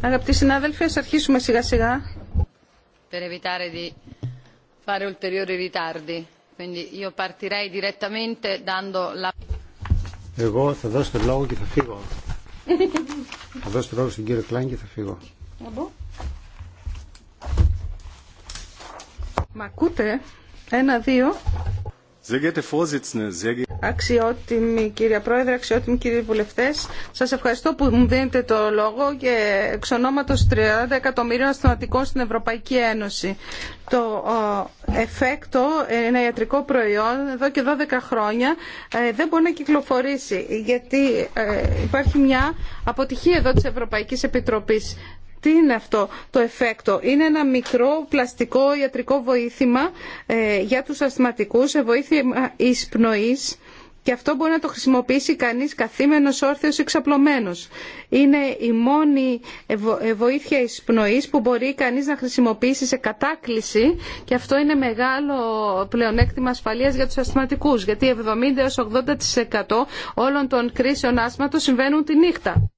Αγαπητοί συνάδελφοι, ας αρχίσουμε σιγά σιγά. Εγώ θα δώσω τον λόγο και θα φύγω. θα δώσω τον λόγο στον κύριο Κλάιν και θα φύγω. Μ' ακούτε. Ένα, δύο. Αξιότιμη κυρία Πρόεδρε, αξιότιμοι κύριοι βουλευτέ, σα ευχαριστώ που μου δίνετε το λόγο και εξ ονόματο 30 εκατομμυρίων ασθενωτικών στην Ευρωπαϊκή Ένωση. Το εφέκτο, ένα ιατρικό προϊόν, εδώ και 12 χρόνια ε, δεν μπορεί να κυκλοφορήσει γιατί ε, υπάρχει μια αποτυχία εδώ της Ευρωπαϊκής Επιτροπής. Τι είναι αυτό το εφέκτο. Είναι ένα μικρό πλαστικό ιατρικό βοήθημα ε, για τους ασθηματικούς, βοήθημα εισπνοής και αυτό μπορεί να το χρησιμοποιήσει κανείς καθήμενος όρθιος εξαπλωμένος. Είναι η μόνη ε, βοήθεια εισπνοής που μπορεί κανείς να χρησιμοποιήσει σε κατάκληση και αυτό είναι μεγάλο πλεονέκτημα ασφαλείας για τους ασθηματικούς γιατί 70-80% όλων των κρίσεων άσματος συμβαίνουν τη νύχτα.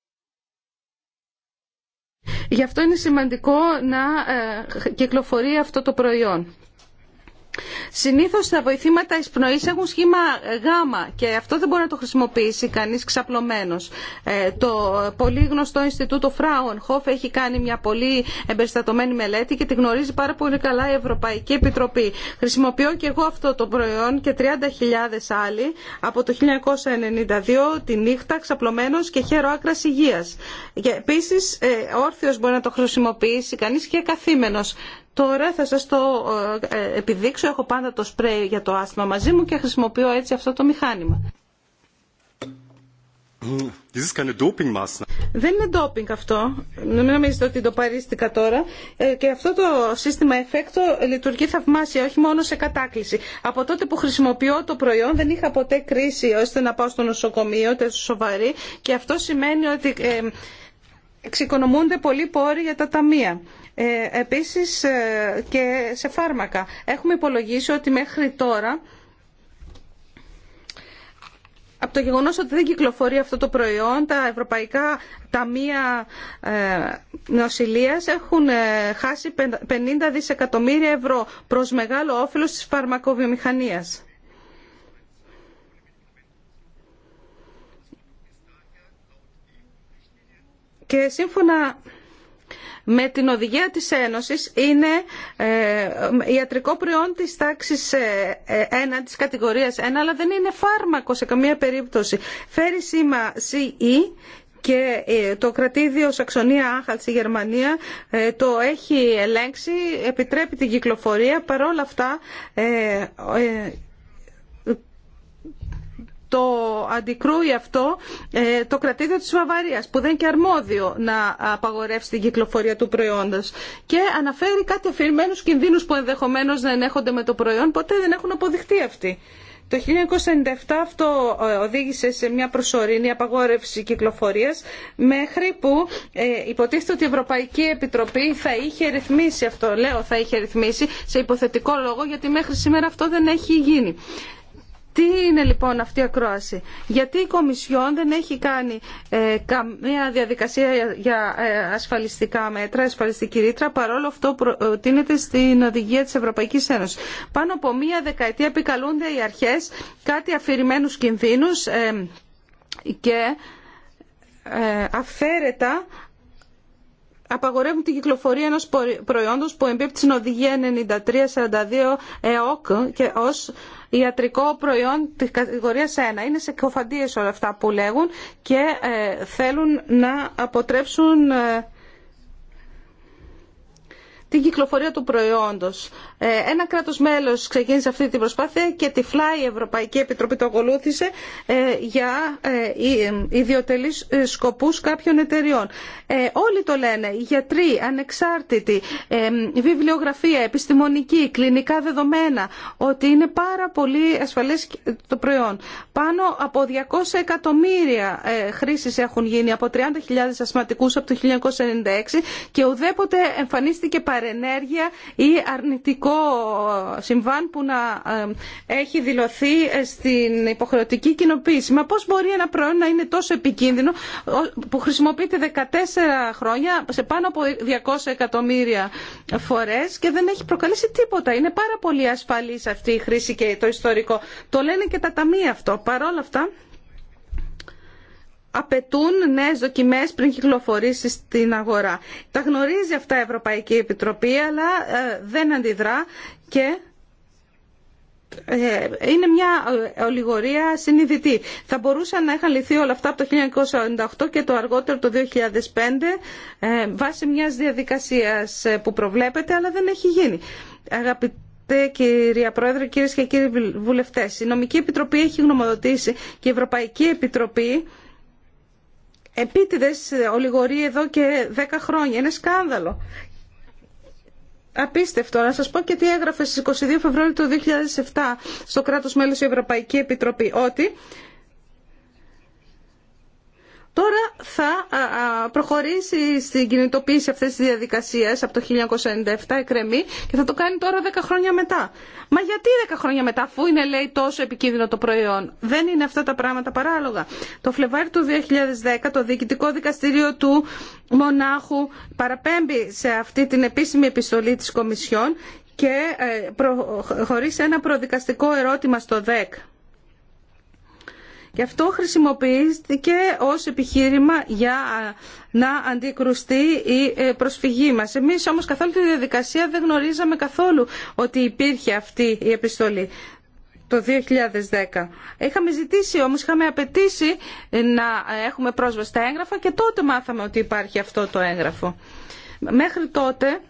Γι' αυτό είναι σημαντικό να ε, κυκλοφορεί αυτό το προϊόν. Συνήθως τα βοηθήματα εισπνοή έχουν σχήμα γάμα και αυτό δεν μπορεί να το χρησιμοποιήσει κανείς ξαπλωμένος. Ε, το πολύ γνωστό Ινστιτούτο Φράουνχοφ έχει κάνει μια πολύ εμπεριστατωμένη μελέτη και τη γνωρίζει πάρα πολύ καλά η Ευρωπαϊκή Επιτροπή. Χρησιμοποιώ και εγώ αυτό το προϊόν και 30.000 άλλοι από το 1992 τη νύχτα ξαπλωμένο και χαίρο άκρα υγεία. Επίση, επίσης ε, όρθιος μπορεί να το χρησιμοποιήσει κανεί και καθήμενο. Τώρα θα σας το ε, ε, επιδείξω. Έχω πάντα το σπρέι για το άσθημα μαζί μου και χρησιμοποιώ έτσι αυτό το μηχάνημα. Δεν είναι ντόπινγκ αυτό. Μην νομίζετε ότι το παρίστηκα τώρα. Ε, και αυτό το σύστημα εφέκτο λειτουργεί θαυμάσια, όχι μόνο σε κατάκληση. Από τότε που χρησιμοποιώ το προϊόν δεν είχα ποτέ κρίση ώστε να πάω στο νοσοκομείο, ούτε σοβαρή. Και αυτό σημαίνει ότι εξοικονομούνται πολλοί πόροι για τα ταμεία. Ε, επίσης ε, και σε φάρμακα. Έχουμε υπολογίσει ότι μέχρι τώρα από το γεγονός ότι δεν κυκλοφορεί αυτό το προϊόν, τα ευρωπαϊκά ταμεία ε, νοσηλείας έχουν χάσει 50 δισεκατομμύρια ευρώ προς μεγάλο όφελος της φαρμακοβιομηχανίας. Και σύμφωνα με την οδηγία της Ένωσης είναι ε, ε, ιατρικό προϊόν της τάξης 1, ε, της κατηγορίας 1, αλλά δεν είναι φάρμακο σε καμία περίπτωση. Φέρει σήμα CE και το κρατήδιο Σαξονία Άχαλ στη Γερμανία το έχει ελέγξει, επιτρέπει την κυκλοφορία. Παρόλα αυτά το αντικρούει αυτό ε, το κρατήδιο της Βαβαρίας που δεν είναι και αρμόδιο να απαγορεύσει την κυκλοφορία του προϊόντος και αναφέρει κάτι αφηρημένους κινδύνους που ενδεχομένως να ενέχονται με το προϊόν ποτέ δεν έχουν αποδειχτεί αυτοί. Το 1997 αυτό ε, οδήγησε σε μια προσωρινή απαγόρευση κυκλοφορίας μέχρι που ε, υποτίθεται ότι η Ευρωπαϊκή Επιτροπή θα είχε ρυθμίσει αυτό, λέω θα είχε ρυθμίσει σε υποθετικό λόγο γιατί μέχρι σήμερα αυτό δεν έχει γίνει. Τι είναι λοιπόν αυτή η ακρόαση. Γιατί η Κομισιόν δεν έχει κάνει ε, καμία διαδικασία για ε, ασφαλιστικά μέτρα, ασφαλιστική ρήτρα, παρόλο αυτό προτείνεται στην οδηγία της Ευρωπαϊκής Ένωσης. Πάνω από μία δεκαετία επικαλούνται οι αρχές κάτι αφηρημένους κινδύνους ε, και ε, αφαίρετα απαγορεύουν την κυκλοφορία ενός προϊόντος που εμπίπτει στην οδηγία 9342 ΕΟΚ και ως ιατρικό προϊόν της κατηγορίας 1. Είναι σε κοφαντίες όλα αυτά που λέγουν και ε, θέλουν να αποτρέψουν ε, η κυκλοφορία του προϊόντος. Ε, ένα κράτος μέλος ξεκίνησε αυτή την προσπάθεια και τυφλά η Ευρωπαϊκή Επιτροπή το ακολούθησε ε, για ε, ιδιωτελείς σκοπούς κάποιων εταιριών. Όλοι το λένε, γιατροί, ανεξάρτητοι, βιβλιογραφία, επιστημονική, κλινικά δεδομένα, ότι είναι πάρα πολύ ασφαλές το προϊόν. Πάνω από 200 εκατομμύρια χρήσεις έχουν γίνει από 30.000 ασματικούς από το 1996 και ουδέποτε εμφανίστηκε ενέργεια ή αρνητικό συμβάν που να ε, έχει δηλωθεί ε, στην υποχρεωτική κοινοποίηση. Μα πώς μπορεί ένα προϊόν να είναι τόσο επικίνδυνο που χρησιμοποιείται 14 χρόνια σε πάνω από 200 εκατομμύρια φορές και δεν έχει προκαλέσει τίποτα. Είναι πάρα πολύ ασφαλής αυτή η χρήση και το ιστορικό. Το λένε και τα ταμεία αυτό. Παρόλα αυτά απαιτούν νέε δοκιμέ πριν κυκλοφορήσει στην αγορά. Τα γνωρίζει αυτά η Ευρωπαϊκή Επιτροπή, αλλά ε, δεν αντιδρά και ε, είναι μια ε, ολιγορία συνειδητή. Θα μπορούσαν να είχαν λυθεί όλα αυτά από το 1998 και το αργότερο το 2005 βάσει μιας διαδικασίας που προβλέπεται, αλλά δεν έχει γίνει. Αγαπητέ κυρία Πρόεδρε, κυρίες και κύριοι βουλευτές, η Νομική Επιτροπή έχει γνωμοδοτήσει και η Ευρωπαϊκή Επιτροπή επίτηδες ολιγορεί εδώ και 10 χρόνια. Είναι σκάνδαλο. Απίστευτο. Να σας πω και τι έγραφε στις 22 Φεβρουαρίου του 2007 στο κράτος μέλος η Ευρωπαϊκή Επιτροπή. Ότι Τώρα θα προχωρήσει στην κινητοποίηση αυτές τις διαδικασίες από το 1997 εκρεμή και θα το κάνει τώρα 10 χρόνια μετά. Μα γιατί 10 χρόνια μετά αφού είναι λέει τόσο επικίνδυνο το προϊόν. Δεν είναι αυτά τα πράγματα παράλογα. Το Φλεβάρι του 2010 το Διοικητικό Δικαστήριο του Μονάχου παραπέμπει σε αυτή την επίσημη επιστολή της Κομισιόν και ε, προχωρεί ένα προδικαστικό ερώτημα στο ΔΕΚ. Και αυτό χρησιμοποιήθηκε ως επιχείρημα για να αντικρουστεί η ε, προσφυγή μας. Εμείς όμως καθόλου τη διαδικασία δεν γνωρίζαμε καθόλου ότι υπήρχε αυτή η επιστολή το 2010. Είχαμε ζητήσει όμως, είχαμε απαιτήσει να έχουμε πρόσβαση στα έγγραφα και τότε μάθαμε ότι υπάρχει αυτό το έγγραφο. Μέχρι τότε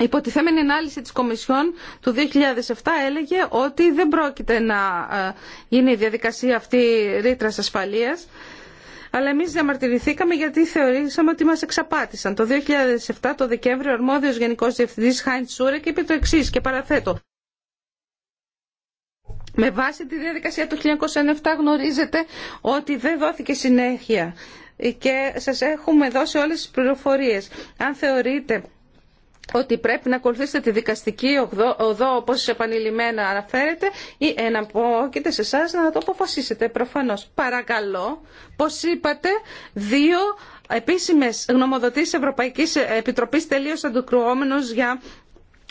υποτιθέμενη ανάλυση της Κομισιόν του 2007 έλεγε ότι δεν πρόκειται να ε, γίνει η διαδικασία αυτή ρήτρα ασφαλείας αλλά εμείς διαμαρτυρηθήκαμε γιατί θεωρήσαμε ότι μας εξαπάτησαν. Το 2007 το Δεκέμβριο ο αρμόδιος Γενικός Διευθυντής Χάιντ Σούρεκ είπε το εξή και παραθέτω. Με βάση τη διαδικασία του 1907 γνωρίζετε ότι δεν δόθηκε συνέχεια και σας έχουμε δώσει όλες τις πληροφορίες. Αν θεωρείτε ότι πρέπει να ακολουθήσετε τη δικαστική οδό, όπως επανειλημμένα αναφέρετε, ή και σε εσά να το αποφασίσετε προφανώς. Παρακαλώ, πώς είπατε, δύο επίσημες γνωμοδοτήσεις Ευρωπαϊκής Επιτροπής τελείως αντικρουόμενος για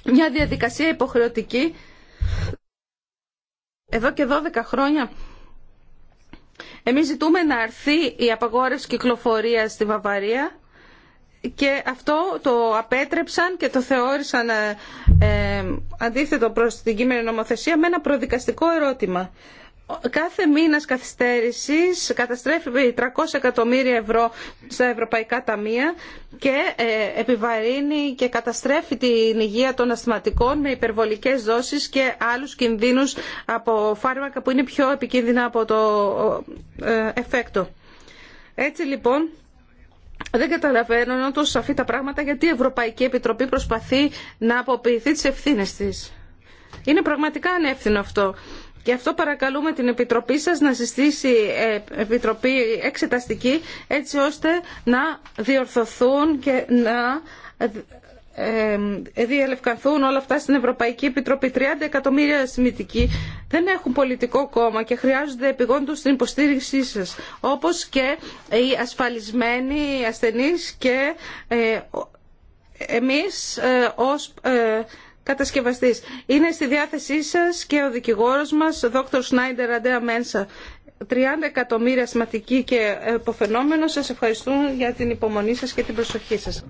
μια διαδικασία υποχρεωτική εδώ και 12 χρόνια. Εμείς ζητούμε να αρθεί η απαγόρευση κυκλοφορίας στη Βαβαρία και αυτό το απέτρεψαν και το θεώρησαν ε, ε, αντίθετο προς την κείμενη νομοθεσία με ένα προδικαστικό ερώτημα. Κάθε μήνα καθυστέρηση καταστρέφει 300 εκατομμύρια ευρώ στα ευρωπαϊκά ταμεία και ε, επιβαρύνει και καταστρέφει την υγεία των ασθηματικών με υπερβολικές δόσεις και άλλους κινδύνους από φάρμακα που είναι πιο επικίνδυνα από το εφέκτο. Έτσι λοιπόν δεν καταλαβαίνω, ενώ τόσο σαφή τα πράγματα, γιατί η Ευρωπαϊκή Επιτροπή προσπαθεί να αποποιηθεί τι ευθύνε τη. Είναι πραγματικά ανεύθυνο αυτό. Και αυτό παρακαλούμε την Επιτροπή σας να συστήσει ε, Επιτροπή εξεταστική έτσι ώστε να διορθωθούν και να ε, διελευκανθούν όλα αυτά στην Ευρωπαϊκή Επιτροπή. 30 εκατομμύρια σημητικοί δεν έχουν πολιτικό κόμμα και χρειάζονται επιγόντως την υποστήριξή σας. Όπως και οι ασφαλισμένοι, οι ασθενείς και ε, εμείς ε, ως κατασκευαστής. Είναι στη διάθεσή σας και ο δικηγόρος μας, Δόκτωρ Σνάιντερ Αντέα Μένσα. 30 εκατομμύρια σημαντικοί και υποφαινόμενο σας ευχαριστούμε για την υπομονή σας και την προσοχή σας.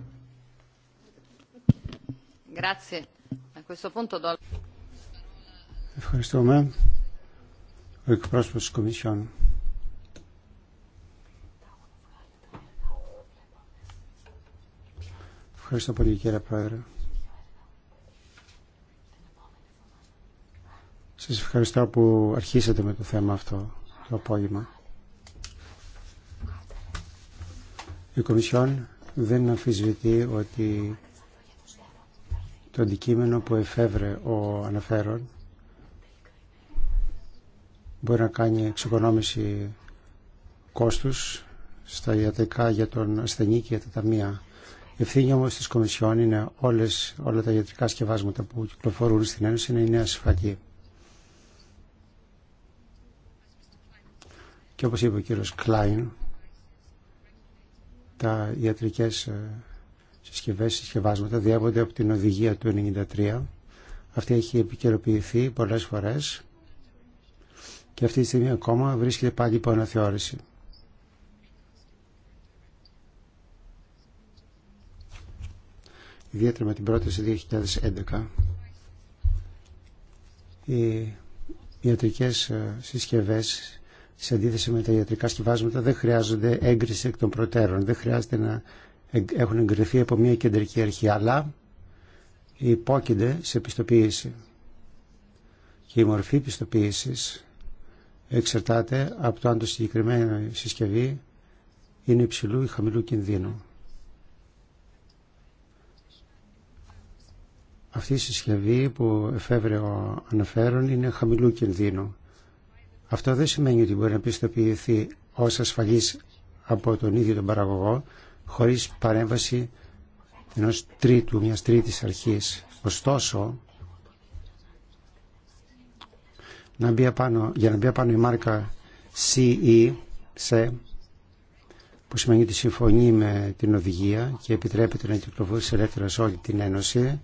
Ευχαριστούμε. Ο εκπρόσωπος της Κομισιόν. Ευχαριστώ πολύ κύριε Πρόεδρε. Σας ευχαριστώ που αρχίσατε με το θέμα αυτό το απόγευμα. Η Κομισιόν δεν αμφισβητεί ότι το αντικείμενο που εφεύρε ο αναφέρον μπορεί να κάνει εξοικονόμηση κόστους στα ιατρικά για τον ασθενή και για τα ταμεία. Η ευθύνη όμως της Κομισιόν είναι όλες, όλα τα ιατρικά σκευάσματα που κυκλοφορούν στην Ένωση να είναι ασφαλή. Και όπως είπε ο κύριος Κλάιν, τα ιατρικές ε, συσκευές συσκευάσματα διέπονται από την οδηγία του 1993. Αυτή έχει επικαιροποιηθεί πολλές φορές και αυτή τη στιγμή ακόμα βρίσκεται πάλι υπό αναθεώρηση. Ιδιαίτερα με την πρόταση 2011 οι ιατρικές ε, συσκευές σε αντίθεση με τα ιατρικά συσκευάσματα δεν χρειάζονται έγκριση εκ των προτέρων, δεν χρειάζεται να έχουν εγκριθεί από μια κεντρική αρχή, αλλά υπόκεινται σε πιστοποίηση. Και η μορφή πιστοποίησης εξαρτάται από το αν το συγκεκριμένο συσκευή είναι υψηλού ή χαμηλού κινδύνου. Αυτή η συσκευή που εφεύρε ο αναφέρον είναι χαμηλού κινδύνου. Αυτό δεν σημαίνει ότι μπορεί να πιστοποιηθεί ως ασφαλής από τον ίδιο τον παραγωγό, χωρίς παρέμβαση ενός τρίτου, μιας τρίτης αρχής. Ωστόσο, για να μπει απάνω η μάρκα CE, που σημαίνει ότι συμφωνεί με την οδηγία και επιτρέπεται να κυκλοφορήσει ελεύθερα σε όλη την Ένωση,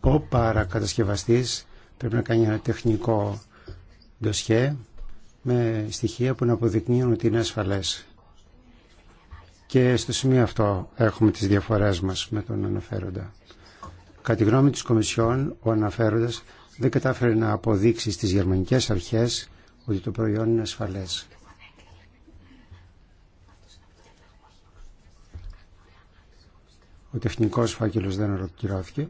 ο παρακατασκευαστής πρέπει να κάνει ένα τεχνικό ντοσχέ με στοιχεία που να αποδεικνύουν ότι είναι ασφαλές. Και στο σημείο αυτό έχουμε τις διαφορές μας με τον αναφέροντα. Κατά τη γνώμη της Κομισιόν, ο αναφέροντας δεν κατάφερε να αποδείξει στις γερμανικές αρχές ότι το προϊόν είναι ασφαλές. Ο τεχνικός φάκελος δεν ολοκληρώθηκε.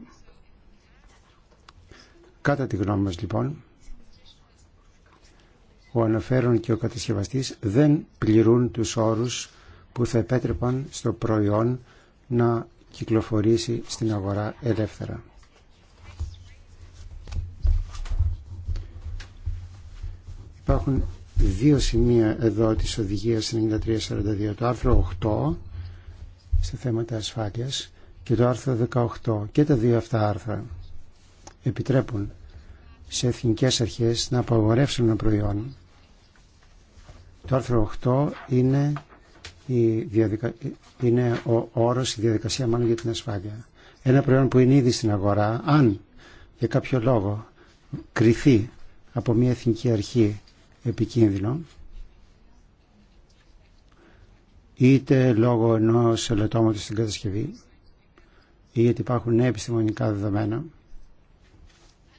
Κατά τη γνώμη μας λοιπόν, ο αναφέρον και ο κατασκευαστής δεν πληρούν τους όρους που θα επέτρεπαν στο προϊόν να κυκλοφορήσει στην αγορά ελεύθερα. Υπάρχουν δύο σημεία εδώ της οδηγίας 9342, το άρθρο 8 σε θέματα ασφάλειας και το άρθρο 18 και τα δύο αυτά άρθρα επιτρέπουν σε εθνικές αρχές να απαγορεύσουν ένα προϊόν. Το άρθρο 8 είναι η είναι ο όρος, η διαδικασία μάλλον για την ασφάλεια. Ένα προϊόν που είναι ήδη στην αγορά, αν για κάποιο λόγο κριθεί από μια εθνική αρχή επικίνδυνο, είτε λόγω ενός ελαιτώματος στην κατασκευή, ή γιατί υπάρχουν νέα επιστημονικά δεδομένα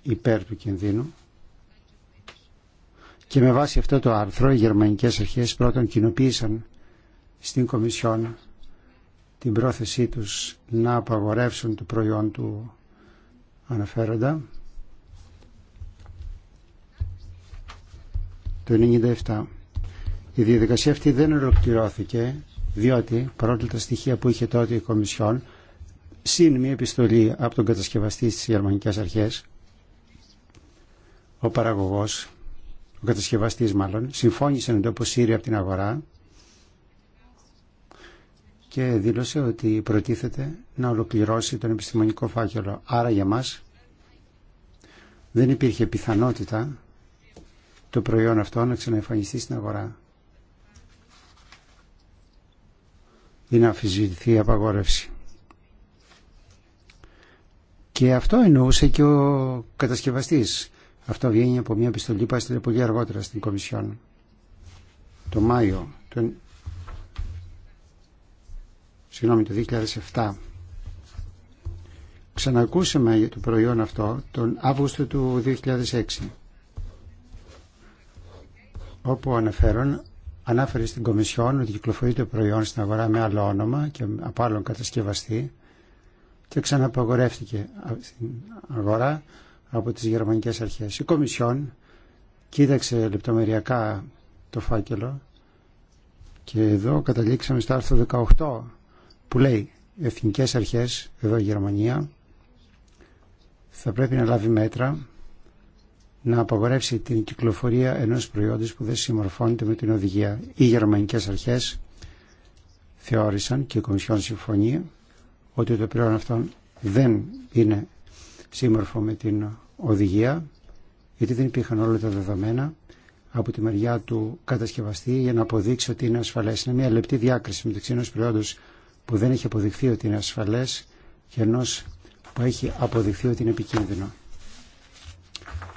υπέρ του κινδύνου, και με βάση αυτό το άρθρο οι γερμανικές αρχές πρώτον κοινοποίησαν στην Κομισιόν την πρόθεσή τους να απαγορεύσουν το προϊόν του αναφέροντα. Το 1997. Η διαδικασία αυτή δεν ολοκληρώθηκε διότι παρόλα τα στοιχεία που είχε τότε η Κομισιόν συν μια επιστολή από τον κατασκευαστή στις γερμανικές αρχές ο παραγωγός, ο κατασκευαστής μάλλον, συμφώνησε να το αποσύρει από την αγορά και δήλωσε ότι προτίθεται να ολοκληρώσει τον επιστημονικό φάκελο. Άρα για μας δεν υπήρχε πιθανότητα το προϊόν αυτό να ξαναεφανιστεί στην αγορά. Ή να αφισβητηθεί η να η απαγορευση Και αυτό εννοούσε και ο κατασκευαστής. Αυτό βγαίνει από μια επιστολή που έστειλε πολύ αργότερα στην Κομισιόν. Το Μάιο συγγνώμη, το 2007. Ξανακούσαμε για το προϊόν αυτό τον Αύγουστο του 2006 όπου αναφέρον ανάφερε στην Κομισιόν ότι κυκλοφορεί το προϊόν στην αγορά με άλλο όνομα και από άλλον κατασκευαστή και ξαναπαγορεύτηκε στην αγορά από τις γερμανικές αρχές. Η Κομισιόν κοίταξε λεπτομεριακά το φάκελο και εδώ καταλήξαμε στο άρθρο 18 που λέει εθνικές αρχές, εδώ η Γερμανία, θα πρέπει να λάβει μέτρα να απαγορεύσει την κυκλοφορία ενός προϊόντος που δεν συμμορφώνεται με την οδηγία. Οι γερμανικές αρχές θεώρησαν και η Κομισιόν συμφωνεί ότι το προϊόν αυτό δεν είναι σύμμορφο με την οδηγία γιατί δεν υπήρχαν όλα τα δεδομένα από τη μεριά του κατασκευαστή για να αποδείξει ότι είναι ασφαλές. Είναι μια λεπτή διάκριση μεταξύ ενός προϊόντος που δεν έχει αποδειχθεί ότι είναι ασφαλές και ενός που έχει αποδειχθεί ότι είναι επικίνδυνο.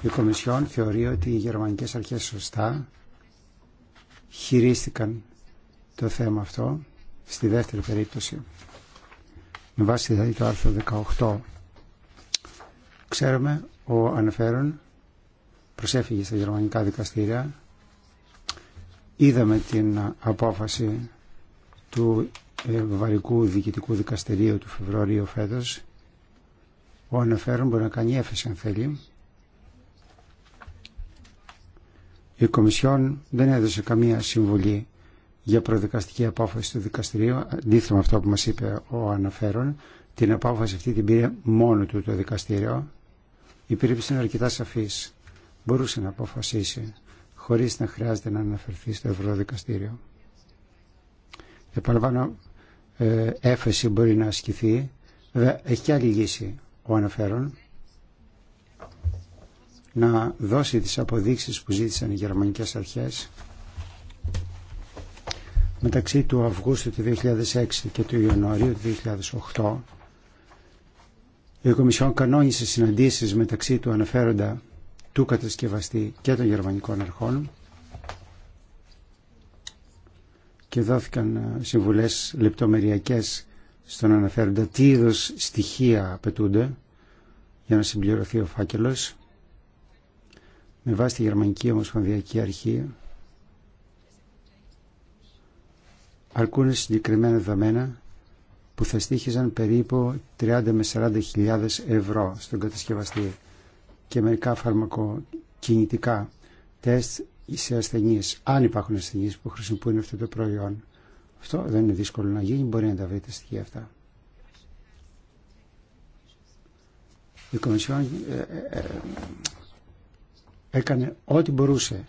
Η Κομισιόν θεωρεί ότι οι γερμανικές αρχές σωστά χειρίστηκαν το θέμα αυτό στη δεύτερη περίπτωση. Με βάση δηλαδή το άρθρο 18 ξέρουμε ο Ανεφέρον προσέφυγε στα γερμανικά δικαστήρια είδαμε την απόφαση του ε, βαρικού Διοικητικού Δικαστηρίου του Φεβρουαρίου φέτος ο αναφέρον μπορεί να κάνει έφεση αν θέλει η Κομισιόν δεν έδωσε καμία συμβολή για προδικαστική απόφαση του δικαστηρίου αντίθετα με αυτό που μας είπε ο αναφέρον την απόφαση αυτή την πήρε μόνο του το δικαστήριο η περίπτωση είναι αρκετά σαφής μπορούσε να αποφασίσει χωρίς να χρειάζεται να αναφερθεί στο Ευρωδικαστήριο. Επαναλαμβάνω, ε, έφεση μπορεί να ασκηθεί. Βέβαια, έχει και άλλη λύση ο αναφέρον να δώσει τις αποδείξεις που ζήτησαν οι γερμανικές αρχές μεταξύ του Αυγούστου του 2006 και του Ιανουαρίου του 2008 η Κομισιόν κανόνισε συναντήσεις μεταξύ του αναφέροντα του κατασκευαστή και των γερμανικών αρχών και δόθηκαν ε, συμβουλές λεπτομεριακές στον αναφέροντα τι είδο στοιχεία απαιτούνται για να συμπληρωθεί ο φάκελος με βάση τη Γερμανική Ομοσπονδιακή Αρχή αρκούν συγκεκριμένα δεδομένα που θα στήχιζαν περίπου 30 με 40 χιλιάδες ευρώ στον κατασκευαστή και μερικά φαρμακοκινητικά τεστ σε ασθενεί, αν υπάρχουν ασθενεί που χρησιμοποιούν αυτό το προϊόν. Αυτό δεν είναι δύσκολο να γίνει, μπορεί να τα βρείτε στοιχεία αυτά. Η Κομισιόν ε, ε, ε έκανε ό,τι μπορούσε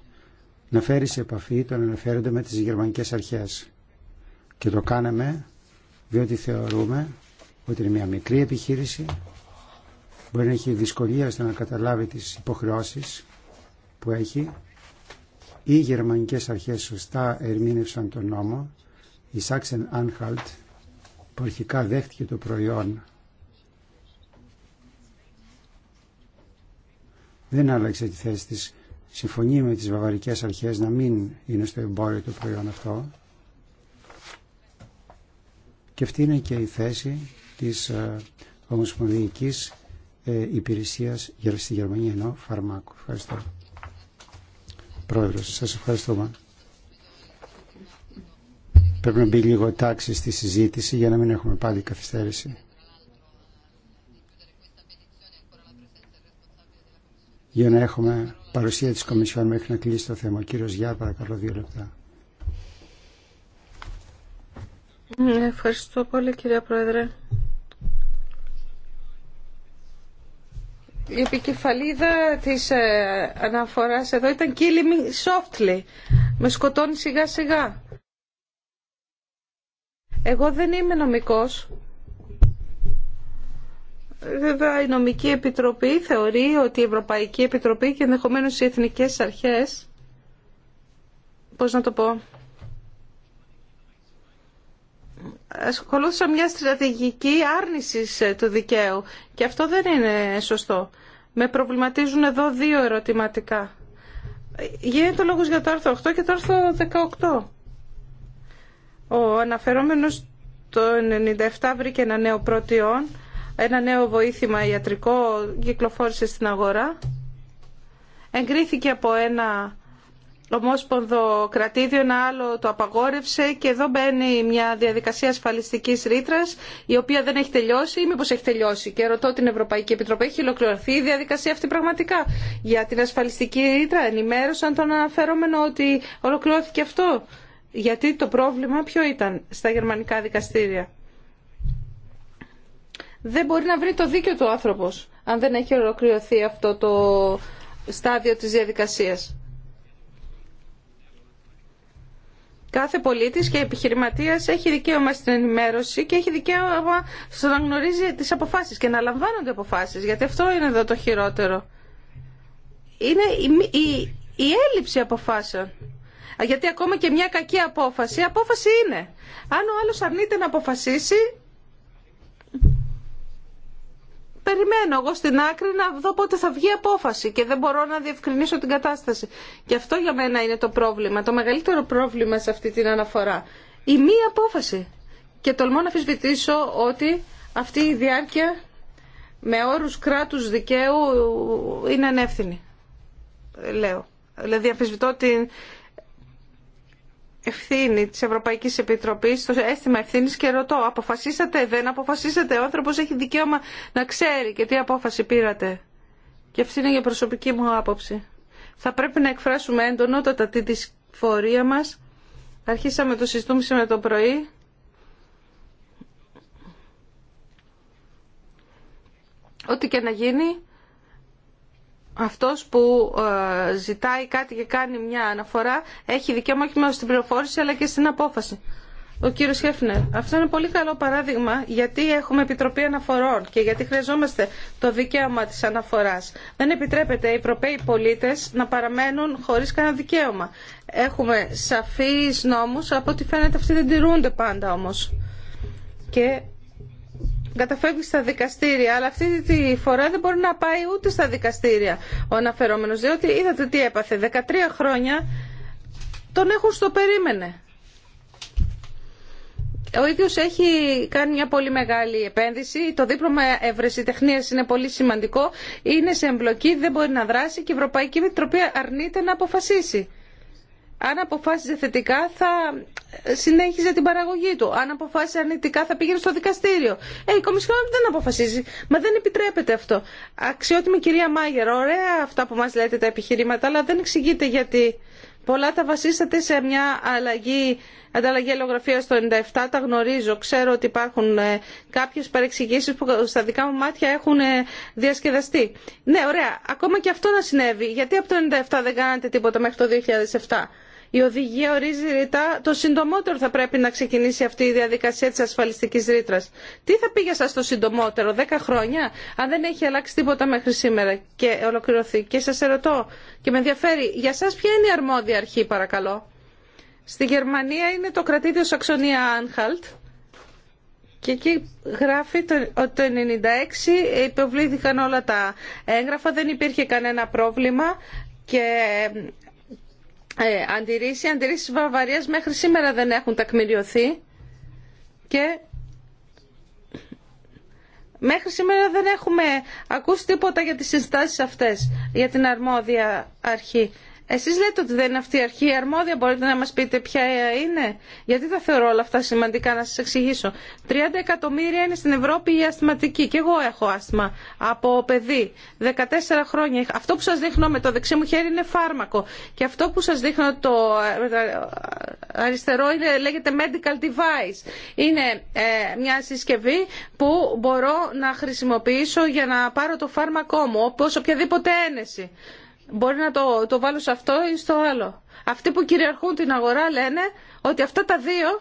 να φέρει σε επαφή τον αναφέροντα με τις γερμανικές αρχές. Και το κάναμε διότι θεωρούμε ότι είναι μια μικρή επιχείρηση, μπορεί να έχει δυσκολία στο να καταλάβει τις υποχρεώσεις που έχει οι γερμανικές αρχές σωστά ερμήνευσαν τον νόμο, η Σάξεν Ανχαλτ που αρχικά δέχτηκε το προϊόν δεν άλλαξε τη θέση της. Συμφωνεί με τις βαβαρικές αρχές να μην είναι στο εμπόριο το προϊόν αυτό. Και αυτή είναι και η θέση της ε, Ομοσπονδιακής ε, Υπηρεσίας για στη Γερμανία ενώ φαρμάκου. Ευχαριστώ. Πρόεδρος, σας ευχαριστούμε. Πρέπει να μπει λίγο τάξη στη συζήτηση για να μην έχουμε πάλι καθυστέρηση. Για να έχουμε παρουσία της Κομισιόν μέχρι να κλείσει το θέμα. κύριος Γιάρ, παρακαλώ, δύο λεπτά. Ευχαριστώ πολύ, κύριε Πρόεδρε. Η επικεφαλίδα της ε, αναφοράς εδώ ήταν κύλιμη, Με σκοτώνει σιγά σιγά. Εγώ δεν είμαι νομικός. Βέβαια η νομική επιτροπή θεωρεί ότι η Ευρωπαϊκή Επιτροπή και ενδεχομένως οι εθνικές αρχές, πώς να το πω, ασχολούσα μια στρατηγική άρνηση ε, του δικαίου και αυτό δεν είναι σωστό. Με προβληματίζουν εδώ δύο ερωτηματικά. Γίνεται λόγος για το άρθρο 8 και το άρθρο 18. Ο αναφερόμενος το 97 βρήκε ένα νέο πρωτιόν, ένα νέο βοήθημα ιατρικό, κυκλοφόρησε στην αγορά. Εγκρίθηκε από ένα Ομόσπονδο κρατήδιο, ένα άλλο το απαγόρευσε και εδώ μπαίνει μια διαδικασία ασφαλιστική ρήτρα η οποία δεν έχει τελειώσει ή μήπω έχει τελειώσει. Και ρωτώ την Ευρωπαϊκή Επιτροπή, έχει ολοκληρωθεί η διαδικασία αυτή πραγματικά. Για την ασφαλιστική ρήτρα ενημέρωσαν τον αναφερόμενο ότι ολοκληρώθηκε αυτό. Γιατί το πρόβλημα ποιο ήταν στα γερμανικά δικαστήρια. Δεν μπορεί να βρει το δίκιο του άνθρωπος αν δεν έχει ολοκληρωθεί αυτό το στάδιο τη διαδικασία. Κάθε πολίτης και επιχειρηματίας έχει δικαίωμα στην ενημέρωση και έχει δικαίωμα στο να γνωρίζει τις αποφάσεις και να λαμβάνονται αποφάσεις, γιατί αυτό είναι εδώ το χειρότερο. Είναι η, η, η έλλειψη αποφάσεων. Γιατί ακόμα και μια κακή απόφαση, απόφαση είναι. Αν ο άλλος αρνείται να αποφασίσει, περιμένω εγώ στην άκρη να δω πότε θα βγει απόφαση και δεν μπορώ να διευκρινίσω την κατάσταση. Και αυτό για μένα είναι το πρόβλημα, το μεγαλύτερο πρόβλημα σε αυτή την αναφορά. Η μη απόφαση. Και τολμώ να αφισβητήσω ότι αυτή η διάρκεια με όρους κράτους δικαίου είναι ανεύθυνη. Λέω. Δηλαδή αφισβητώ την ευθύνη της Ευρωπαϊκής Επιτροπής, το αίσθημα ευθύνης και ρωτώ, αποφασίσατε, δεν αποφασίσατε, ο άνθρωπος έχει δικαίωμα να ξέρει και τι απόφαση πήρατε. Και αυτή είναι για προσωπική μου άποψη. Θα πρέπει να εκφράσουμε έντονοτατα τη δυσφορία μας. Αρχίσαμε το συζητούμε σήμερα το πρωί. Ό,τι και να γίνει, αυτός που ε, ζητάει κάτι και κάνει μια αναφορά έχει δικαίωμα όχι μόνο στην πληροφόρηση αλλά και στην απόφαση. Ο κύριος Χέφνερ, αυτό είναι πολύ καλό παράδειγμα γιατί έχουμε Επιτροπή Αναφορών και γιατί χρειαζόμαστε το δικαίωμα της αναφοράς. Δεν επιτρέπεται οι προπαίοι πολίτες να παραμένουν χωρίς κανένα δικαίωμα. Έχουμε σαφείς νόμους, από ό,τι φαίνεται αυτοί δεν τηρούνται πάντα όμως. Και καταφεύγει στα δικαστήρια, αλλά αυτή τη φορά δεν μπορεί να πάει ούτε στα δικαστήρια ο αναφερόμενο, διότι είδατε τι έπαθε. 13 χρόνια τον έχουν στο περίμενε. Ο ίδιο έχει κάνει μια πολύ μεγάλη επένδυση. Το δίπλωμα ευρεσιτεχνία είναι πολύ σημαντικό. Είναι σε εμπλοκή, δεν μπορεί να δράσει και η Ευρωπαϊκή Επιτροπή αρνείται να αποφασίσει αν αποφάσιζε θετικά θα συνέχιζε την παραγωγή του. Αν αποφάσισε αρνητικά θα πήγαινε στο δικαστήριο. Ε, η Κομισιόν δεν αποφασίζει. Μα δεν επιτρέπεται αυτό. Αξιότιμη κυρία Μάγερ, ωραία αυτά που μας λέτε τα επιχειρήματα, αλλά δεν εξηγείτε γιατί. Πολλά τα βασίσατε σε μια αλλαγή, ανταλλαγή ελογραφία το 97, τα γνωρίζω. Ξέρω ότι υπάρχουν ε, κάποιες παρεξηγήσεις που στα δικά μου μάτια έχουν ε, διασκεδαστεί. Ναι, ωραία. Ακόμα και αυτό να συνέβη. Γιατί από το 97 δεν κάνατε τίποτα μέχρι το 2007. Η οδηγία ορίζει ρητά το συντομότερο θα πρέπει να ξεκινήσει αυτή η διαδικασία τη ασφαλιστική ρήτρα. Τι θα πει για σα το συντομότερο, 10 χρόνια, αν δεν έχει αλλάξει τίποτα μέχρι σήμερα και ολοκληρωθεί. Και σα ερωτώ και με ενδιαφέρει, για σας ποια είναι η αρμόδια αρχή παρακαλώ. Στη Γερμανία είναι το κρατήδιο Σαξονία Άνχαλτ. Και εκεί γράφει ότι το 1996 υποβλήθηκαν όλα τα έγγραφα, δεν υπήρχε κανένα πρόβλημα και ε, αντιρρήσει. της Βαβαρίας μέχρι σήμερα δεν έχουν τακμηριωθεί και μέχρι σήμερα δεν έχουμε ακούσει τίποτα για τις συστάσεις αυτές, για την αρμόδια αρχή. Εσείς λέτε ότι δεν είναι αυτή η αρχή αρμόδια, μπορείτε να μας πείτε ποια είναι. Γιατί θα θεωρώ όλα αυτά σημαντικά να σας εξηγήσω. 30 εκατομμύρια είναι στην Ευρώπη οι ασθηματικοί και εγώ έχω άσθημα από παιδί. 14 χρόνια. Αυτό που σας δείχνω με το δεξί μου χέρι είναι φάρμακο και αυτό που σας δείχνω το αριστερό είναι, λέγεται medical device. Είναι ε, μια συσκευή που μπορώ να χρησιμοποιήσω για να πάρω το φάρμακό μου όπως οποιαδήποτε ένεση. Μπορεί να το, το βάλω σε αυτό ή στο άλλο. Αυτοί που κυριαρχούν την αγορά λένε ότι αυτά τα δύο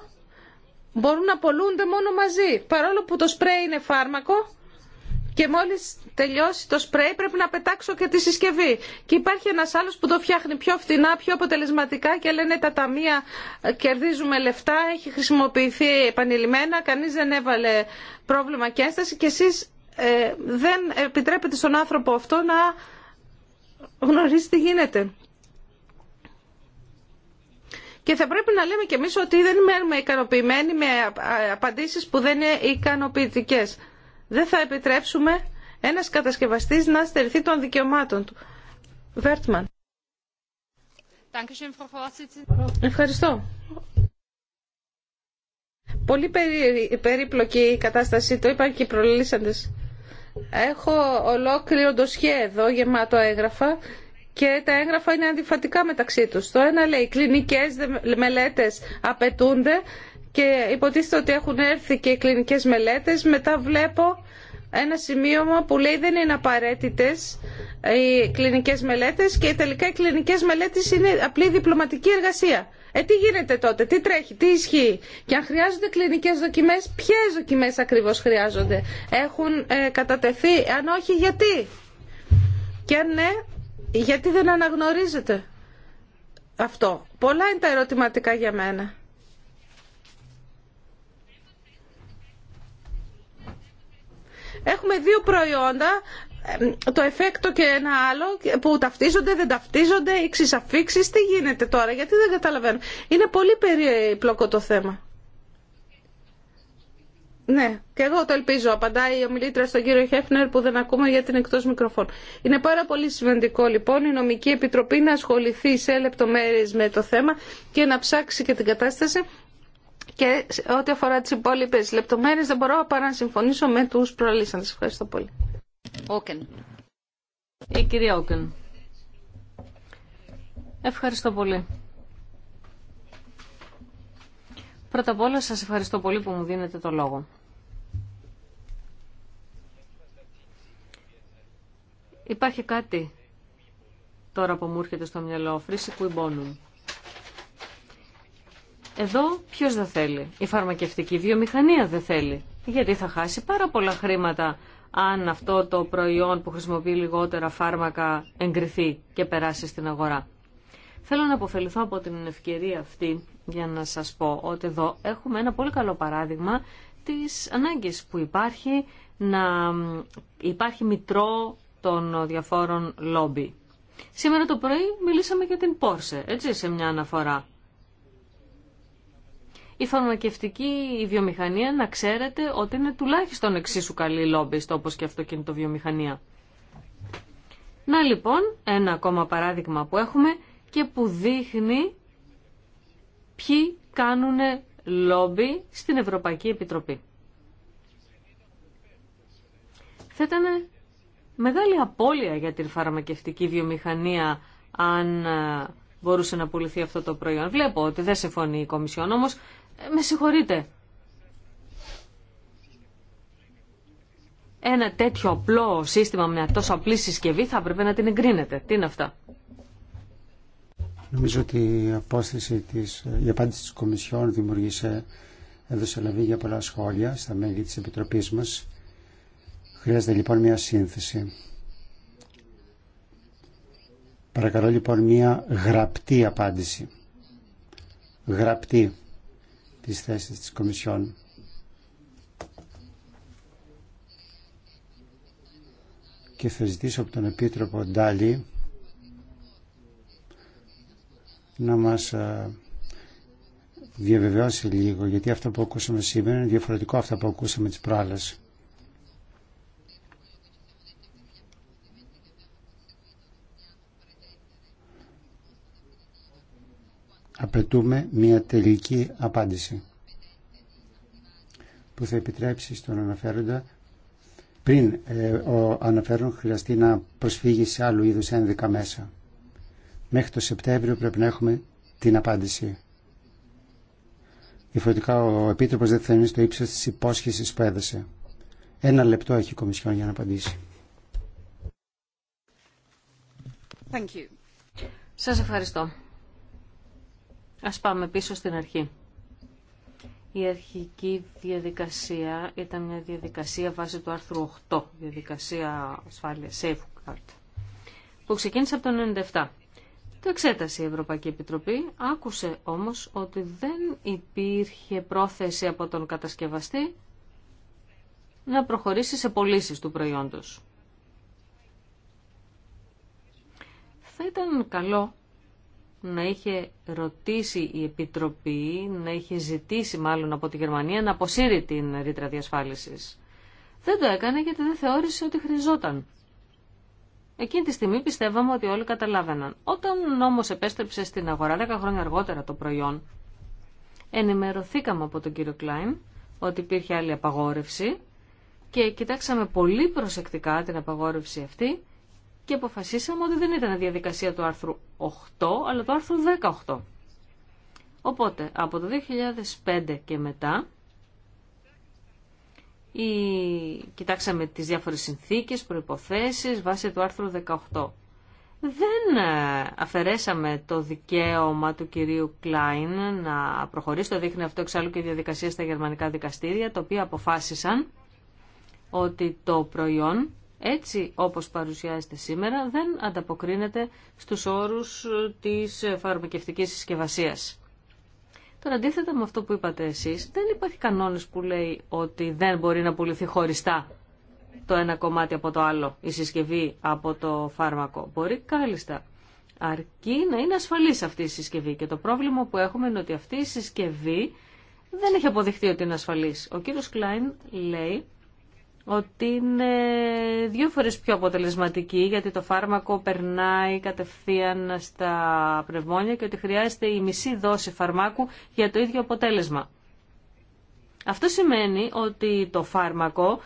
μπορούν να πολλούνται μόνο μαζί. Παρόλο που το σπρέι είναι φάρμακο και μόλις τελειώσει το σπρέι πρέπει να πετάξω και τη συσκευή. Και υπάρχει ένας άλλος που το φτιάχνει πιο φτηνά, πιο αποτελεσματικά και λένε τα ταμεία ε, κερδίζουμε λεφτά, έχει χρησιμοποιηθεί επανειλημμένα, κανείς δεν έβαλε πρόβλημα και ένσταση και εσείς ε, δεν επιτρέπετε στον άνθρωπο αυτό να γνωρίζει τι γίνεται. Και θα πρέπει να λέμε κι εμείς ότι δεν μένουμε ικανοποιημένοι με απαντήσεις που δεν είναι ικανοποιητικές. Δεν θα επιτρέψουμε ένας κατασκευαστής να στερηθεί των δικαιωμάτων του. Βέρτμαν. Ευχαριστώ. Πολύ περίπλοκη η κατάσταση, το είπαν και οι προλήσαντες. Έχω ολόκληρο το εδώ γεμάτο έγγραφα και τα έγγραφα είναι αντιφατικά μεταξύ τους. Το ένα λέει κλινικές μελέτες απαιτούνται και υποτίθεται ότι έχουν έρθει και οι κλινικές μελέτες. Μετά βλέπω ένα σημείωμα που λέει δεν είναι απαραίτητες οι κλινικές μελέτες και τελικά οι κλινικές μελέτες είναι απλή διπλωματική εργασία. Ε, τι γίνεται τότε, τι τρέχει, τι ισχύει. Και αν χρειάζονται κλινικές δοκιμές, ποιες δοκιμές ακριβώς χρειάζονται. Έχουν ε, κατατεθεί, αν όχι γιατί. Και αν ναι, γιατί δεν αναγνωρίζεται αυτό. Πολλά είναι τα ερωτηματικά για μένα. Έχουμε δύο προϊόντα ε, το εφέκτο και ένα άλλο που ταυτίζονται, δεν ταυτίζονται, οι ξυσαφίξεις, τι γίνεται τώρα, γιατί δεν καταλαβαίνω. Είναι πολύ περίπλοκο το θέμα. Ναι, και εγώ το ελπίζω, απαντάει η ομιλήτρια στον κύριο Χέφνερ που δεν ακούμε γιατί είναι εκτός μικροφών. Είναι πάρα πολύ σημαντικό λοιπόν η νομική επιτροπή να ασχοληθεί σε λεπτομέρειες με το θέμα και να ψάξει και την κατάσταση και ό,τι αφορά τις υπόλοιπες λεπτομέρειες δεν μπορώ παρά να συμφωνήσω με τους προαλήσαντες. Ευχαριστώ πολύ. Η κυρία Όκεν. Ευχαριστώ πολύ. Πρώτα απ' όλα σας ευχαριστώ πολύ που μου δίνετε το λόγο. Υπάρχει κάτι τώρα που μου έρχεται στο μυαλό, φρύση που υπόνουν. Εδώ ποιος δεν θέλει. Η φαρμακευτική βιομηχανία δεν θέλει. Γιατί θα χάσει πάρα πολλά χρήματα αν αυτό το προϊόν που χρησιμοποιεί λιγότερα φάρμακα εγκριθεί και περάσει στην αγορά. Θέλω να αποφεληθώ από την ευκαιρία αυτή για να σας πω ότι εδώ έχουμε ένα πολύ καλό παράδειγμα της ανάγκης που υπάρχει να υπάρχει μητρό των διαφόρων λόμπι. Σήμερα το πρωί μιλήσαμε για την Πόρσε, έτσι, σε μια αναφορά η φαρμακευτική η βιομηχανία να ξέρετε ότι είναι τουλάχιστον εξίσου καλή λόμπιστ όπως και βιομηχανία. Να λοιπόν ένα ακόμα παράδειγμα που έχουμε και που δείχνει ποιοι κάνουν λόμπι στην Ευρωπαϊκή Επιτροπή. Θα ήταν μεγάλη απώλεια για την φαρμακευτική βιομηχανία αν ε, μπορούσε να πουληθεί αυτό το προϊόν. Βλέπω ότι δεν συμφωνεί η Κομισιόν, όμως ε, με συγχωρείτε. Ένα τέτοιο απλό σύστημα με τόσο απλή συσκευή θα έπρεπε να την εγκρίνετε. Τι είναι αυτά. Νομίζω ότι η, απόσταση της, ε, η απάντηση της Κομισιόν δημιουργήσε, έδωσε λαβή για πολλά σχόλια στα μέλη της Επιτροπής μας. Χρειάζεται λοιπόν μια σύνθεση. Παρακαλώ λοιπόν μία γραπτή απάντηση. Γραπτή της θέσης της Κομισιόν. Και θα ζητήσω από τον Επίτροπο Ντάλι να μας ε, διαβεβαιώσει λίγο, γιατί αυτό που ακούσαμε σήμερα είναι διαφορετικό αυτό που ακούσαμε τις προάλλες. απαιτούμε μια τελική απάντηση που θα επιτρέψει στον αναφέροντα πριν ε, ο αναφέρον χρειαστεί να προσφύγει σε άλλου είδους ένδικα μέσα. Μέχρι το Σεπτέμβριο πρέπει να έχουμε την απάντηση. Διαφορετικά ο Επίτροπος δεν θα είναι στο ύψος της υπόσχεσης που έδωσε. Ένα λεπτό έχει η Κομισιόν για να απαντήσει. Thank Σας ευχαριστώ. Ας πάμε πίσω στην αρχή. Η αρχική διαδικασία ήταν μια διαδικασία βάσει του άρθρου 8, διαδικασία ασφάλεια safeguard, που ξεκίνησε από το 97. Το εξέτασε η Ευρωπαϊκή Επιτροπή, άκουσε όμως ότι δεν υπήρχε πρόθεση από τον κατασκευαστή να προχωρήσει σε πωλήσει του προϊόντος. Θα ήταν καλό να είχε ρωτήσει η Επιτροπή, να είχε ζητήσει μάλλον από τη Γερμανία να αποσύρει την ρήτρα διασφάλισης. Δεν το έκανε γιατί δεν θεώρησε ότι χρειαζόταν. Εκείνη τη στιγμή πιστεύαμε ότι όλοι καταλάβαιναν. Όταν όμως επέστρεψε στην αγορά 10 χρόνια αργότερα το προϊόν, ενημερωθήκαμε από τον κύριο Κλάιν ότι υπήρχε άλλη απαγόρευση και κοιτάξαμε πολύ προσεκτικά την απαγόρευση αυτή και αποφασίσαμε ότι δεν ήταν διαδικασία του άρθρου 8, αλλά του άρθρου 18. Οπότε, από το 2005 και μετά, η... κοιτάξαμε τις διάφορες συνθήκες, προϋποθέσεις βάσει του άρθρου 18. Δεν ε, αφαιρέσαμε το δικαίωμα του κυρίου Κλάιν να προχωρήσει, το δείχνει αυτό εξάλλου και η διαδικασία στα γερμανικά δικαστήρια, τα οποία αποφάσισαν ότι το προϊόν έτσι όπως παρουσιάζεται σήμερα δεν ανταποκρίνεται στους όρους της φαρμακευτικής συσκευασίας. Τώρα αντίθετα με αυτό που είπατε εσείς, δεν υπάρχει κανόνες που λέει ότι δεν μπορεί να πουληθεί χωριστά το ένα κομμάτι από το άλλο, η συσκευή από το φάρμακο. Μπορεί κάλλιστα. Αρκεί να είναι ασφαλής αυτή η συσκευή και το πρόβλημα που έχουμε είναι ότι αυτή η συσκευή δεν έχει αποδειχτεί ότι είναι ασφαλής. Ο κύριος Κλάιν λέει ότι είναι δύο φορές πιο αποτελεσματική γιατί το φάρμακο περνάει κατευθείαν στα πνευμόνια και ότι χρειάζεται η μισή δόση φαρμάκου για το ίδιο αποτέλεσμα. Αυτό σημαίνει ότι το φάρμακο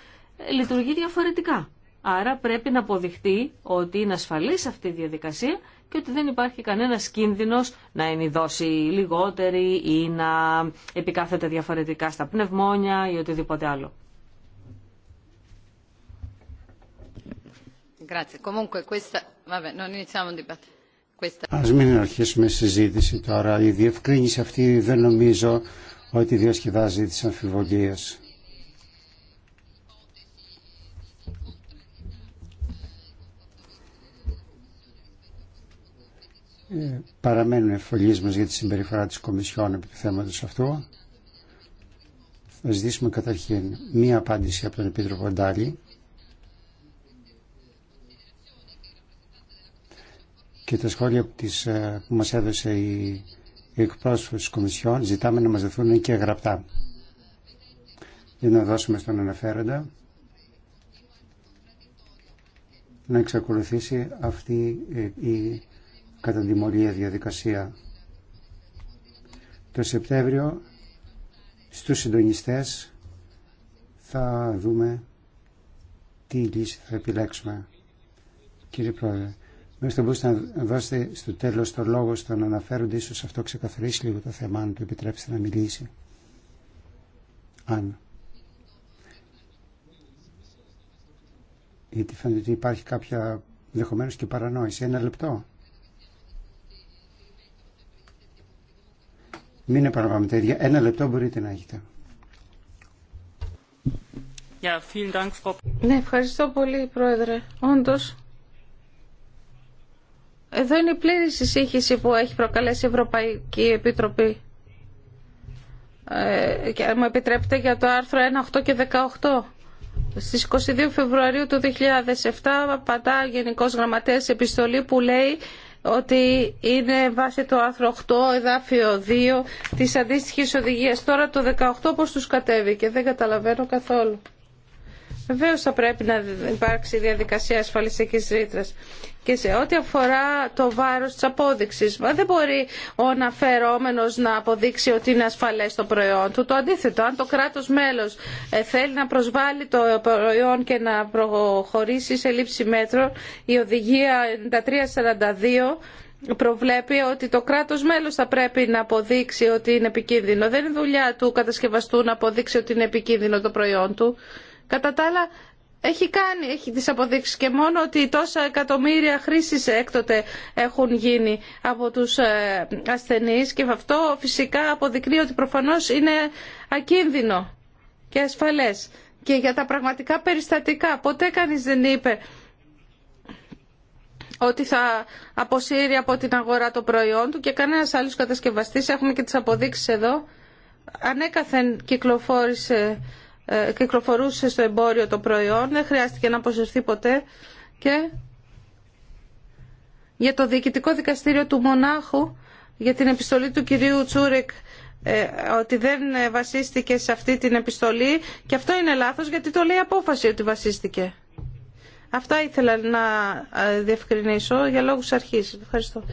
λειτουργεί διαφορετικά. Άρα πρέπει να αποδειχτεί ότι είναι ασφαλής αυτή η διαδικασία και ότι δεν υπάρχει κανένα κίνδυνος να είναι η δόση λιγότερη ή να επικάθεται διαφορετικά στα πνευμόνια ή οτιδήποτε άλλο. Ας μην αρχίσουμε συζήτηση τώρα. Η διευκρίνηση αυτή δεν νομίζω ότι διασκεδάζει τις αμφιβολίες. Ε, παραμένουν ευφωλίες μας για τη συμπεριφορά της Κομισιόν επί του θέματος αυτού. Θα ζητήσουμε καταρχήν μία απάντηση από τον Επίτροπο Ντάλη και τα σχόλια ε, που μας έδωσε η, η εκπρόσωπος της Κομισιόν ζητάμε να μας δεθούν και γραπτά για να δώσουμε στον αναφέροντα να εξακολουθήσει αυτή ε, η καταντιμωρία διαδικασία. Το Σεπτέμβριο στους συντονιστές θα δούμε τι λύση θα επιλέξουμε. Κύριε Πρόεδρε, Νομίζω θα μπορούσατε να δώσετε στο τέλος το λόγο στον αναφέροντα, ίσως αυτό ξεκαθαρίσει λίγο το θέμα, αν του επιτρέψετε να μιλήσει. Αν. Γιατί φαίνεται ότι υπάρχει κάποια ενδεχομένω και παρανόηση. Ένα λεπτό. Μην επαναλαμβάνω τα Ένα λεπτό μπορείτε να έχετε. Ναι, ευχαριστώ πολύ, Πρόεδρε. Όντως, εδώ είναι η πλήρη συσύχηση που έχει προκαλέσει η Ευρωπαϊκή Επιτροπή. Ε, και μου επιτρέπετε για το άρθρο 1, 8 και 18. Στις 22 Φεβρουαρίου του 2007 πατά ο Γενικός Γραμματέας επιστολή που λέει ότι είναι βάσει το άρθρο 8, εδάφιο 2 της αντίστοιχης οδηγίας. Τώρα το 18 πώς τους κατέβηκε, δεν καταλαβαίνω καθόλου. Βεβαίω θα πρέπει να υπάρξει διαδικασία ασφαλιστική ρήτρα. Και σε ό,τι αφορά το βάρο τη απόδειξη, δεν μπορεί ο αναφερόμενο να αποδείξει ότι είναι ασφαλέ το προϊόν του. Το αντίθετο, αν το κράτο μέλο ε, θέλει να προσβάλλει το προϊόν και να προχωρήσει σε λήψη μέτρων, η οδηγία 9342 προβλέπει ότι το κράτος μέλος θα πρέπει να αποδείξει ότι είναι επικίνδυνο. Δεν είναι δουλειά του κατασκευαστού να αποδείξει ότι είναι επικίνδυνο το προϊόν του. Κατά τα άλλα, έχει κάνει, έχει τις αποδείξεις και μόνο ότι τόσα εκατομμύρια χρήσεις έκτοτε έχουν γίνει από τους ε, ασθενείς και αυτό φυσικά αποδεικνύει ότι προφανώς είναι ακίνδυνο και ασφαλές. Και για τα πραγματικά περιστατικά, ποτέ κανείς δεν είπε ότι θα αποσύρει από την αγορά το προϊόν του και κανένας άλλος κατασκευαστής, έχουμε και τις αποδείξεις εδώ, ανέκαθεν κυκλοφόρησε ε, κυκλοφορούσε στο εμπόριο το προϊόν, δεν χρειάστηκε να αποσυρθεί ποτέ και για το διοικητικό δικαστήριο του Μονάχου για την επιστολή του κυρίου Τσούρεκ ε, ότι δεν βασίστηκε σε αυτή την επιστολή και αυτό είναι λάθος γιατί το λέει απόφαση ότι βασίστηκε. Αυτά ήθελα να ε, διευκρινίσω για λόγους αρχής. Ευχαριστώ.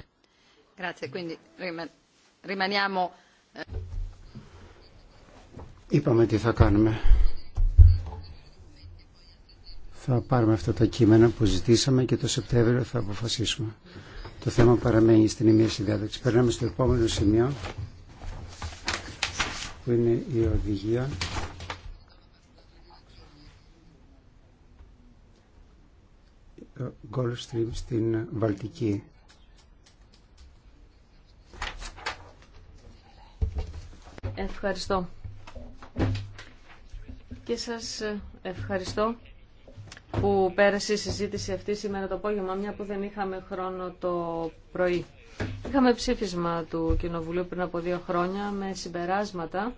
Είπαμε τι θα κάνουμε. Θα πάρουμε αυτά τα κείμενα που ζητήσαμε και το Σεπτέμβριο θα αποφασίσουμε. Το θέμα παραμένει στην ημία συνδιάταξη. Περνάμε στο επόμενο σημείο που είναι η οδηγία Gold Stream στην Βαλτική. Ευχαριστώ. Και σας ευχαριστώ που πέρασε η συζήτηση αυτή σήμερα το απόγευμα, μια που δεν είχαμε χρόνο το πρωί. Είχαμε ψήφισμα του Κοινοβουλίου πριν από δύο χρόνια με συμπεράσματα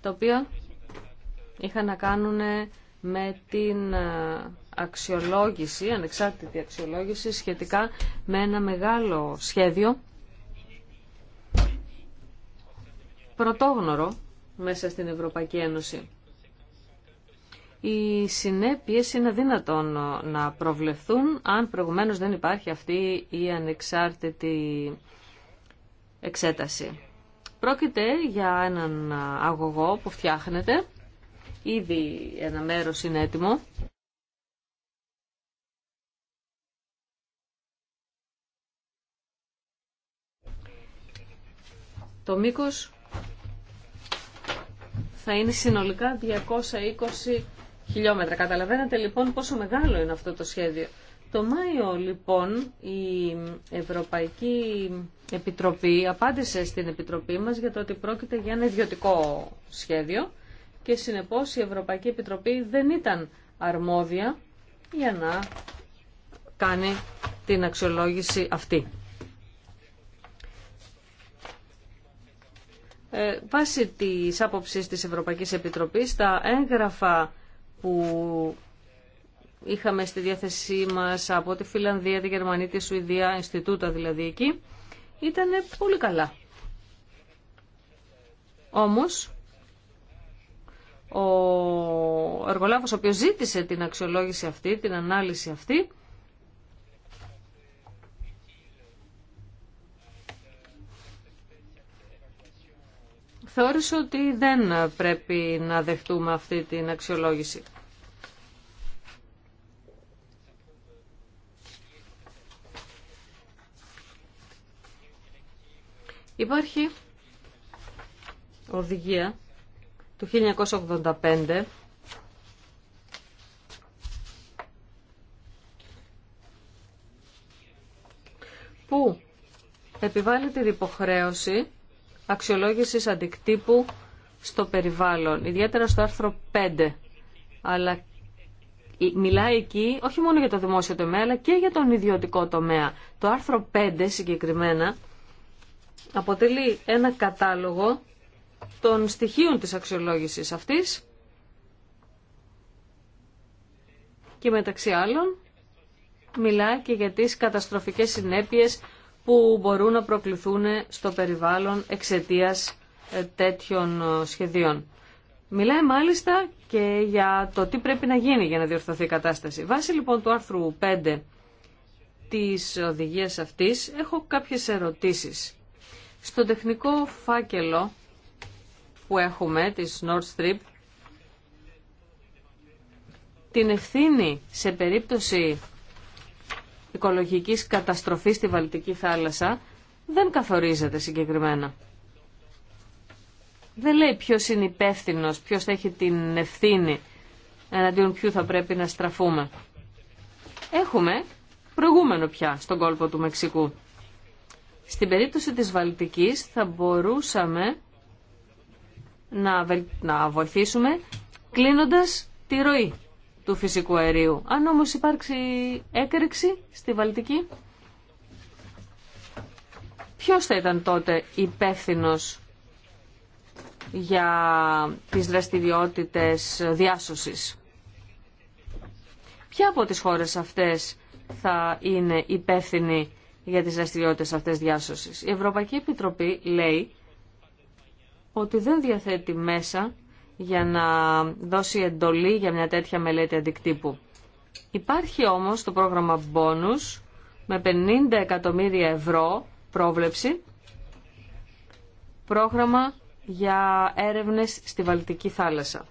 τα οποία είχαν να κάνουν με την αξιολόγηση, ανεξάρτητη αξιολόγηση σχετικά με ένα μεγάλο σχέδιο πρωτόγνωρο μέσα στην Ευρωπαϊκή Ένωση. Οι συνέπειες είναι δυνατόν ε, να προβλεφθούν αν προηγουμένως δεν υπάρχει αυτή η ανεξάρτητη εξέταση. Πρόκειται για έναν αγωγό που φτιάχνεται. Ήδη ένα μέρος είναι έτοιμο. Το μήκος θα είναι συνολικά 220 χιλιόμετρα. Καταλαβαίνετε λοιπόν πόσο μεγάλο είναι αυτό το σχέδιο. Το Μάιο λοιπόν η Ευρωπαϊκή Επιτροπή απάντησε στην Επιτροπή μας για το ότι πρόκειται για ένα ιδιωτικό σχέδιο και συνεπώς η Ευρωπαϊκή Επιτροπή δεν ήταν αρμόδια για να κάνει την αξιολόγηση αυτή. Ε, βάσει της άποψης της Ευρωπαϊκής Επιτροπής, τα έγγραφα που είχαμε στη διάθεσή μας από τη Φιλανδία, τη Γερμανία, τη Σουηδία, Ινστιτούτα δηλαδή εκεί, ήταν πολύ καλά. Όμως, ο εργολάβος ο οποίος ζήτησε την αξιολόγηση αυτή, την ανάλυση αυτή, θεώρησε ότι δεν πρέπει να δεχτούμε αυτή την αξιολόγηση. Υπάρχει οδηγία του 1985 που επιβάλλει την υποχρέωση Αξιολόγηση αντικτύπου στο περιβάλλον, ιδιαίτερα στο άρθρο 5. Αλλά μιλάει εκεί όχι μόνο για το δημόσιο τομέα, αλλά και για τον ιδιωτικό τομέα. Το άρθρο 5 συγκεκριμένα αποτελεί ένα κατάλογο των στοιχείων της αξιολόγησης αυτής και μεταξύ άλλων μιλάει και για τις καταστροφικές συνέπειες που μπορούν να προκληθούν στο περιβάλλον εξαιτίας ε, τέτοιων ε, σχεδίων. Μιλάει μάλιστα και για το τι πρέπει να γίνει για να διορθωθεί η κατάσταση. Βάσει λοιπόν του άρθρου 5 της οδηγίας αυτής έχω κάποιες ερωτήσεις. Στο τεχνικό φάκελο που έχουμε της Nord Stream την ευθύνη σε περίπτωση οικολογικής καταστροφής στη Βαλτική θάλασσα δεν καθορίζεται συγκεκριμένα. Δεν λέει ποιος είναι υπεύθυνο, ποιος έχει την ευθύνη εναντίον ποιου θα πρέπει να στραφούμε. Έχουμε προηγούμενο πια στον κόλπο του Μεξικού. Στην περίπτωση της Βαλτικής θα μπορούσαμε να, βοηθήσουμε κλείνοντας τη ροή του φυσικού αερίου. Αν όμως υπάρξει έκρηξη στη Βαλτική, ποιος θα ήταν τότε υπεύθυνο για τις δραστηριότητες διάσωσης. Ποια από τις χώρες αυτές θα είναι υπεύθυνη για τις δραστηριότητες αυτές διάσωσης. Η Ευρωπαϊκή Επιτροπή λέει ότι δεν διαθέτει μέσα για να δώσει εντολή για μια τέτοια μελέτη αντικτύπου. Υπάρχει όμως το πρόγραμμα Bonus με 50 εκατομμύρια ευρώ πρόβλεψη, πρόγραμμα για έρευνες στη Βαλτική θάλασσα.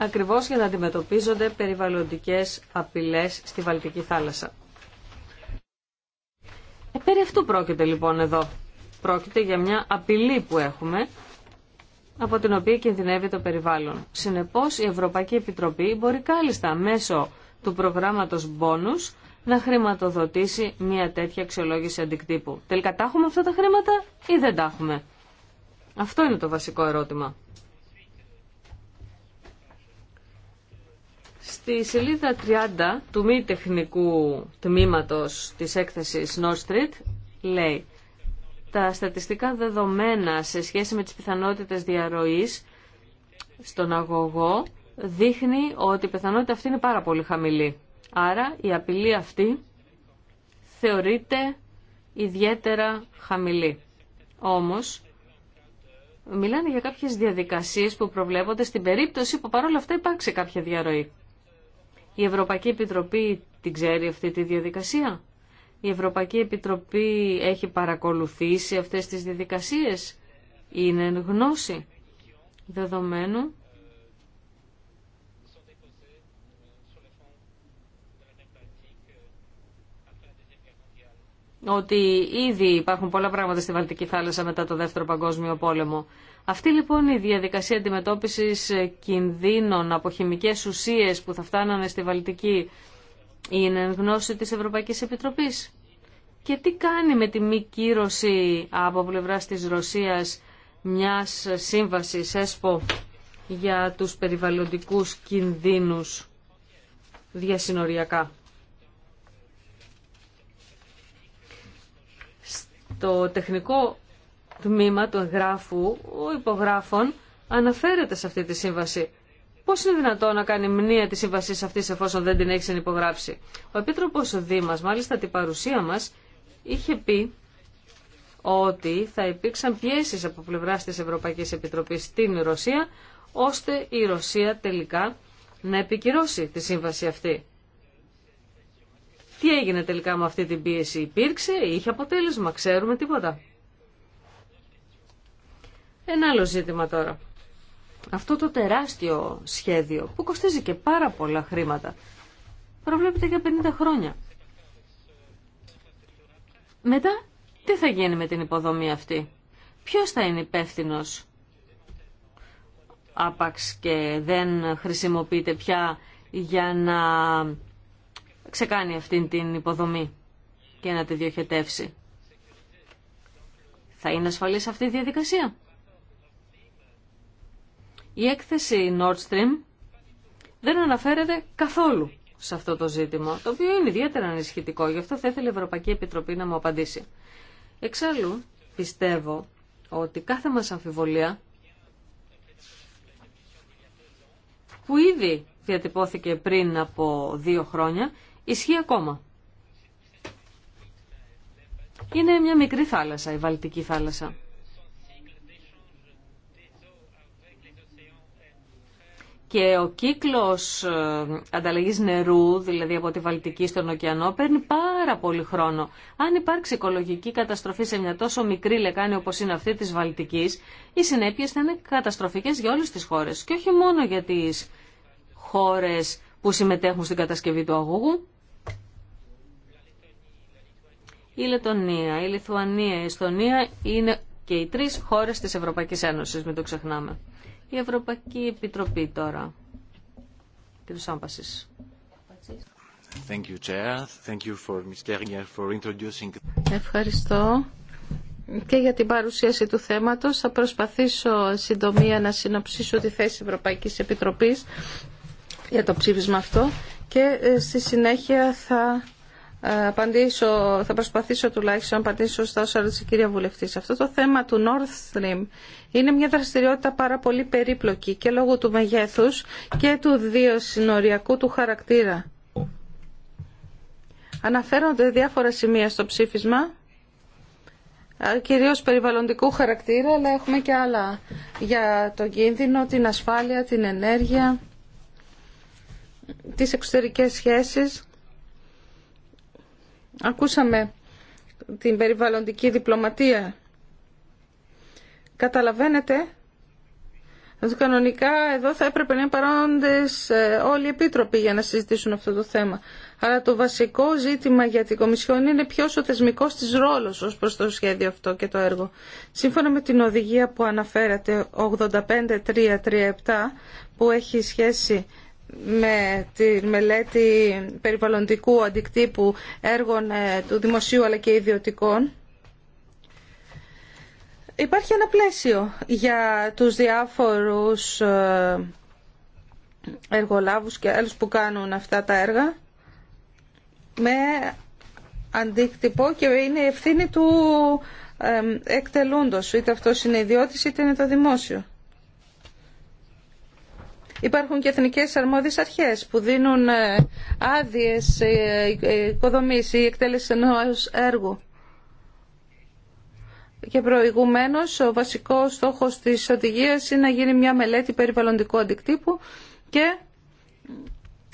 Ακριβώς για να αντιμετωπίζονται περιβαλλοντικές απειλές στη Βαλτική θάλασσα. Ε, περί αυτού πρόκειται λοιπόν εδώ. Πρόκειται για μια απειλή που έχουμε από την οποία κινδυνεύει το περιβάλλον. Συνεπώς η Ευρωπαϊκή Επιτροπή μπορεί κάλλιστα μέσω του προγράμματος Bonus να χρηματοδοτήσει μια τέτοια αξιολόγηση αντικτύπου. Τελικά τα έχουμε αυτά τα χρήματα ή δεν τα έχουμε. Αυτό είναι το βασικό ερώτημα. Στη σελίδα 30 του μη τεχνικού τμήματος της έκθεσης Nord Street λέει τα στατιστικά δεδομένα σε σχέση με τις πιθανότητες διαρροής στον αγωγό δείχνει ότι η πιθανότητα αυτή είναι πάρα πολύ χαμηλή. Άρα η απειλή αυτή θεωρείται ιδιαίτερα χαμηλή. Όμως, μιλάνε για κάποιες διαδικασίες που προβλέπονται στην περίπτωση που παρόλα αυτά υπάρξει κάποια διαρροή. Η Ευρωπαϊκή Επιτροπή την ξέρει αυτή τη διαδικασία. Η Ευρωπαϊκή Επιτροπή έχει παρακολουθήσει αυτές τις διαδικασίες. Είναι εν γνώση δεδομένου ότι ήδη υπάρχουν πολλά πράγματα στη Βαλτική θάλασσα μετά το Δεύτερο Παγκόσμιο Πόλεμο. Αυτή λοιπόν η διαδικασία αντιμετώπισης κινδύνων από χημικές ουσίες που θα φτάνανε στη Βαλτική είναι γνώση της Ευρωπαϊκής Επιτροπής. Και τι κάνει με τη μη κύρωση από πλευράς της Ρωσίας μιας σύμβασης ΕΣΠΟ για τους περιβαλλοντικούς κινδύνους διασυνοριακά. Στο τεχνικό τμήμα του εγγράφου ο υπογράφων αναφέρεται σε αυτή τη σύμβαση. Πώ είναι δυνατόν να κάνει μνήα τη σύμβαση αυτή εφόσον δεν την έχει συνυπογράψει. Ο Επίτροπο Δήμα, μάλιστα την παρουσία μα, είχε πει ότι θα υπήρξαν πιέσει από πλευρά τη Ευρωπαϊκή Επιτροπή στην Ρωσία, ώστε η Ρωσία τελικά να επικυρώσει τη σύμβαση αυτή. Τι έγινε τελικά με αυτή την πίεση, υπήρξε ή είχε αποτέλεσμα, ξέρουμε τίποτα. Ένα άλλο ζήτημα τώρα αυτό το τεράστιο σχέδιο που κοστίζει και πάρα πολλά χρήματα προβλέπεται για 50 χρόνια. Μετά τι θα γίνει με την υποδομή αυτή. Ποιος θα είναι υπεύθυνο άπαξ και δεν χρησιμοποιείται πια για να ξεκάνει αυτήν την υποδομή και να τη διοχετεύσει. Θα είναι ασφαλής αυτή η διαδικασία. Η έκθεση Nord Stream δεν αναφέρεται καθόλου σε αυτό το ζήτημα, το οποίο είναι ιδιαίτερα ανησυχητικό. Γι' αυτό θα ήθελε η Ευρωπαϊκή Επιτροπή να μου απαντήσει. Εξάλλου, πιστεύω ότι κάθε μας αμφιβολία που ήδη διατυπώθηκε πριν από δύο χρόνια, ισχύει ακόμα. Είναι μια μικρή θάλασσα, η Βαλτική θάλασσα. και ο κύκλος ε, ανταλλαγής νερού, δηλαδή από τη Βαλτική στον ωκεανό, παίρνει πάρα πολύ χρόνο. Αν υπάρξει οικολογική καταστροφή σε μια τόσο μικρή λεκάνη όπως είναι αυτή της Βαλτικής, οι συνέπειες θα είναι καταστροφικές για όλες τις χώρες και όχι μόνο για τις χώρες που συμμετέχουν στην κατασκευή του αγωγού. Η Λετωνία, η Λιθουανία, η Εστονία είναι και οι τρεις χώρες της Ευρωπαϊκής Ένωσης, μην το ξεχνάμε. Η Ευρωπαϊκή Επιτροπή τώρα. τη Σάμπασης. Thank Ευχαριστώ και για την παρουσίαση του θέματος. Θα προσπαθήσω συντομία να συνοψίσω τη θέση Ευρωπαϊκής Επιτροπής για το ψήφισμα αυτό και ε, στη συνέχεια θα ε, απαντήσω, θα προσπαθήσω τουλάχιστον να απαντήσω στα όσα ρώτησε η κυρία Βουλευτή. Αυτό το θέμα του North Stream είναι μια δραστηριότητα πάρα πολύ περίπλοκη και λόγω του μεγέθου και του δύο συνοριακού του χαρακτήρα. Αναφέρονται διάφορα σημεία στο ψήφισμα, ε, κυρίως περιβαλλοντικού χαρακτήρα, αλλά έχουμε και άλλα για τον κίνδυνο, την ασφάλεια, την ενέργεια, τις εξωτερικές σχέσεις Ακούσαμε την περιβαλλοντική διπλωματία. Καταλαβαίνετε Κανονικά εδώ θα έπρεπε να είναι παρόντες ε, όλοι οι επίτροποι για να συζητήσουν αυτό το θέμα. Αλλά το βασικό ζήτημα για την Κομισιόν είναι ποιο ο θεσμικό τη ρόλο ω προ το σχέδιο αυτό και το έργο. Σύμφωνα με την οδηγία που αναφέρατε, 85337, που έχει σχέση με τη μελέτη περιβαλλοντικού αντικτύπου έργων ε, του δημοσίου αλλά και ιδιωτικών. Υπάρχει ένα πλαίσιο για τους διάφορους ε, εργολάβους και άλλους που κάνουν αυτά τα έργα με αντίκτυπο και είναι η ευθύνη του ε, εκτελούντος, είτε αυτό είναι ιδιώτης είτε είναι το δημόσιο. Υπάρχουν και εθνικές αρμόδιες αρχές που δίνουν ε, άδειες ε, ε, οικοδομής ή εκτέλεση ενός έργου. Και προηγουμένως ο βασικός στόχος της οδηγίας είναι να γίνει μια μελέτη περιβαλλοντικού αντικτύπου και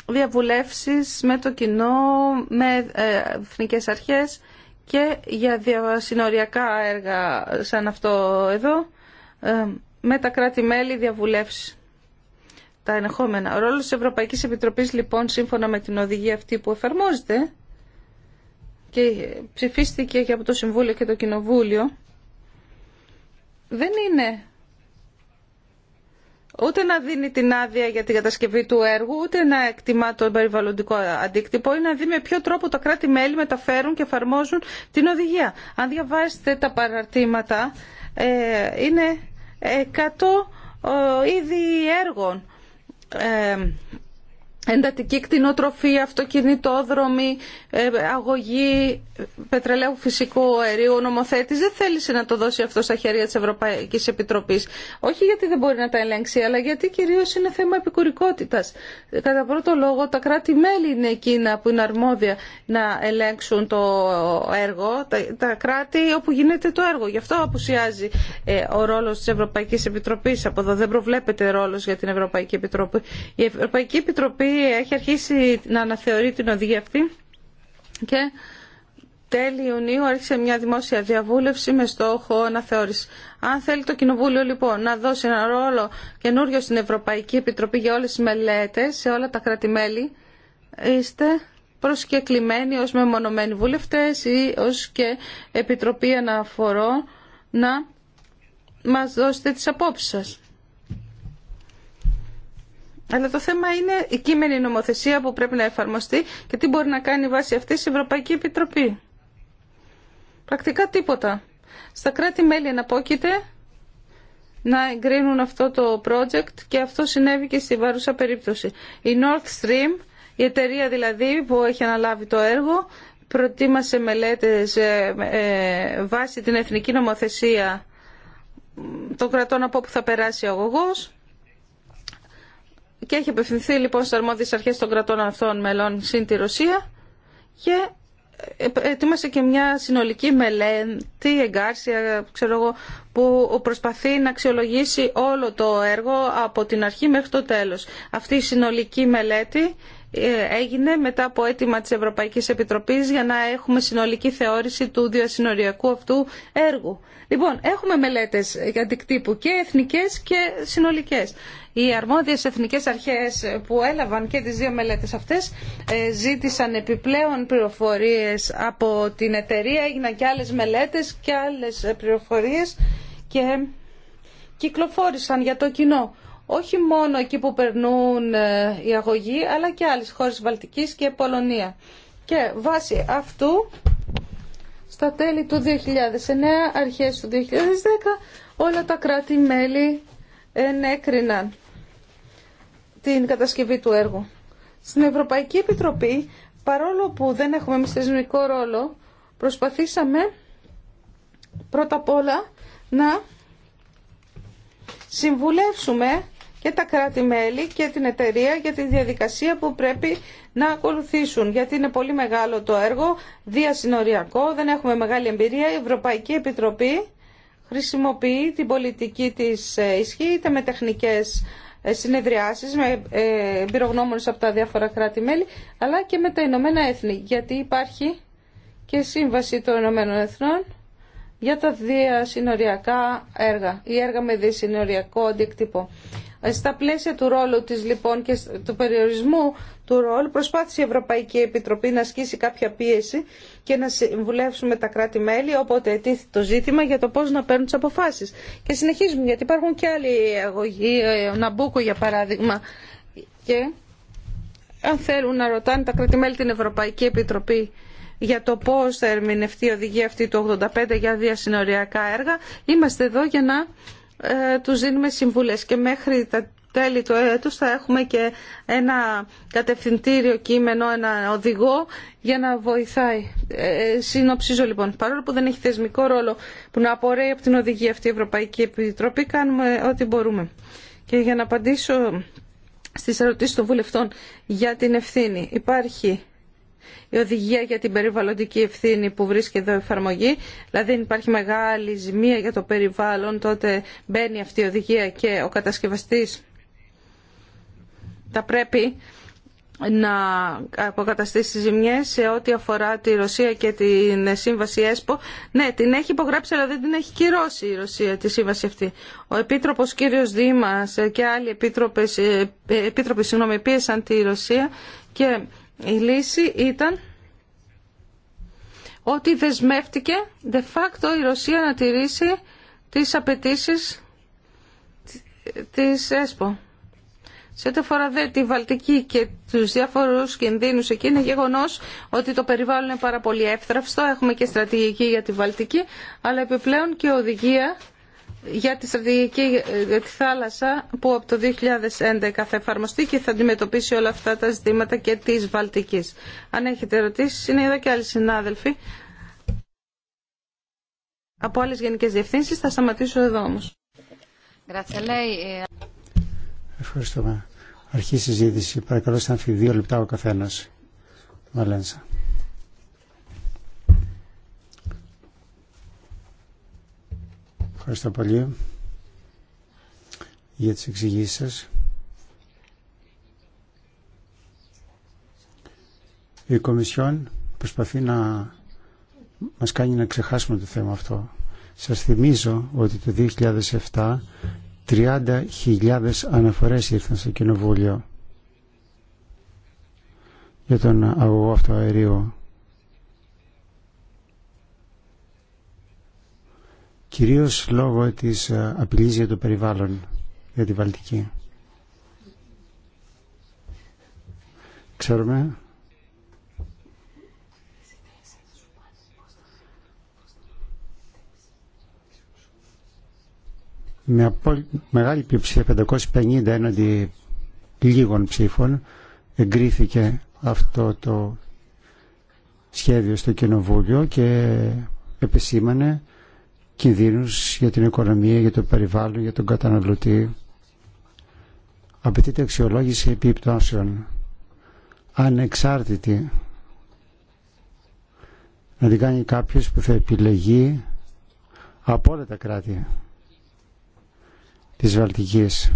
διαβουλεύσεις με το κοινό, με εθνικές αρχές και για διασυνοριακά έργα σαν αυτό εδώ, με τα κράτη-μέλη διαβουλεύσεις τα ενεχόμενα. Ο ρόλος της Ευρωπαϊκής Επιτροπής λοιπόν σύμφωνα με την οδηγία αυτή που εφαρμόζεται και ψηφίστηκε και από το Συμβούλιο και το Κοινοβούλιο δεν είναι ούτε να δίνει την άδεια για την κατασκευή του έργου, ούτε να εκτιμά τον περιβαλλοντικό αντίκτυπο ή να δει με ποιο τρόπο τα κράτη-μέλη μεταφέρουν και εφαρμόζουν την οδηγία. Αν διαβάσετε τα παραρτήματα, ε, είναι 100 ε, είδη έργων εμ εντατική κτηνοτροφία, αυτοκινητόδρομη, ε, αγωγή πετρελαίου φυσικού αερίου, ο δεν θέλησε να το δώσει αυτό στα χέρια της Ευρωπαϊκής Επιτροπής. Όχι γιατί δεν μπορεί να τα ελέγξει, αλλά γιατί κυρίως είναι θέμα επικουρικότητας. Κατά πρώτο λόγο τα κράτη-μέλη είναι εκείνα που είναι αρμόδια να ελέγξουν το έργο, τα, κράτη όπου γίνεται το έργο. Γι' αυτό απουσιάζει ε, ο ρόλος της Ευρωπαϊκής Επιτροπής. Από εδώ δεν προβλέπεται ρόλος για την Ευρωπαϊκή Επιτροπή. Η Ευρωπαϊκή Επιτροπή έχει αρχίσει να αναθεωρεί την οδηγία αυτή και τέλη Ιουνίου άρχισε μια δημόσια διαβούλευση με στόχο αναθεώρηση. Αν θέλει το Κοινοβούλιο λοιπόν να δώσει ένα ρόλο καινούριο στην Ευρωπαϊκή Επιτροπή για όλες τις μελέτες σε όλα τα κράτη-μέλη, είστε προσκεκλημένοι ως μεμονωμένοι βουλευτές ή ως και Επιτροπή Αναφορών να μας δώσετε τις απόψεις σας. Αλλά το θέμα είναι η κείμενη νομοθεσία που πρέπει να εφαρμοστεί και τι μπορεί να κάνει βάσει αυτή η Ευρωπαϊκή Επιτροπή. Πρακτικά τίποτα. Στα κράτη-μέλη εναπόκειται να εγκρίνουν αυτό το project και αυτό συνέβη και στη βαρούσα περίπτωση. Η North Stream, η εταιρεία δηλαδή που έχει αναλάβει το έργο, προτίμασε μελέτες ε, ε, βάσει την εθνική νομοθεσία των κρατών από όπου θα περάσει ο αγωγός και έχει απευθυνθεί λοιπόν στις αρμόδιες αρχές των κρατών αυτών μελών συν τη Ρωσία και ετοίμασε και μια συνολική μελέτη εγκάρσια ξέρω εγώ, που προσπαθεί να αξιολογήσει όλο το έργο από την αρχή μέχρι το τέλος. Αυτή η συνολική μελέτη ε, έγινε μετά από αίτημα της Ευρωπαϊκής Επιτροπής για να έχουμε συνολική θεώρηση του διασυνοριακού αυτού έργου. Λοιπόν, έχουμε μελέτες αντικτύπου και εθνικές και συνολικές. Οι αρμόδιες εθνικές αρχές που έλαβαν και τις δύο μελέτες αυτές ε, ζήτησαν επιπλέον πληροφορίες από την εταιρεία, έγιναν και άλλες μελέτες και άλλες πληροφορίες και κυκλοφόρησαν για το κοινό όχι μόνο εκεί που περνούν ε, οι αγωγοί, αλλά και άλλες χώρες Βαλτικής και Πολωνία. Και βάσει αυτού, στα τέλη του 2009, αρχές του 2010, όλα τα κράτη-μέλη ενέκριναν την κατασκευή του έργου. Στην Ευρωπαϊκή Επιτροπή, παρόλο που δεν έχουμε μυστηρισμικό ρόλο, προσπαθήσαμε πρώτα απ' όλα να συμβουλεύσουμε και τα κράτη-μέλη και την εταιρεία για τη διαδικασία που πρέπει να ακολουθήσουν. Γιατί είναι πολύ μεγάλο το έργο, διασυνοριακό, δεν έχουμε μεγάλη εμπειρία. Η Ευρωπαϊκή Επιτροπή χρησιμοποιεί την πολιτική της ε, ισχύ, είτε με τεχνικές ε, συνεδριάσεις με ε, εμπειρογνώμονες από τα διάφορα κράτη-μέλη, αλλά και με τα Ηνωμένα Έθνη, γιατί υπάρχει και σύμβαση των Ηνωμένων Εθνών για τα διασυνοριακά έργα ή έργα με διασυνοριακό αντίκτυπο. Στα πλαίσια του ρόλου της λοιπόν και του περιορισμού του ρόλου προσπάθησε η Ευρωπαϊκή Επιτροπή να ασκήσει κάποια πίεση και να συμβουλεύσουμε τα κράτη-μέλη όποτε ετήθη το ζήτημα για το πώς να παίρνουν τις αποφάσεις. Και συνεχίζουμε γιατί υπάρχουν και άλλοι αγωγοί, ο ε, Ναμπούκο για παράδειγμα. Και αν θέλουν να ρωτάνε τα κράτη-μέλη την Ευρωπαϊκή Επιτροπή για το πώς θα ερμηνευτεί η οδηγία αυτή του 85 για διασυνοριακά έργα, είμαστε εδώ για να ε, τους δίνουμε συμβουλές και μέχρι τα τέλη του έτους θα έχουμε και ένα κατευθυντήριο κείμενο, ένα οδηγό για να βοηθάει. Ε, συνοψίζω λοιπόν, παρόλο που δεν έχει θεσμικό ρόλο που να απορρέει από την οδηγία αυτή η Ευρωπαϊκή Επιτροπή, κάνουμε ό,τι μπορούμε. Και για να απαντήσω στις ερωτήσεις των βουλευτών για την ευθύνη. Υπάρχει η οδηγία για την περιβαλλοντική ευθύνη που βρίσκεται εδώ εφαρμογή, δηλαδή αν υπάρχει μεγάλη ζημία για το περιβάλλον, τότε μπαίνει αυτή η οδηγία και ο κατασκευαστής θα πρέπει να αποκαταστήσει τις ζημιές σε ό,τι αφορά τη Ρωσία και την σύμβαση ΕΣΠΟ. Ναι, την έχει υπογράψει αλλά δεν την έχει κυρώσει η Ρωσία τη σύμβαση αυτή. Ο Επίτροπος κύριος Δήμας και άλλοι επίτροπες, ε, επίτροποι πίεσαν τη Ρωσία και η λύση ήταν ότι δεσμεύτηκε de facto η Ρωσία να τηρήσει τις απαιτήσει της ΕΣΠΟ. Σε ό,τι αφορά τη Βαλτική και τους διάφορους κινδύνους εκεί είναι γεγονός ότι το περιβάλλον είναι πάρα πολύ εύθραυστο, έχουμε και στρατηγική για τη Βαλτική, αλλά επιπλέον και οδηγία για τη στρατηγική για θάλασσα που από το 2011 θα εφαρμοστεί και θα αντιμετωπίσει όλα αυτά τα ζητήματα και της Βαλτικής. Αν έχετε ερωτήσεις, είναι εδώ και άλλοι συνάδελφοι. Από άλλες γενικές διευθύνσεις θα σταματήσω εδώ όμως. Ε, Ευχαριστούμε. Αρχή συζήτηση. Παρακαλώ σαν δύο λεπτά ο καθένας. Βαλένσα. Ευχαριστώ πολύ για τις εξηγήσεις σας. Η Κομισιόν προσπαθεί να μας κάνει να ξεχάσουμε το θέμα αυτό. Σας θυμίζω ότι το 2007 30.000 αναφορές ήρθαν στο Κοινοβούλιο για τον αγωγό αυτό κυρίως λόγω της ε, απειλής για το περιβάλλον, για τη Βαλτική. Ξέρουμε με μεγάλη πλειοψηφία 550 έναντι λίγων ψήφων εγκρίθηκε αυτό το σχέδιο στο Κοινοβούλιο και επισήμανε κινδύνους για την οικονομία, για το περιβάλλον, για τον καταναλωτή. Απαιτείται αξιολόγηση επιπτώσεων, ανεξάρτητη. Να την κάνει κάποιος που θα επιλεγεί από όλα τα κράτη της Βαλτικής.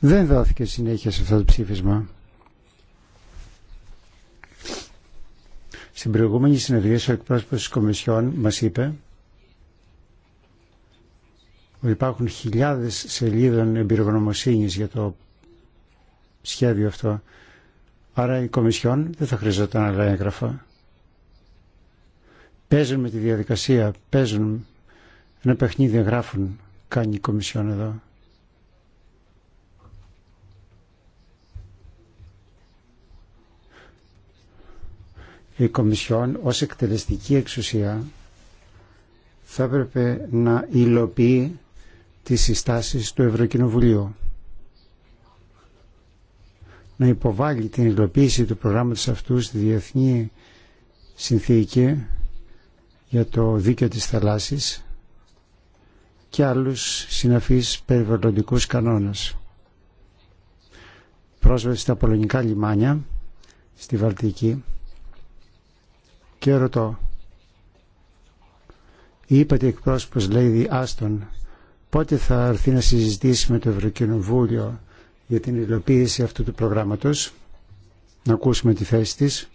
Δεν δόθηκε συνέχεια σε αυτό το ψήφισμα. Στην προηγούμενη συνεδρία ο εκπρόσωπος της Κομισιόν μας είπε ότι υπάρχουν χιλιάδες σελίδων εμπειρογνωμοσύνης για το σχέδιο αυτό. Άρα η Κομισιόν δεν θα χρειαζόταν άλλα έγγραφα. Παίζουν με τη διαδικασία, παίζουν ένα παιχνίδι, γράφουν, κάνει η Κομισιόν εδώ. η Κομισιόν ως εκτελεστική εξουσία θα έπρεπε να υλοποιεί τις συστάσεις του Ευρωκοινοβουλίου. Να υποβάλει την υλοποίηση του προγράμματος αυτού στη Διεθνή Συνθήκη για το δίκαιο της θαλάσσης και άλλους συναφείς περιβαλλοντικούς κανόνες. Πρόσβαση στα πολωνικά λιμάνια στη Βαλτική και ρωτώ. Είπατε εκπρόσωπος Λέιδη Άστον πότε θα έρθει να συζητήσει με το Ευρωκοινοβούλιο για την υλοποίηση αυτού του προγράμματος να ακούσουμε τη θέση της.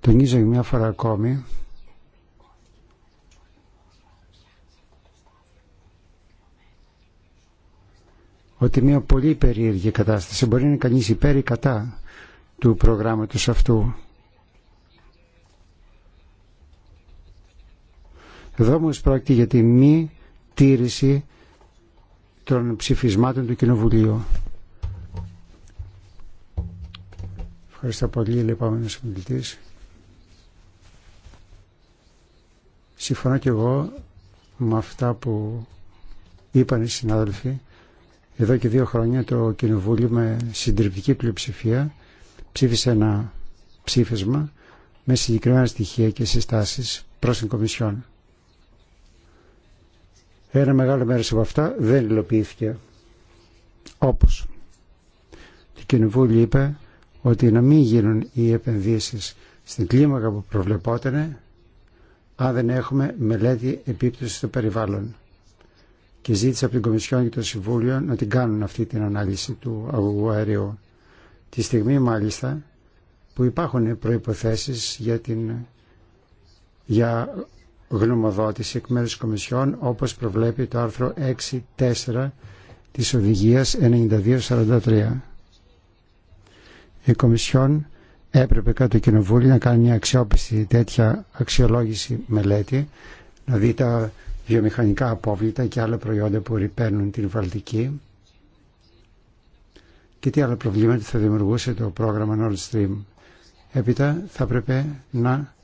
Τονίζω μια φορά ακόμη ότι μια πολύ περίεργη κατάσταση μπορεί να είναι κανείς υπέρ ή κατά του προγράμματος αυτού. Εδώ όμω πρόκειται για τη μη τήρηση των ψηφισμάτων του Κοινοβουλίου. Ευχαριστώ πολύ, λεπόμενος ομιλητής. Συμφωνώ και εγώ με αυτά που είπαν οι συνάδελφοι. Εδώ και δύο χρόνια το Κοινοβούλιο με συντριπτική πλειοψηφία ψήφισε ένα ψήφισμα με συγκεκριμένα στοιχεία και συστάσεις προς την Κομισιόν. Ένα μεγάλο μέρος από αυτά δεν υλοποιήθηκε. Όπως το Κοινοβούλιο είπε ότι να μην γίνουν οι επενδύσεις στην κλίμακα που προβλεπότανε αν δεν έχουμε μελέτη επίπτωση στο περιβάλλον και ζήτησε από την Κομισιόν και το Συμβούλιο να την κάνουν αυτή την ανάλυση του αγωγού αερίου τη στιγμή μάλιστα που υπάρχουν προϋποθέσεις για, την, για γνωμοδότηση εκ μέρους Κομισιόν όπως προβλέπει το άρθρο 6.4 της Οδηγίας 9243. Η Κομισιόν έπρεπε κάτω το Κοινοβούλιο να κάνει μια αξιόπιστη τέτοια αξιολόγηση μελέτη, να δει τα βιομηχανικά απόβλητα και άλλα προϊόντα που ρηπαίνουν την Βαλτική και τι άλλα προβλήματα θα δημιουργούσε το πρόγραμμα Nord Stream. Έπειτα θα πρέπει να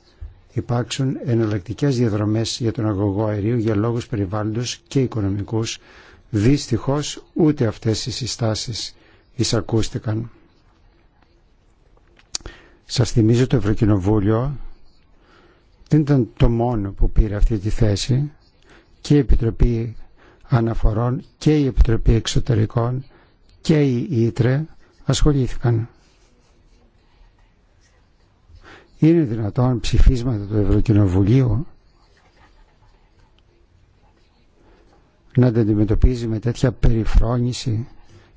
υπάρξουν εναλλακτικέ διαδρομέ για τον αγωγό αερίου για λόγους περιβάλλοντος και οικονομικούς. δυστυχώ, ούτε αυτές οι συστάσεις εισακούστηκαν. Σα θυμίζω το Ευρωκοινοβούλιο δεν ήταν το μόνο που πήρε αυτή τη θέση και η Επιτροπή Αναφορών και η Επιτροπή Εξωτερικών και οι Ήτρε ασχολήθηκαν. Είναι δυνατόν ψηφίσματα του Ευρωκοινοβουλίου να τα αντιμετωπίζει με τέτοια περιφρόνηση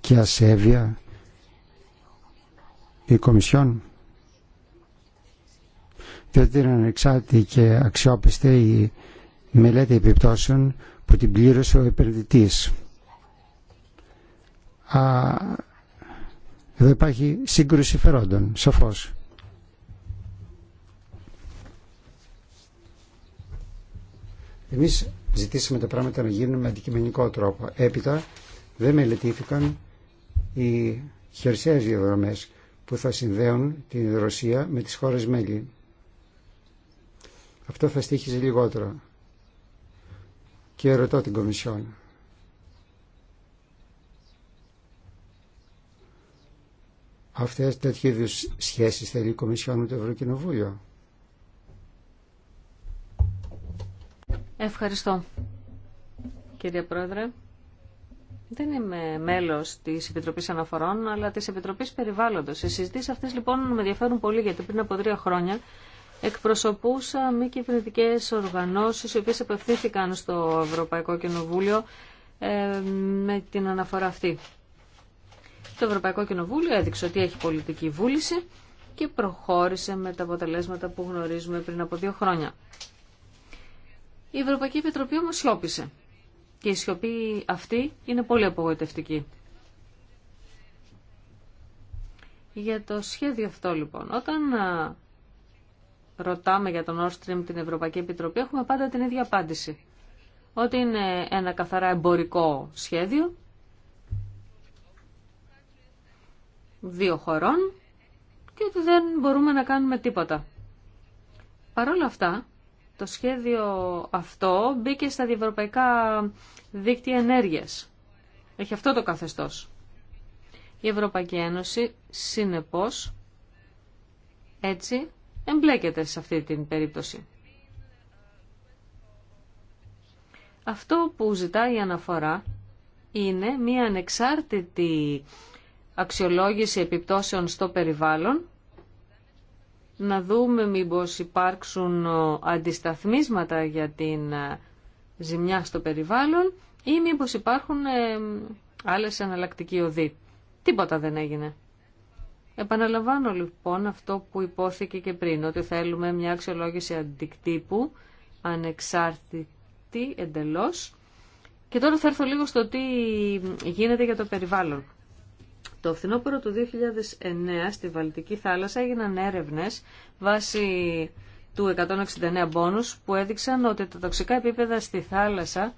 και ασέβεια η Κομισιόν διότι είναι ανεξάρτητη και αξιόπιστη η μελέτη επιπτώσεων που την πλήρωσε ο επενδυτής α, εδώ υπάρχει σύγκρουση φερόντων, σοφός. Εμείς ζητήσαμε τα πράγματα να γίνουν με αντικειμενικό τρόπο. Έπειτα δεν μελετήθηκαν οι χερσαίες διαδρομές που θα συνδέουν την Ρωσία με τις χώρες μέλη. Αυτό θα στήχιζε λιγότερο. Και ρωτώ την Κομισιόν. Αυτές τέτοιου είδου σχέσεις θέλει η Κομισιόν με το Ευρωκοινοβούλιο. Ευχαριστώ, κύριε Πρόεδρε. Δεν είμαι μέλος της Επιτροπής Αναφορών, αλλά της Επιτροπής Περιβάλλοντος. Οι συζητήσει αυτές λοιπόν με ενδιαφέρουν πολύ, γιατί πριν από τρία χρόνια εκπροσωπούσα μη κυβερνητικέ οργανώσεις, οι οποίες απευθύνθηκαν στο Ευρωπαϊκό Κοινοβούλιο ε, με την αναφορά αυτή. Το Ευρωπαϊκό Κοινοβούλιο έδειξε ότι έχει πολιτική βούληση και προχώρησε με τα αποτελέσματα που γνωρίζουμε πριν από δύο χρόνια. Η Ευρωπαϊκή Επιτροπή όμως σιώπησε και η σιωπή αυτή είναι πολύ απογοητευτική. Για το σχέδιο αυτό λοιπόν, όταν ρωτάμε για τον Nord Stream την Ευρωπαϊκή Επιτροπή, έχουμε πάντα την ίδια απάντηση. Ότι είναι ένα καθαρά εμπορικό σχέδιο δύο χωρών και ότι δεν μπορούμε να κάνουμε τίποτα. Παρ' όλα αυτά, το σχέδιο αυτό μπήκε στα διευρωπαϊκά δίκτυα ενέργειας. Έχει αυτό το καθεστώς. Η Ευρωπαϊκή Ένωση, συνεπώς, έτσι εμπλέκεται σε αυτή την περίπτωση. Αυτό που ζητάει η αναφορά είναι μία ανεξάρτητη αξιολόγηση επιπτώσεων στο περιβάλλον, να δούμε μήπως υπάρξουν ε, αντισταθμίσματα για την ε, ζημιά στο περιβάλλον ή μήπως υπάρχουν ε, άλλες εναλλακτικοί οδοί. Τίποτα δεν έγινε. Επαναλαμβάνω λοιπόν αυτό που υπόθηκε και πριν, ότι θέλουμε μια αξιολόγηση αντικτύπου, ανεξάρτητη εντελώς. Και τώρα θα έρθω λίγο στο τι γίνεται για το περιβάλλον. Το φθινόπωρο του 2009 στη Βαλτική θάλασσα έγιναν έρευνες βάσει του 169 πόνου που έδειξαν ότι τα τοξικά επίπεδα στη θάλασσα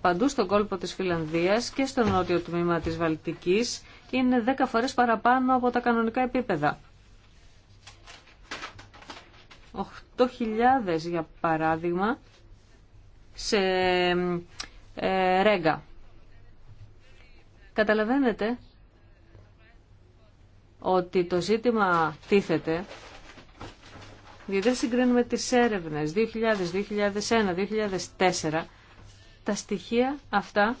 παντού στον κόλπο της Φιλανδίας και στο νότιο τμήμα της Βαλτικής είναι 10 φορές παραπάνω από τα κανονικά επίπεδα. 8.000 για παράδειγμα σε ε, ρέγγα. Καταλαβαίνετε ότι το ζήτημα τίθεται, γιατί δεν συγκρίνουμε τις έρευνες 2000, 2001, 2004, τα στοιχεία αυτά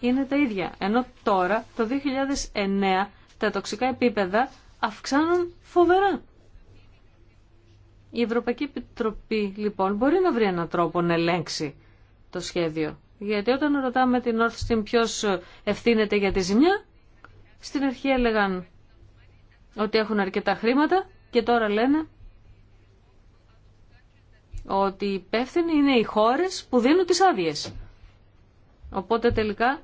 είναι τα ίδια. Ενώ τώρα, το 2009, τα τοξικά επίπεδα αυξάνουν φοβερά. Η Ευρωπαϊκή Επιτροπή, λοιπόν, μπορεί να βρει έναν τρόπο να ελέγξει το σχέδιο. Γιατί όταν ρωτάμε την Όρθιν ποιος ευθύνεται για τη ζημιά, στην αρχή έλεγαν ότι έχουν αρκετά χρήματα και τώρα λένε ότι υπεύθυνοι είναι οι χώρες που δίνουν τις άδειε. Οπότε τελικά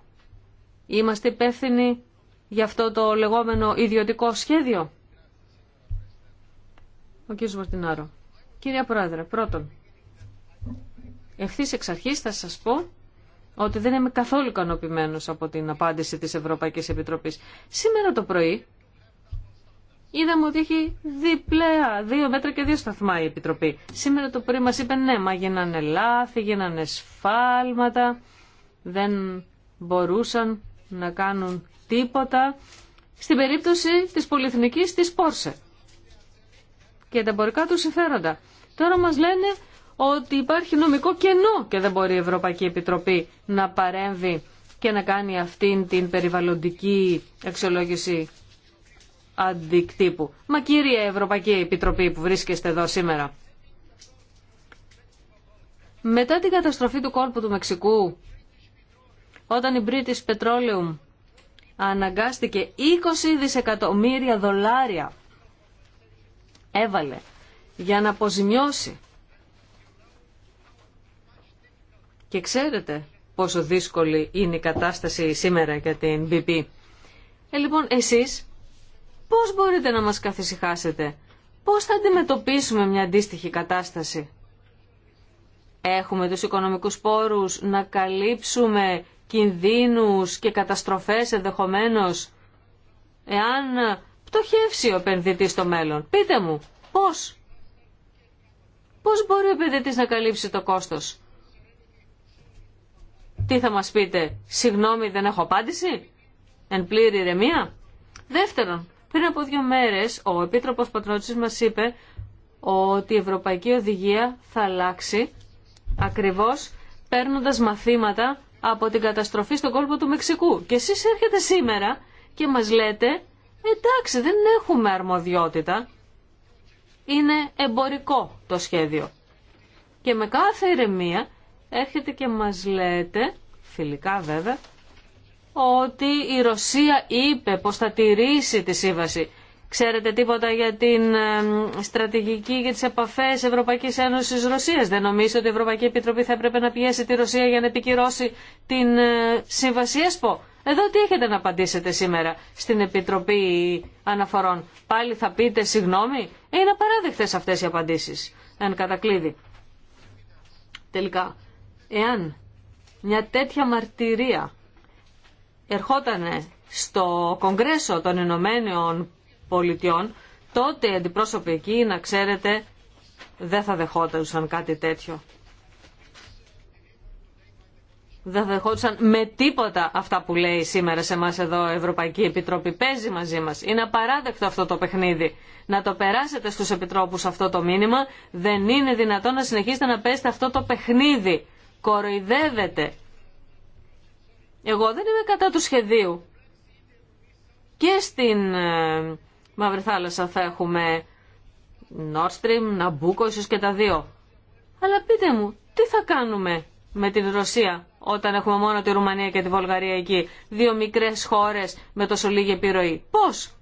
είμαστε υπεύθυνοι για αυτό το λεγόμενο ιδιωτικό σχέδιο. Ο κ. Βορτινάρο. Κυρία Πρόεδρε, πρώτον, ευθύ εξ αρχής θα σας πω ότι δεν είμαι καθόλου ικανοποιημένο από την απάντηση της Ευρωπαϊκής Επιτροπής. Σήμερα το πρωί είδαμε ότι έχει διπλέα, δύο μέτρα και δύο σταθμά η Επιτροπή. Σήμερα το πρωί μας είπε ναι, μα γίνανε λάθη, γίνανε σφάλματα, δεν μπορούσαν να κάνουν τίποτα. Στην περίπτωση της πολυεθνικής της Πόρσε και τα εμπορικά του συμφέροντα. Τώρα μας λένε ότι υπάρχει νομικό κενό και δεν μπορεί η Ευρωπαϊκή Επιτροπή να παρέμβει και να κάνει αυτήν την περιβαλλοντική αξιολόγηση αντικτύπου. Μα κύριε Ευρωπαϊκή Επιτροπή που βρίσκεστε εδώ σήμερα, μετά την καταστροφή του κόλπου του Μεξικού, όταν η British Petroleum αναγκάστηκε 20 δισεκατομμύρια δολάρια έβαλε για να αποζημιώσει. Και ξέρετε πόσο δύσκολη είναι η κατάσταση σήμερα για την BP. Ε, λοιπόν, εσείς Πώς μπορείτε να μας καθησυχάσετε. Πώς θα αντιμετωπίσουμε μια αντίστοιχη κατάσταση. Έχουμε τους οικονομικούς πόρους να καλύψουμε κινδύνους και καταστροφές ενδεχομένως εάν πτωχεύσει ο επενδυτή στο μέλλον. Πείτε μου, πώς. Πώς μπορεί ο επενδυτή να καλύψει το κόστος. Τι θα μας πείτε, συγγνώμη δεν έχω απάντηση, εν πλήρη ηρεμία. Δεύτερον, πριν από δύο μέρες ο Επίτροπος πατρότη μας είπε ότι η Ευρωπαϊκή Οδηγία θα αλλάξει ακριβώς παίρνοντας μαθήματα από την καταστροφή στον κόλπο του Μεξικού. Και εσείς έρχεται σήμερα και μας λέτε εντάξει δεν έχουμε αρμοδιότητα, είναι εμπορικό το σχέδιο. Και με κάθε ηρεμία έρχεται και μας λέτε, φιλικά βέβαια, ότι η Ρωσία είπε πως θα τηρήσει τη σύμβαση. Ξέρετε τίποτα για την ε, στρατηγική για τις επαφές Ευρωπαϊκής Ένωσης Ρωσίας. Δεν νομίζετε ότι η Ευρωπαϊκή Επιτροπή θα έπρεπε να πιέσει τη Ρωσία για να επικυρώσει την ε, σύμβαση ΕΣΠΟ. Εδώ τι έχετε να απαντήσετε σήμερα στην Επιτροπή Αναφορών. Πάλι θα πείτε συγγνώμη. Είναι απαράδεκτες αυτές οι απαντήσεις. Εν κατακλείδη. Τελικά, εάν μια τέτοια μαρτυρία ερχόταν στο Κογκρέσο των Ηνωμένων Πολιτειών, τότε οι αντιπρόσωποι εκεί, να ξέρετε, δεν θα δεχόταν κάτι τέτοιο. Δεν θα δεχόταν με τίποτα αυτά που λέει σήμερα σε μας εδώ η Ευρωπαϊκή Επιτροπή. Παίζει μαζί μας. Είναι απαράδεκτο αυτό το παιχνίδι. Να το περάσετε στους επιτρόπους αυτό το μήνυμα. Δεν είναι δυνατόν να συνεχίσετε να παίζετε αυτό το παιχνίδι. Κοροϊδεύετε εγώ δεν είμαι κατά του σχεδίου. Και στην ε, Μαύρη Θάλασσα θα έχουμε Nord Stream, Ναμπούκο, ίσως και τα δύο. Αλλά πείτε μου, τι θα κάνουμε με την Ρωσία όταν έχουμε μόνο τη Ρουμανία και τη Βολγαρία εκεί. Δύο μικρές χώρες με τόσο λίγη επιρροή. Πώς.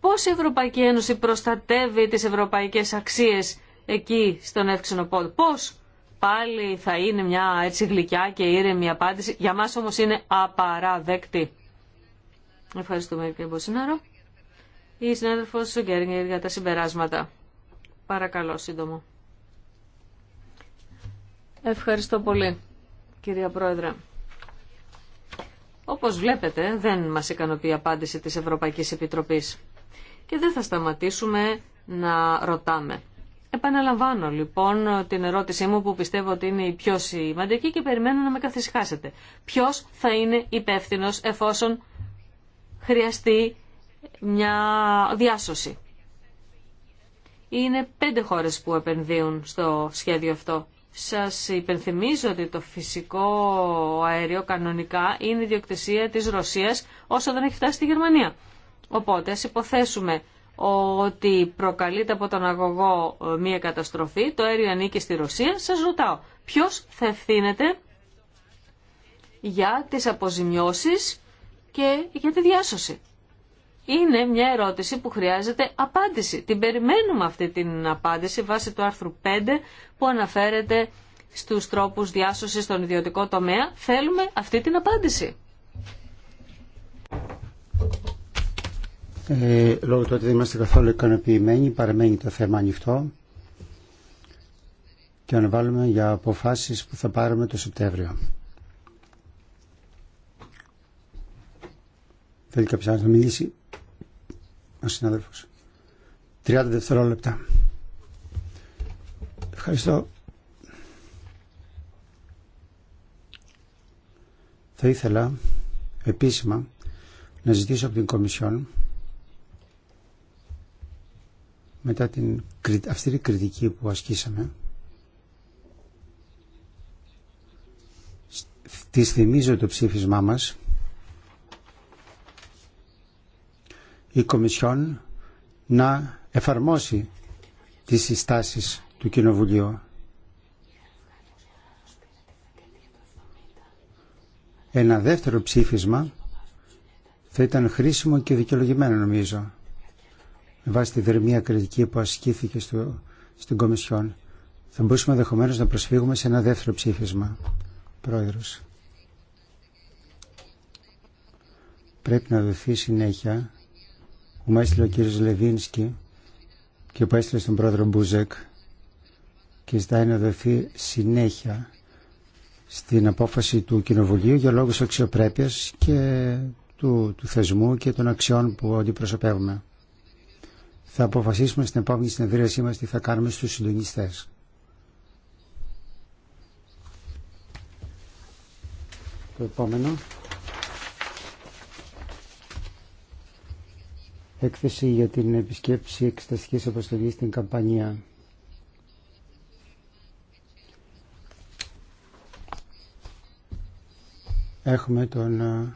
Πώς η Ευρωπαϊκή Ένωση προστατεύει τις ευρωπαϊκές αξίες εκεί στον εύξενο πόλο. Πώς πάλι θα είναι μια έτσι γλυκιά και ήρεμη απάντηση. Για μας όμως είναι απαραδεκτή. Ευχαριστούμε κύριε Μποσινάρο. Η συνάδελφος Γκέρνιερ για τα συμπεράσματα. Παρακαλώ σύντομο. Ευχαριστώ πολύ κυρία Πρόεδρε. Όπως βλέπετε δεν μας ικανοποιεί η απάντηση της Ευρωπαϊκής Επιτροπής και δεν θα σταματήσουμε να ρωτάμε. Επαναλαμβάνω λοιπόν την ερώτησή μου που πιστεύω ότι είναι η πιο σημαντική και περιμένω να με καθησυχάσετε. Ποιος θα είναι υπεύθυνο εφόσον χρειαστεί μια διάσωση. Είναι πέντε χώρες που επενδύουν στο σχέδιο αυτό. Σας υπενθυμίζω ότι το φυσικό αέριο κανονικά είναι η διοκτησία της Ρωσίας όσο δεν έχει φτάσει στη Γερμανία. Οπότε ας υποθέσουμε ότι προκαλείται από τον αγωγό ε, μία καταστροφή, το αέριο ανήκει στη Ρωσία, σας ρωτάω ποιος θα ευθύνεται για τις αποζημιώσεις και για τη διάσωση. Είναι μια ερώτηση που χρειάζεται απάντηση. Την περιμένουμε αυτή την απάντηση βάσει του άρθρου 5 που αναφέρεται στους τρόπους διάσωσης στον ιδιωτικό τομέα. Θέλουμε αυτή την απάντηση. Ε, λόγω του ότι δεν είμαστε καθόλου ικανοποιημένοι, παραμένει το θέμα ανοιχτό και αναβάλουμε για αποφάσεις που θα πάρουμε το Σεπτέμβριο. Θέλει κάποιος να μιλήσει. Ο συνάδελφος. 30 δευτερόλεπτα. Ευχαριστώ. Θα ήθελα επίσημα να ζητήσω από την Κομισιόν μετά την αυστηρή κριτική που ασκήσαμε της θυμίζω το ψήφισμά μας η Κομισιόν να εφαρμόσει τις συστάσεις του Κοινοβουλίου ένα δεύτερο ψήφισμα θα ήταν χρήσιμο και δικαιολογημένο νομίζω με βάση τη δερμία κριτική που ασκήθηκε στο, στην Κομισιόν, θα μπορούσαμε ενδεχομένω να προσφύγουμε σε ένα δεύτερο ψήφισμα. Πρόεδρος. Πρέπει να δοθεί συνέχεια που μου έστειλε ο κύριο Λεβίνσκι και που έστειλε στον πρόεδρο Μπούζεκ και ζητάει να δοθεί συνέχεια στην απόφαση του Κοινοβουλίου για λόγους αξιοπρέπειας και του, του θεσμού και των αξιών που αντιπροσωπεύουμε θα αποφασίσουμε στην επόμενη συνεδρίασή μας τι θα κάνουμε στους συντονιστές. Το επόμενο. Έκθεση για την επισκέψη εξεταστικής αποστολής στην Καμπανία. Έχουμε τον ε,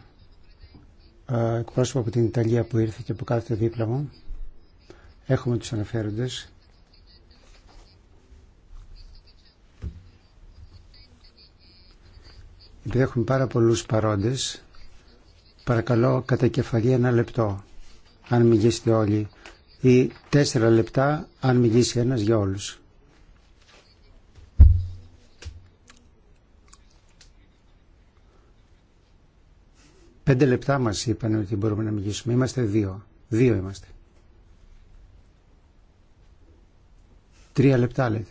ε, εκπρόσωπο από την Ιταλία που ήρθε και που κάθεται δίπλα μου. Έχουμε τους αναφέροντες. Επειδή έχουμε πάρα πολλούς παρόντες, παρακαλώ κατά κεφαλή ένα λεπτό, αν μιλήσετε όλοι, ή τέσσερα λεπτά, αν μιλήσει ένας για όλους. Πέντε λεπτά μας είπαν ότι μπορούμε να μιλήσουμε. Είμαστε δύο. Δύο είμαστε. Τρία λεπτά λέτε.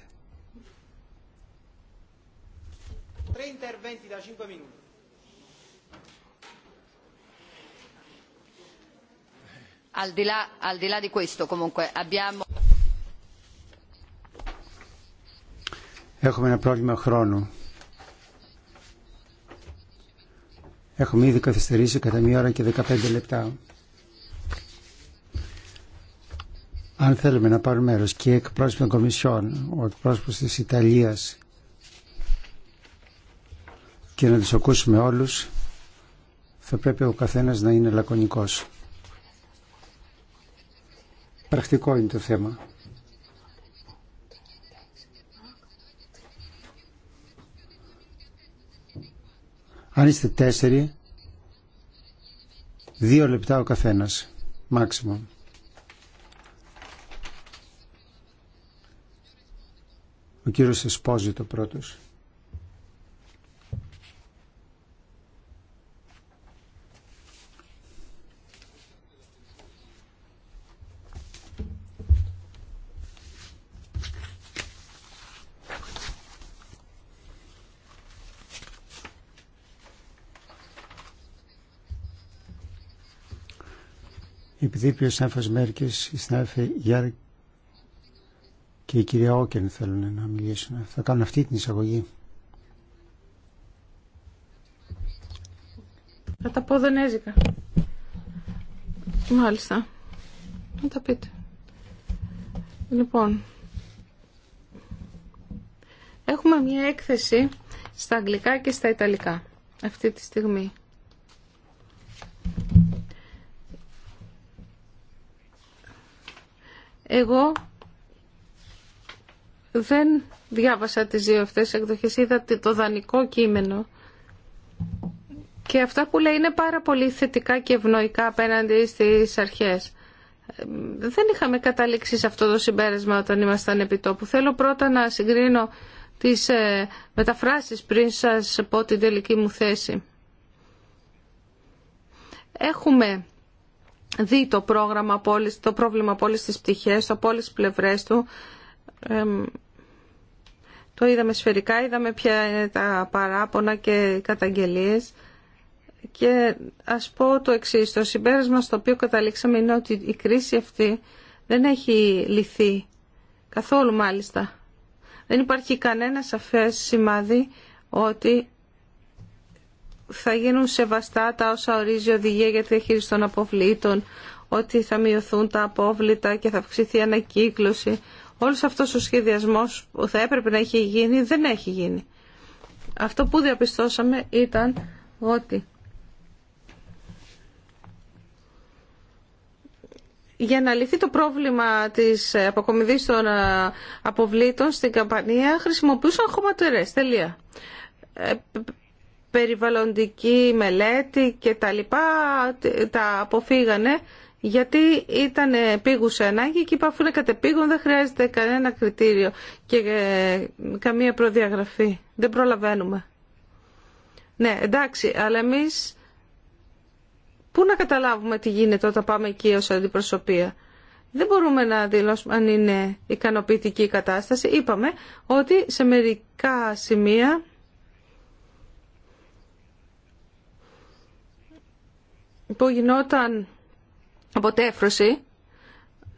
Έχουμε ένα πρόβλημα χρόνου. Έχουμε ήδη καθυστερήσει κατά μία ώρα και δεκαπέντε λεπτά. αν θέλουμε να πάρουμε μέρος και εκπρόσωποι των Κομισιών, ο εκπρόσωπος της Ιταλίας και να τους ακούσουμε όλους, θα πρέπει ο καθένας να είναι λακωνικός. Πρακτικό είναι το θέμα. Αν είστε τέσσερι, δύο λεπτά ο καθένας, μαξιμο. Ο κύριος Εσπόζη το πρώτος. Επειδή ο έμφας Μέρκες, η συνάδελφη Γιάννη και η κυρία Όκεν θέλουν να μιλήσουν. Θα κάνουν αυτή την εισαγωγή. Θα τα πω δανέζικα. Μάλιστα. Να τα πείτε. Λοιπόν, έχουμε μια έκθεση στα αγγλικά και στα ιταλικά αυτή τη στιγμή. Εγώ δεν διάβασα τις δύο αυτές εκδοχές, είδα το δανεικό κείμενο. Και αυτά που λέει είναι πάρα πολύ θετικά και ευνοϊκά απέναντι στις αρχές. Ε, δεν είχαμε καταλήξει σε αυτό το συμπέρασμα όταν ήμασταν επί τόπου. Θέλω πρώτα να συγκρίνω τις ε, μεταφράσεις πριν σας πω την τελική μου θέση. Έχουμε δει το, πρόγραμμα, το πρόβλημα από όλες τις πτυχές, από όλες τις πλευρές του το είδαμε σφαιρικά, είδαμε ποια είναι τα παράπονα και οι καταγγελίες και ας πω το εξή, το συμπέρασμα στο οποίο καταλήξαμε είναι ότι η κρίση αυτή δεν έχει λυθεί καθόλου μάλιστα. Δεν υπάρχει κανένα σαφές σημάδι ότι θα γίνουν σεβαστά τα όσα ορίζει η οδηγία για τη διαχείριση των αποβλήτων, ότι θα μειωθούν τα απόβλητα και θα αυξηθεί η ανακύκλωση, όλος αυτός ο σχεδιασμός που θα έπρεπε να έχει γίνει δεν έχει γίνει. Αυτό που διαπιστώσαμε ήταν ότι για να λυθεί το πρόβλημα της αποκομιδής των ε, αποβλήτων στην καμπανία χρησιμοποιούσαν χωματερές. Τελεία. Ε, περιβαλλοντική μελέτη και τα λοιπά τα αποφύγανε γιατί ήταν σε ανάγκη και είπα αφού είναι κατεπήγον δεν χρειάζεται κανένα κριτήριο και ε, καμία προδιαγραφή. Δεν προλαβαίνουμε. Ναι, εντάξει, αλλά εμείς πού να καταλάβουμε τι γίνεται όταν πάμε εκεί ως αντιπροσωπεία. Δεν μπορούμε να δηλώσουμε αν είναι ικανοποιητική η κατάσταση. Είπαμε ότι σε μερικά σημεία που γινόταν αποτέφρωση,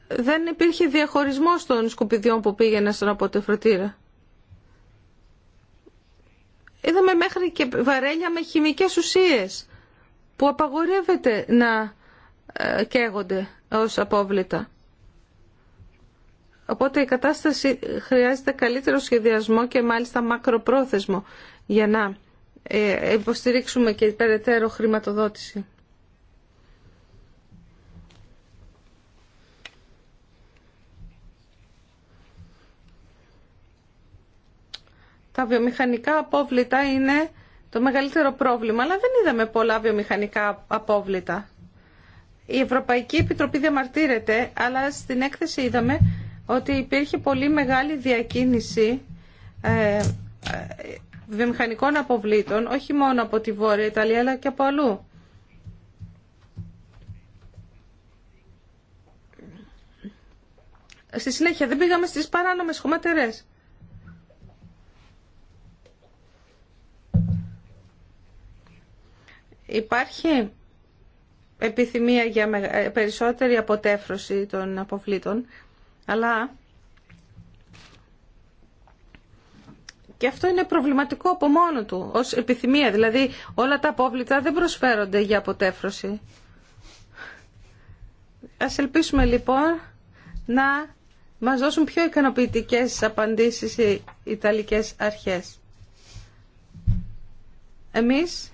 δεν υπήρχε διαχωρισμός των σκουπιδιών που πήγαινε στον αποτεφρωτήρα. Είδαμε μέχρι και βαρέλια με χημικές ουσίες που απαγορεύεται να ε, καίγονται ως απόβλητα. Οπότε η κατάσταση χρειάζεται καλύτερο σχεδιασμό και μάλιστα μακροπρόθεσμο για να ε, υποστηρίξουμε και περαιτέρω χρηματοδότηση. Τα βιομηχανικά απόβλητα είναι το μεγαλύτερο πρόβλημα, αλλά δεν είδαμε πολλά βιομηχανικά απόβλητα. Η Ευρωπαϊκή Επιτροπή διαμαρτύρεται, αλλά στην έκθεση είδαμε ότι υπήρχε πολύ μεγάλη διακίνηση ε, ε, βιομηχανικών αποβλήτων, όχι μόνο από τη Βόρεια Ιταλία, αλλά και από αλλού. Στη συνέχεια δεν πήγαμε στις παράνομες χωματερές. Υπάρχει επιθυμία για ε, περισσότερη αποτέφρωση των αποβλήτων, αλλά και αυτό είναι προβληματικό από μόνο του, ως επιθυμία. Δηλαδή όλα τα απόβλητα δεν προσφέρονται για αποτέφρωση. Ας ελπίσουμε λοιπόν να μας δώσουν πιο ικανοποιητικές απαντήσεις οι Ιταλικές αρχές. Εμείς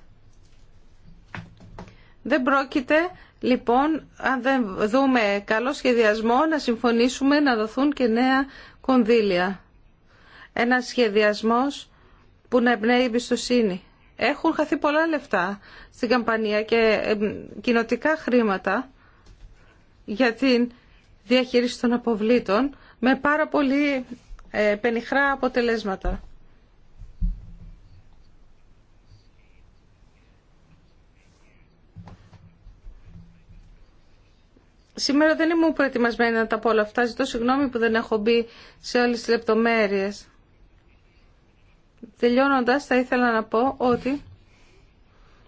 δεν πρόκειται, λοιπόν, αν δεν δούμε καλό σχεδιασμό, να συμφωνήσουμε να δοθούν και νέα κονδύλια. Ένα σχεδιασμός που να εμπνέει εμπιστοσύνη. Έχουν χαθεί πολλά λεφτά στην καμπανία και κοινοτικά χρήματα για την διαχείριση των αποβλήτων με πάρα πολύ ε, πενιχρά αποτελέσματα. Σήμερα δεν ήμουν προετοιμασμένη να τα πω όλα αυτά. Ζητώ συγγνώμη που δεν έχω μπει σε όλες τις λεπτομέρειες. Τελειώνοντας, θα ήθελα να πω ότι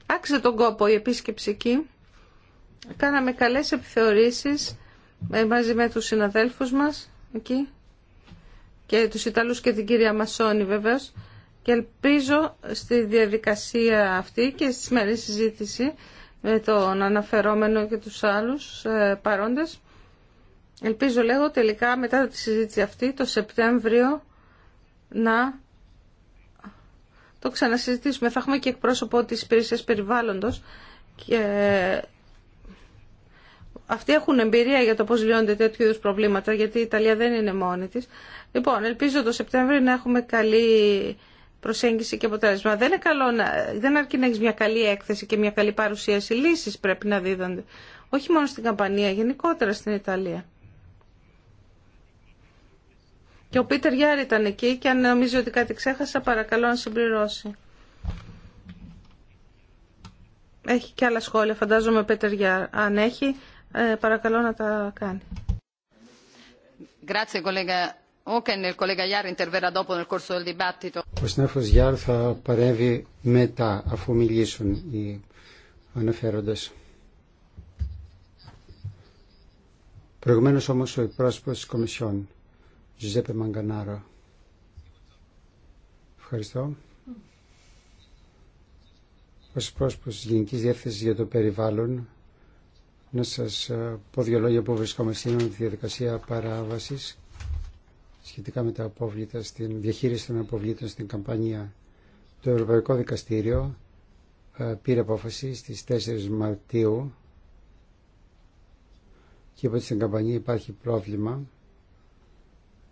άξιζε τον κόπο η επίσκεψη εκεί. Κάναμε καλές επιθεωρήσεις ε, μαζί με τους συναδέλφους μας εκεί και τους Ιταλούς και την κυρία Μασόνη βεβαίως και ελπίζω στη διαδικασία αυτή και στη σημερινή συζήτηση με τον αναφερόμενο και τους άλλους ε, παρόντες. Ελπίζω λέγω τελικά μετά τη συζήτηση αυτή το Σεπτέμβριο να το ξανασυζητήσουμε. Θα έχουμε και εκπρόσωπο της υπηρεσίας περιβάλλοντος και αυτοί έχουν εμπειρία για το πώς λιώνεται τέτοιου είδους προβλήματα γιατί η Ιταλία δεν είναι μόνη της. Λοιπόν, ελπίζω το Σεπτέμβριο να έχουμε καλή προσέγγιση και αποτέλεσμα. Δεν, είναι καλό να, δεν αρκεί να έχει μια καλή έκθεση και μια καλή παρουσίαση. Λύσει πρέπει να δίδονται. Όχι μόνο στην Καμπανία, γενικότερα στην Ιταλία. Και ο Πίτερ Γιάρη ήταν εκεί και αν νομίζει ότι κάτι ξέχασα παρακαλώ να συμπληρώσει. Έχει και άλλα σχόλια, φαντάζομαι, Πίτερ Γιάρ. Αν έχει, ε, παρακαλώ να τα κάνει. Grazie, ο συνάδελφος Γιάν θα παρέμβει μετά, αφού μιλήσουν οι αναφέροντες. Προηγουμένως όμως ο εκπρόσωπο της Κομισιόν, Ζουζέπε Μαγκανάρα. Ευχαριστώ. Ως εκπρόσωπο της Γενικής Διεύθυνσης για το Περιβάλλον, να σας ε, πω δύο λόγια που βρισκόμαστε σήμερα με τη διαδικασία παράβασης σχετικά με τα απόβλητα, στην διαχείριση των αποβλήτων στην καμπανία. Το Ευρωπαϊκό Δικαστήριο ε, πήρε απόφαση στις 4 Μαρτίου και είπε ότι στην καμπανία υπάρχει πρόβλημα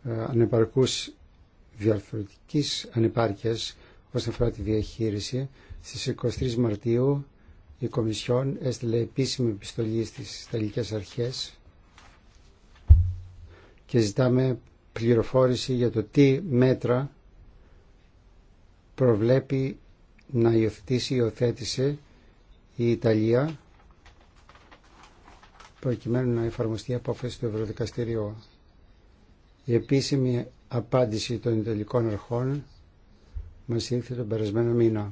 ε, ανεπαρκούς διαρθρωτικής ανεπάρκειας όσον αφορά τη διαχείριση. Στις 23 Μαρτίου η Κομισιόν έστειλε επίσημη επιστολή στις Ιταλικές Αρχές και ζητάμε πληροφόρηση για το τι μέτρα προβλέπει να υιοθετήσει ή υιοθέτησε η η απόφαση του Ευρωδικαστηρίου. Η επίσημη απάντηση των Ιταλικών αρχών μας ήρθε τον περασμένο μήνα.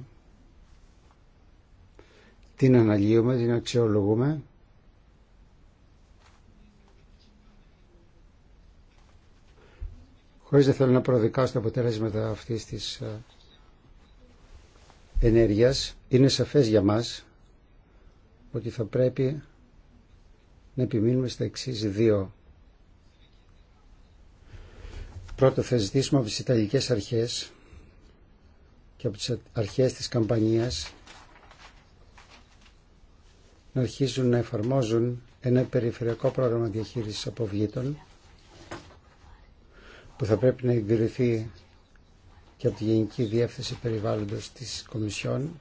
Την αναλύουμε, την αξιολογούμε χωρίς να θέλω να προδικάσω τα αποτέλεσματα αυτής της ε, ενέργειας, είναι σαφές για μας ότι θα πρέπει να επιμείνουμε στα εξή δύο. Πρώτο θα ζητήσουμε από τις Ιταλικές αρχές και από τις αρχές της καμπανίας να αρχίσουν να εφαρμόζουν ένα περιφερειακό πρόγραμμα διαχείρισης αποβλήτων που θα πρέπει να εγκριθεί και από τη Γενική Διεύθυνση Περιβάλλοντος της Κομισιόν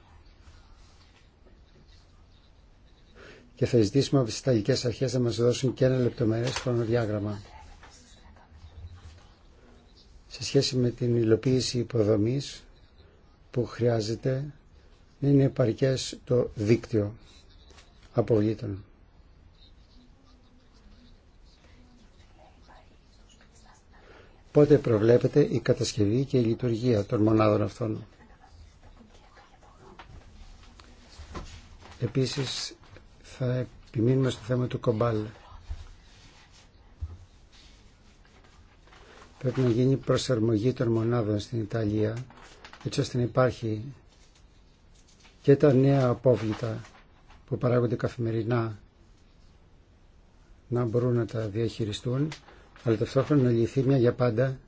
και θα ζητήσουμε από τις Ιταλικές Αρχές να μας δώσουν και ένα λεπτομερές χρονοδιάγραμμα σε σχέση με την υλοποίηση υποδομής που χρειάζεται να είναι επαρκές το δίκτυο αποβλήτων. πότε προβλέπεται η κατασκευή και η λειτουργία των μονάδων αυτών. Επίσης θα επιμείνουμε στο θέμα του κομπάλ. Πρέπει να γίνει προσαρμογή των μονάδων στην Ιταλία έτσι ώστε να υπάρχει και τα νέα απόβλητα που παράγονται καθημερινά να μπορούν να τα διαχειριστούν αλλά ταυτόχρονα να λυθεί μια για πάντα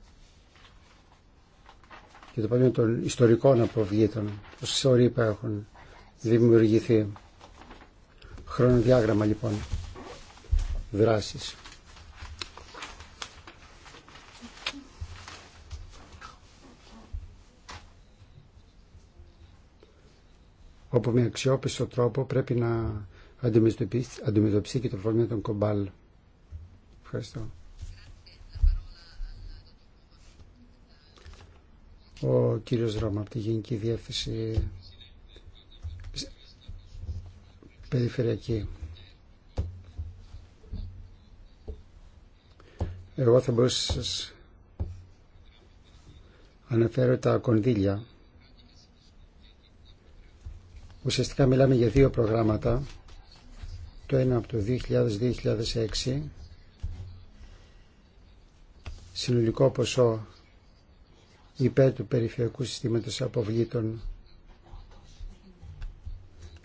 και το πρόβλημα των ιστορικών αποβλήτων, όσε ορί που έχουν δημιουργηθεί. Χρονοδιάγραμμα λοιπόν δράσης. όπου με αξιόπιστο τρόπο πρέπει να αντιμετωπίσει, αντιμετωπίσει και το πρόβλημα των κομπάλ. Ευχαριστώ. ο κύριος Ρώμα από τη Γενική Διεύθυνση Περιφερειακή. Εγώ θα μπορούσα να σας αναφέρω τα κονδύλια. Ουσιαστικά μιλάμε για δύο προγράμματα. Το ένα από το 2000-2006 συνολικό ποσό υπέρ του περιφερειακού συστήματος αποβλήτων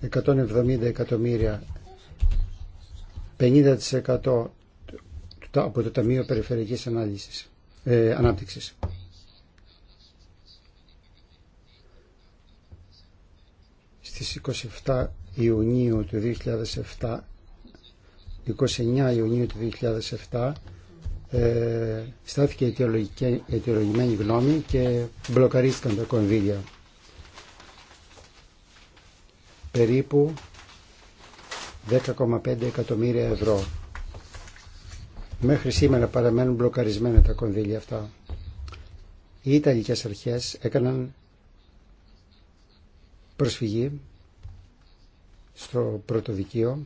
170 εκατομμύρια 50% από το Ταμείο Περιφερειακής Ανάλυσης, ε, Ανάπτυξης. Στις 27 Ιουνίου του 2007, 29 Ιουνίου του 2007, ε, στάθηκε αιτιολογημένη γνώμη και μπλοκαρίστηκαν τα κονδύλια. Περίπου 10,5 εκατομμύρια ευρώ. Μέχρι σήμερα παραμένουν μπλοκαρισμένα τα κονδύλια αυτά. Οι Ιταλικές αρχές έκαναν προσφυγή στο πρωτοδικείο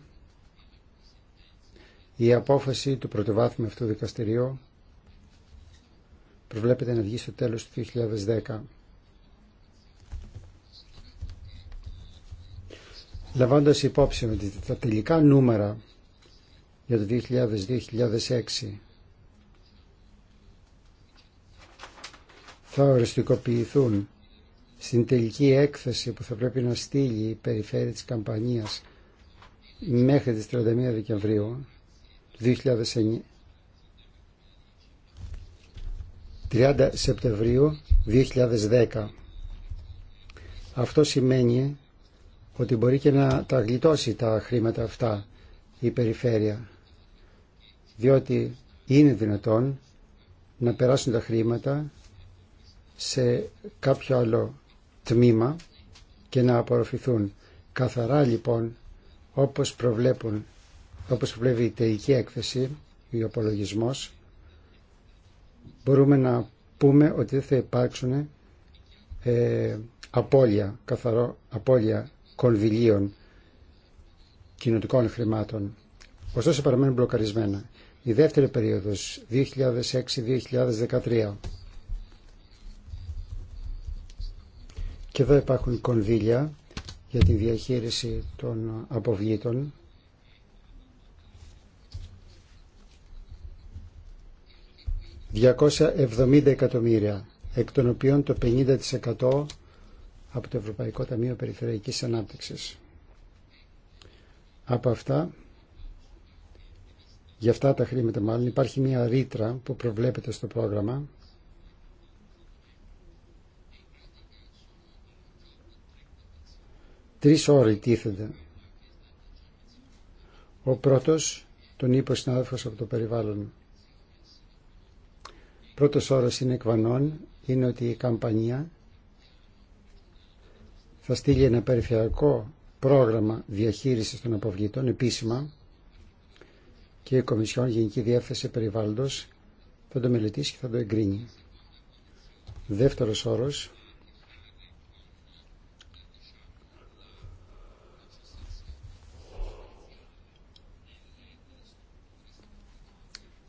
η απόφαση του πρωτοβάθμιου αυτού δικαστηρίου προβλέπεται να βγει στο τέλος του 2010. Λαμβάνοντας υπόψη ότι τα τελικά νούμερα για το 2000-2006 θα οριστικοποιηθούν στην τελική έκθεση που θα πρέπει να στείλει η περιφέρεια της Καμπανίας μέχρι τις 31 Δεκεμβρίου 30 Σεπτεμβρίου 2010. Αυτό σημαίνει ότι μπορεί και να τα γλιτώσει τα χρήματα αυτά η περιφέρεια διότι είναι δυνατόν να περάσουν τα χρήματα σε κάποιο άλλο τμήμα και να απορροφηθούν. Καθαρά λοιπόν όπως προβλέπουν όπως βλέπει η τελική έκθεση, ο απολογισμό, μπορούμε να πούμε ότι δεν θα υπάρξουν ε, απώλεια, καθαρό απώλεια κονδυλίων κοινωτικών χρημάτων. Ωστόσο παραμένουν μπλοκαρισμένα. Η δεύτερη περίοδος, 2006-2013. Και εδώ υπάρχουν κονδύλια για τη διαχείριση των αποβλήτων 270 εκατομμύρια, εκ των οποίων το 50% από το Ευρωπαϊκό Ταμείο Περιφερειακής Ανάπτυξης. Από αυτά, για αυτά τα χρήματα μάλλον, υπάρχει μια ρήτρα που προβλέπεται στο πρόγραμμα Τρεις όροι τίθενται. Ο πρώτος, τον είπε ο συνάδελφος από το περιβάλλον, Πρώτος όρος είναι εκβανών, είναι ότι η καμπανία θα στείλει ένα περιφερειακό πρόγραμμα διαχείρισης των αποβλήτων επίσημα και η Κομισιόν Γενική Διεύθυνση Περιβάλλοντος θα το μελετήσει και θα το εγκρίνει. Δεύτερος όρος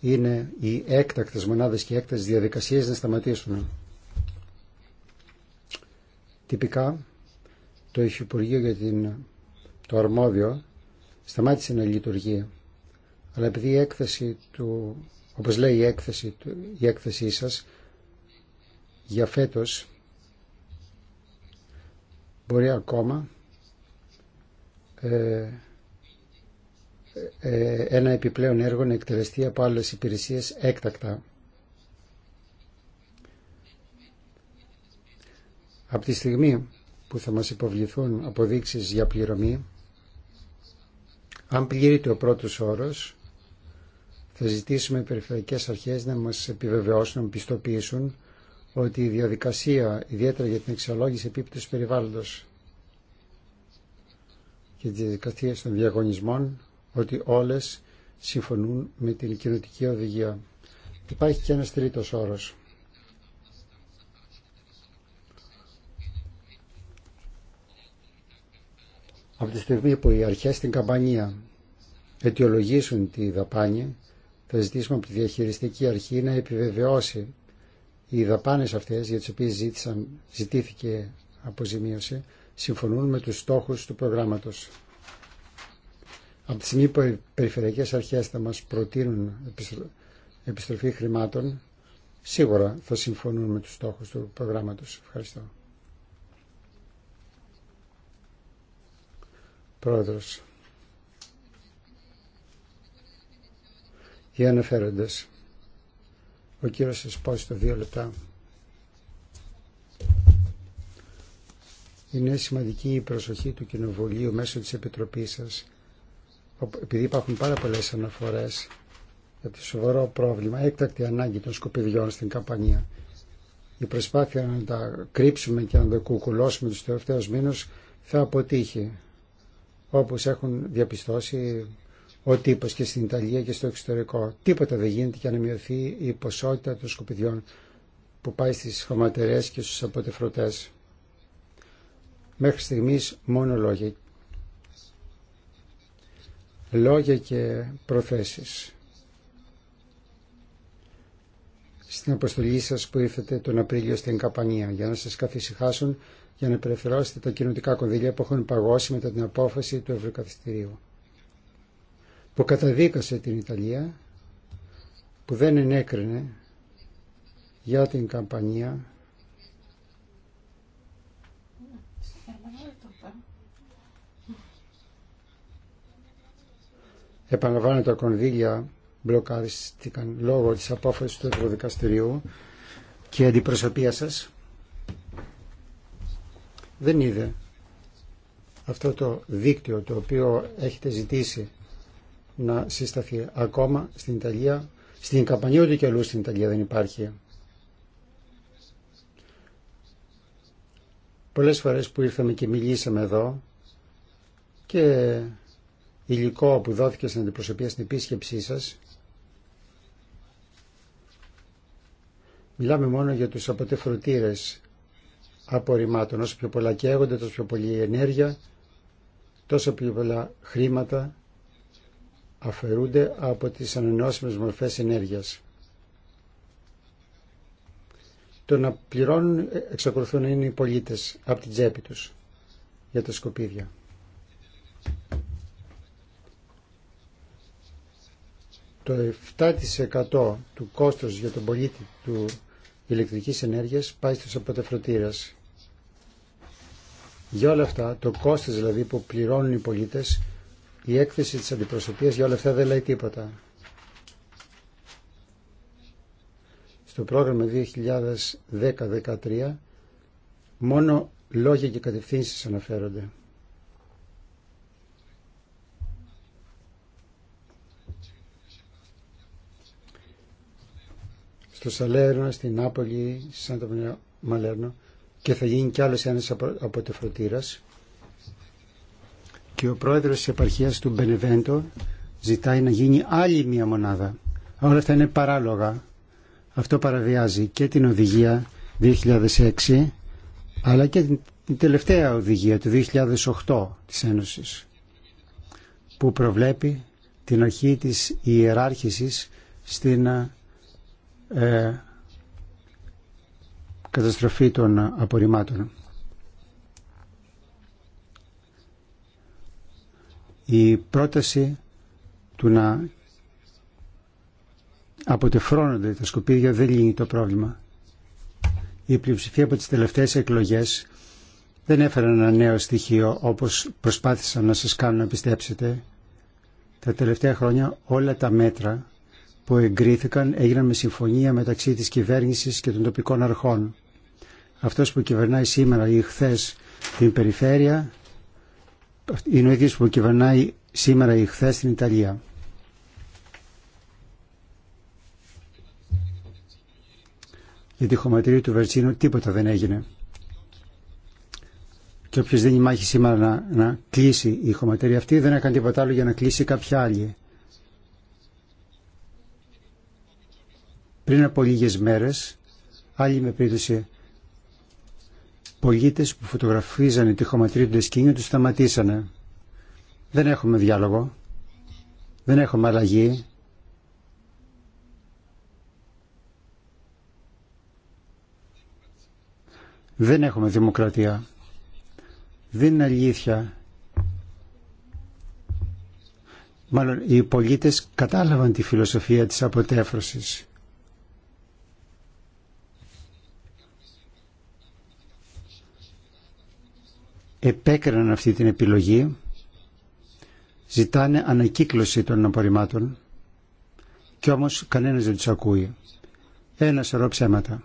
είναι οι έκτακτες μονάδες και οι έκτακτες διαδικασίες να σταματήσουν. Τυπικά το Υφυπουργείο για το αρμόδιο σταμάτησε να λειτουργεί. Αλλά επειδή η έκθεση του, όπως λέει η έκθεση, η έκθεσή σας, για φέτος μπορεί ακόμα ε, ε, ένα επιπλέον έργο να εκτελεστεί από άλλες υπηρεσίες έκτακτα. Από τη στιγμή που θα μας υποβληθούν αποδείξεις για πληρωμή, αν πληρείται ο πρώτος όρος, θα ζητήσουμε οι περιφερειακές αρχές να μας επιβεβαιώσουν, να πιστοποιήσουν ότι η διαδικασία, ιδιαίτερα για την εξολόγηση επίπτωση περιβάλλοντος και τη διαδικασία των διαγωνισμών, ότι όλες συμφωνούν με την κοινωτική οδηγία. Υπάρχει και ένας τρίτος όρος. Από τη στιγμή που οι αρχές στην καμπανία αιτιολογήσουν τη δαπάνη, θα ζητήσουμε από τη διαχειριστική αρχή να επιβεβαιώσει οι δαπάνες αυτές για τις οποίες ζήτησαν, ζητήθηκε αποζημίωση, συμφωνούν με τους στόχους του προγράμματος. Από τη στιγμή που οι περιφερειακές αρχές θα μας προτείνουν επιστροφή χρημάτων, σίγουρα θα συμφωνούν με τους στόχους του προγράμματος. Ευχαριστώ. Πρόεδρο. Οι αναφέροντε. Ο κύριος στο δύο λεπτά. Είναι σημαντική η προσοχή του Κοινοβουλίου μέσω της Επιτροπής σας επειδή υπάρχουν πάρα πολλές αναφορές για το σοβαρό πρόβλημα, έκτακτη ανάγκη των σκοπιδιών στην Καμπανία. Η προσπάθεια να τα κρύψουμε και να τα κουκουλώσουμε τους τελευταίους μήνους θα αποτύχει, όπως έχουν διαπιστώσει ο τύπος και στην Ιταλία και στο εξωτερικό. Τίποτα δεν γίνεται για να μειωθεί η ποσότητα των σκοπιδιών που πάει στις χωματερές και στους αποτεφρωτές. Μέχρι στιγμής μόνο λόγια λόγια και προθέσεις. Στην αποστολή σας που ήρθατε τον Απρίλιο στην Καπανία για να σας καθησυχάσουν για να περιφερώσετε τα κοινωτικά κονδύλια που έχουν παγώσει μετά την απόφαση του Ευρωκαθιστηρίου που καταδίκασε την Ιταλία που δεν ενέκρινε για την Καμπανία επαναλαμβάνω τα κονδύλια μπλοκάριστηκαν λόγω της απόφασης του Ευρωδικαστηρίου και η αντιπροσωπεία σας δεν είδε αυτό το δίκτυο το οποίο έχετε ζητήσει να συσταθεί ακόμα στην Ιταλία, στην Καπανία ούτε και αλλού στην Ιταλία δεν υπάρχει. Πολλές φορές που ήρθαμε και μιλήσαμε εδώ και υλικό που δόθηκε στην αντιπροσωπεία στην επίσκεψή σας. Μιλάμε μόνο για τους αποτεφρωτήρες απορριμμάτων. Όσο πιο πολλά καίγονται, τόσο πιο πολλή ενέργεια, τόσο πιο πολλά χρήματα αφαιρούνται από τις ανανεώσιμες μορφές ενέργειας. Το να πληρώνουν εξακολουθούν να είναι οι πολίτες από την τσέπη τους για τα σκοπίδια. το 7% του κόστος για τον πολίτη του ηλεκτρικής ενέργειας πάει στους αποτεφρωτήρες. Για όλα αυτά, το κόστος δηλαδή που πληρώνουν οι πολίτες, η έκθεση της αντιπροσωπείας για όλα αυτά δεν λέει τίποτα. Στο πρόγραμμα 2010-2013 μόνο λόγια και κατευθύνσεις αναφέρονται. στο Σαλέρνο, στην Νάπολη, στη Σάντα Μαλέρνο και θα γίνει κι άλλος ένας από τη Και ο πρόεδρος της επαρχίας του Μπενεβέντο ζητάει να γίνει άλλη μία μονάδα. Όλα αυτά είναι παράλογα. Αυτό παραβιάζει και την οδηγία 2006 αλλά και την τελευταία οδηγία του 2008 της Ένωσης που προβλέπει την αρχή της ιεράρχησης στην ε, καταστροφή των απορριμμάτων. Η πρόταση του να αποτεφρώνονται τα σκουπίδια δεν λύνει το πρόβλημα. Η πλειοψηφία από τις τελευταίες εκλογές δεν έφεραν ένα νέο στοιχείο όπως προσπάθησαν να σας κάνουν να πιστέψετε. Τα τελευταία χρόνια όλα τα μέτρα που εγκρίθηκαν έγιναν με συμφωνία μεταξύ της κυβέρνησης και των τοπικών αρχών. Αυτός που κυβερνάει σήμερα ή χθε την περιφέρεια είναι ο ίδιος που κυβερνάει σήμερα ή χθε την Ιταλία. Για τη χωματερία του Βερτσίνου τίποτα δεν έγινε. Και όποιος δίνει μάχη σήμερα να, να κλείσει η χωματερία αυτή δεν έκανε τίποτα άλλο για να κλείσει κάποια άλλη. Πριν από λίγες μέρες, άλλοι με περίπτωση πολίτες που φωτογραφίζανε τη χωματρή του σκηνή τους σταματήσανε. Δεν έχουμε διάλογο, δεν έχουμε αλλαγή. Δεν έχουμε δημοκρατία. Δεν είναι αλήθεια. Μάλλον οι πολίτες κατάλαβαν τη φιλοσοφία της αποτέφρωσης. επέκριναν αυτή την επιλογή, ζητάνε ανακύκλωση των απορριμμάτων και όμως κανένας δεν τους ακούει. Ένα σωρό ψέματα.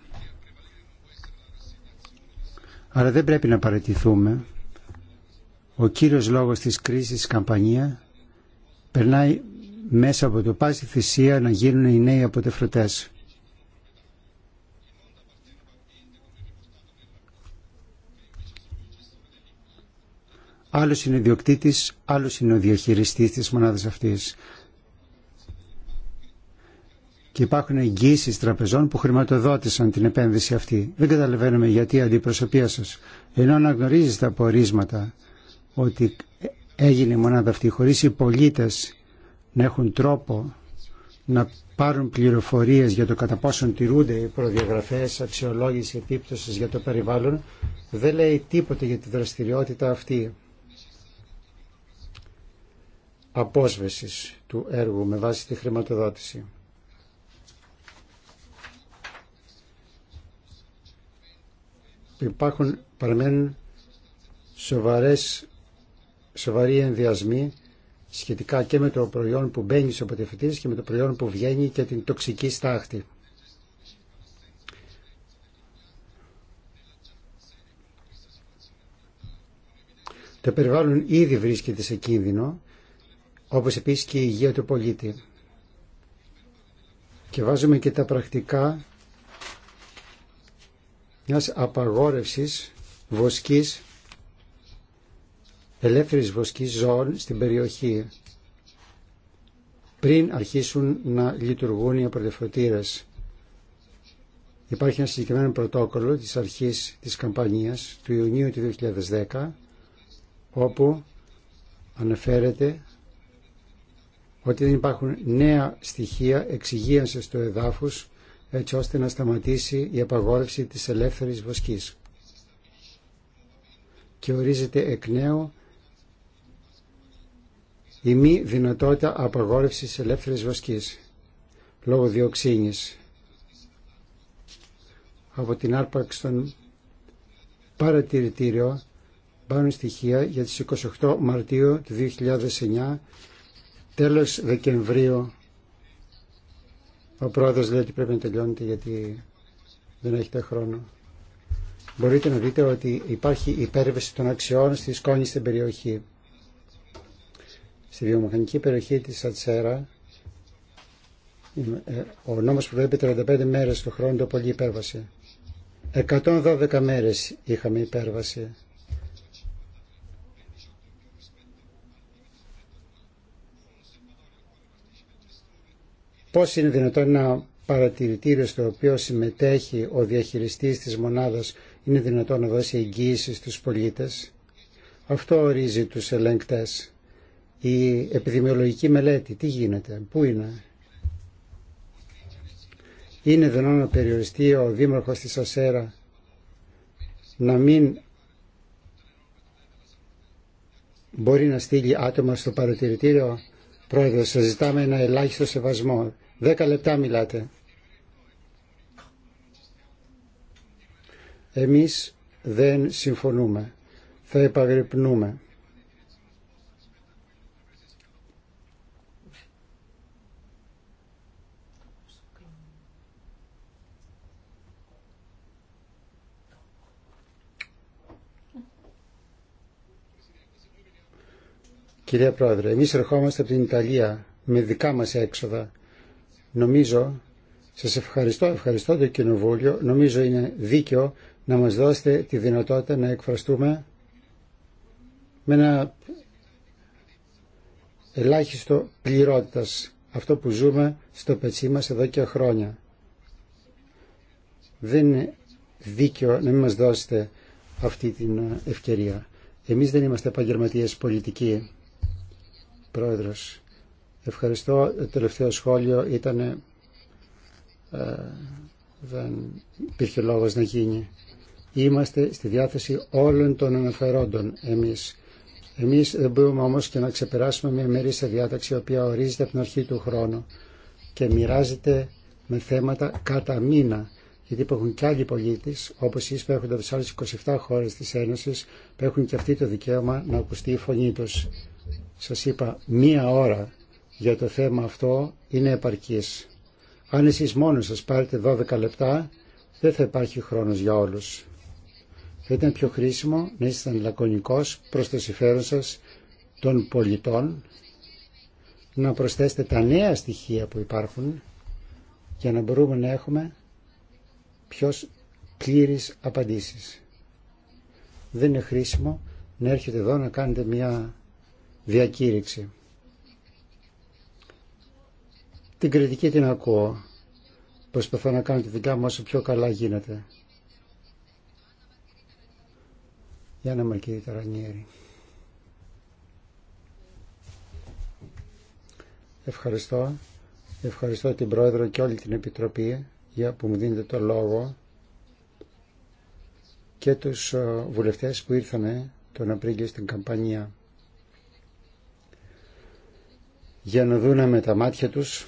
Άρα δεν πρέπει να παρατηθούμε. Ο κύριος λόγος της κρίσης της καμπανία περνάει μέσα από το πάση θυσία να γίνουν οι νέοι αποτεφρωτές. Άλλο είναι ο ιδιοκτήτης, άλλος είναι ο διαχειριστής της μονάδας αυτής. Και υπάρχουν εγγύησεις τραπεζών που χρηματοδότησαν την επένδυση αυτή. Δεν καταλαβαίνουμε γιατί η αντιπροσωπεία σας. Ενώ αναγνωρίζει τα απορίσματα ότι έγινε η μονάδα αυτή χωρίς οι πολίτες να έχουν τρόπο να πάρουν πληροφορίες για το κατά πόσον τηρούνται οι προδιαγραφές αξιολόγηση επίπτωσης για το περιβάλλον δεν λέει τίποτε για τη δραστηριότητα αυτή απόσβεσης του έργου με βάση τη χρηματοδότηση. Υπάρχουν, παραμένουν σοβαρές, σοβαροί ενδιασμοί σχετικά και με το προϊόν που μπαίνει στο ποτεφυτήρι και με το προϊόν που βγαίνει και την τοξική στάχτη. Το περιβάλλον ήδη βρίσκεται σε κίνδυνο όπως επίσης και η υγεία του πολίτη. Και βάζουμε και τα πρακτικά μιας απαγόρευσης βοσκής, ελεύθερης βοσκής ζώων στην περιοχή πριν αρχίσουν να λειτουργούν οι απορρεφωτήρες. Υπάρχει ένα συγκεκριμένο πρωτόκολλο της αρχής της καμπανίας του Ιουνίου του 2010 όπου αναφέρεται ότι δεν υπάρχουν νέα στοιχεία εξυγίανση του εδάφους έτσι ώστε να σταματήσει η απαγόρευση τη ελεύθερη βοσκή Και ορίζεται εκ νέου η μη δυνατότητα απαγόρευσης ελεύθερη βοσκής λόγω διοξίνη από την άρπαξη των παρατηρητήριων πάνω στοιχεία για τις 28 Μαρτίου του 2009 Τέλος Δεκεμβρίου ο πρόεδρος λέει ότι πρέπει να τελειώνετε γιατί δεν έχετε χρόνο. Μπορείτε να δείτε ότι υπάρχει υπέρβεση των αξιών στη σκόνη στην περιοχή. Στη βιομηχανική περιοχή της Ατσέρα ε, ο νόμος προβλέπει 35 μέρες το χρόνο το πολύ υπέρβαση. 112 μέρες είχαμε υπέρβαση. πώς είναι δυνατόν ένα παρατηρητήριο στο οποίο συμμετέχει ο διαχειριστής της μονάδας είναι δυνατόν να δώσει εγγύηση στους πολίτες. Αυτό ορίζει τους ελεγκτές. Η επιδημιολογική μελέτη, τι γίνεται, πού είναι. Είναι δυνατόν να περιοριστεί ο δήμαρχος της ΑΣΕΡΑ να μην μπορεί να στείλει άτομα στο παρατηρητήριο. Πρόεδρε, σας ζητάμε ένα ελάχιστο σεβασμό. Δέκα λεπτά μιλάτε. Εμείς δεν συμφωνούμε. Θα επαγρυπνούμε. Κυρία Πρόεδρε, εμείς ερχόμαστε από την Ιταλία με δικά μας έξοδα Νομίζω, σας ευχαριστώ, ευχαριστώ το Κοινοβούλιο, νομίζω είναι δίκαιο να μας δώσετε τη δυνατότητα να εκφραστούμε με ένα ελάχιστο πληρότητας αυτό που ζούμε στο πετσί μας εδώ και χρόνια. Δεν είναι δίκαιο να μην μας δώσετε αυτή την ευκαιρία. Εμείς δεν είμαστε επαγγελματίε πολιτικοί, πρόεδρος. Ευχαριστώ. Το τελευταίο σχόλιο ήταν ε, δεν υπήρχε λόγος να γίνει. Είμαστε στη διάθεση όλων των αναφερόντων εμείς. Εμείς δεν μπορούμε όμως και να ξεπεράσουμε μια μερίσια διάταξη η οποία ορίζεται από την αρχή του χρόνου και μοιράζεται με θέματα κατά μήνα. Γιατί υπάρχουν και άλλοι πολίτε, όπω εσεί που έχετε από τι άλλε 27 χώρε τη Ένωση, που έχουν και αυτοί το δικαίωμα να ακουστεί η φωνή του. Σα είπα, μία ώρα για το θέμα αυτό είναι επαρκής. Αν εσείς μόνο σας πάρετε 12 λεπτά, δεν θα υπάρχει χρόνος για όλους. Θα ήταν πιο χρήσιμο να ήσασταν λακωνικός προς το συμφέρον σας των πολιτών, να προσθέσετε τα νέα στοιχεία που υπάρχουν για να μπορούμε να έχουμε πιο πλήρης απαντήσεις. Δεν είναι χρήσιμο να έρχεται εδώ να κάνετε μια διακήρυξη. Την κριτική την ακούω. Προσπαθώ να κάνω τη δικά μου όσο πιο καλά γίνεται. Για να Μαρκίδη Ταρανιέρη. Ευχαριστώ. Ευχαριστώ την Πρόεδρο και όλη την Επιτροπή για που μου δίνετε το λόγο και τους ε, βουλευτές που ήρθανε τον Απρίλιο στην καμπανία για να δούνε με τα μάτια τους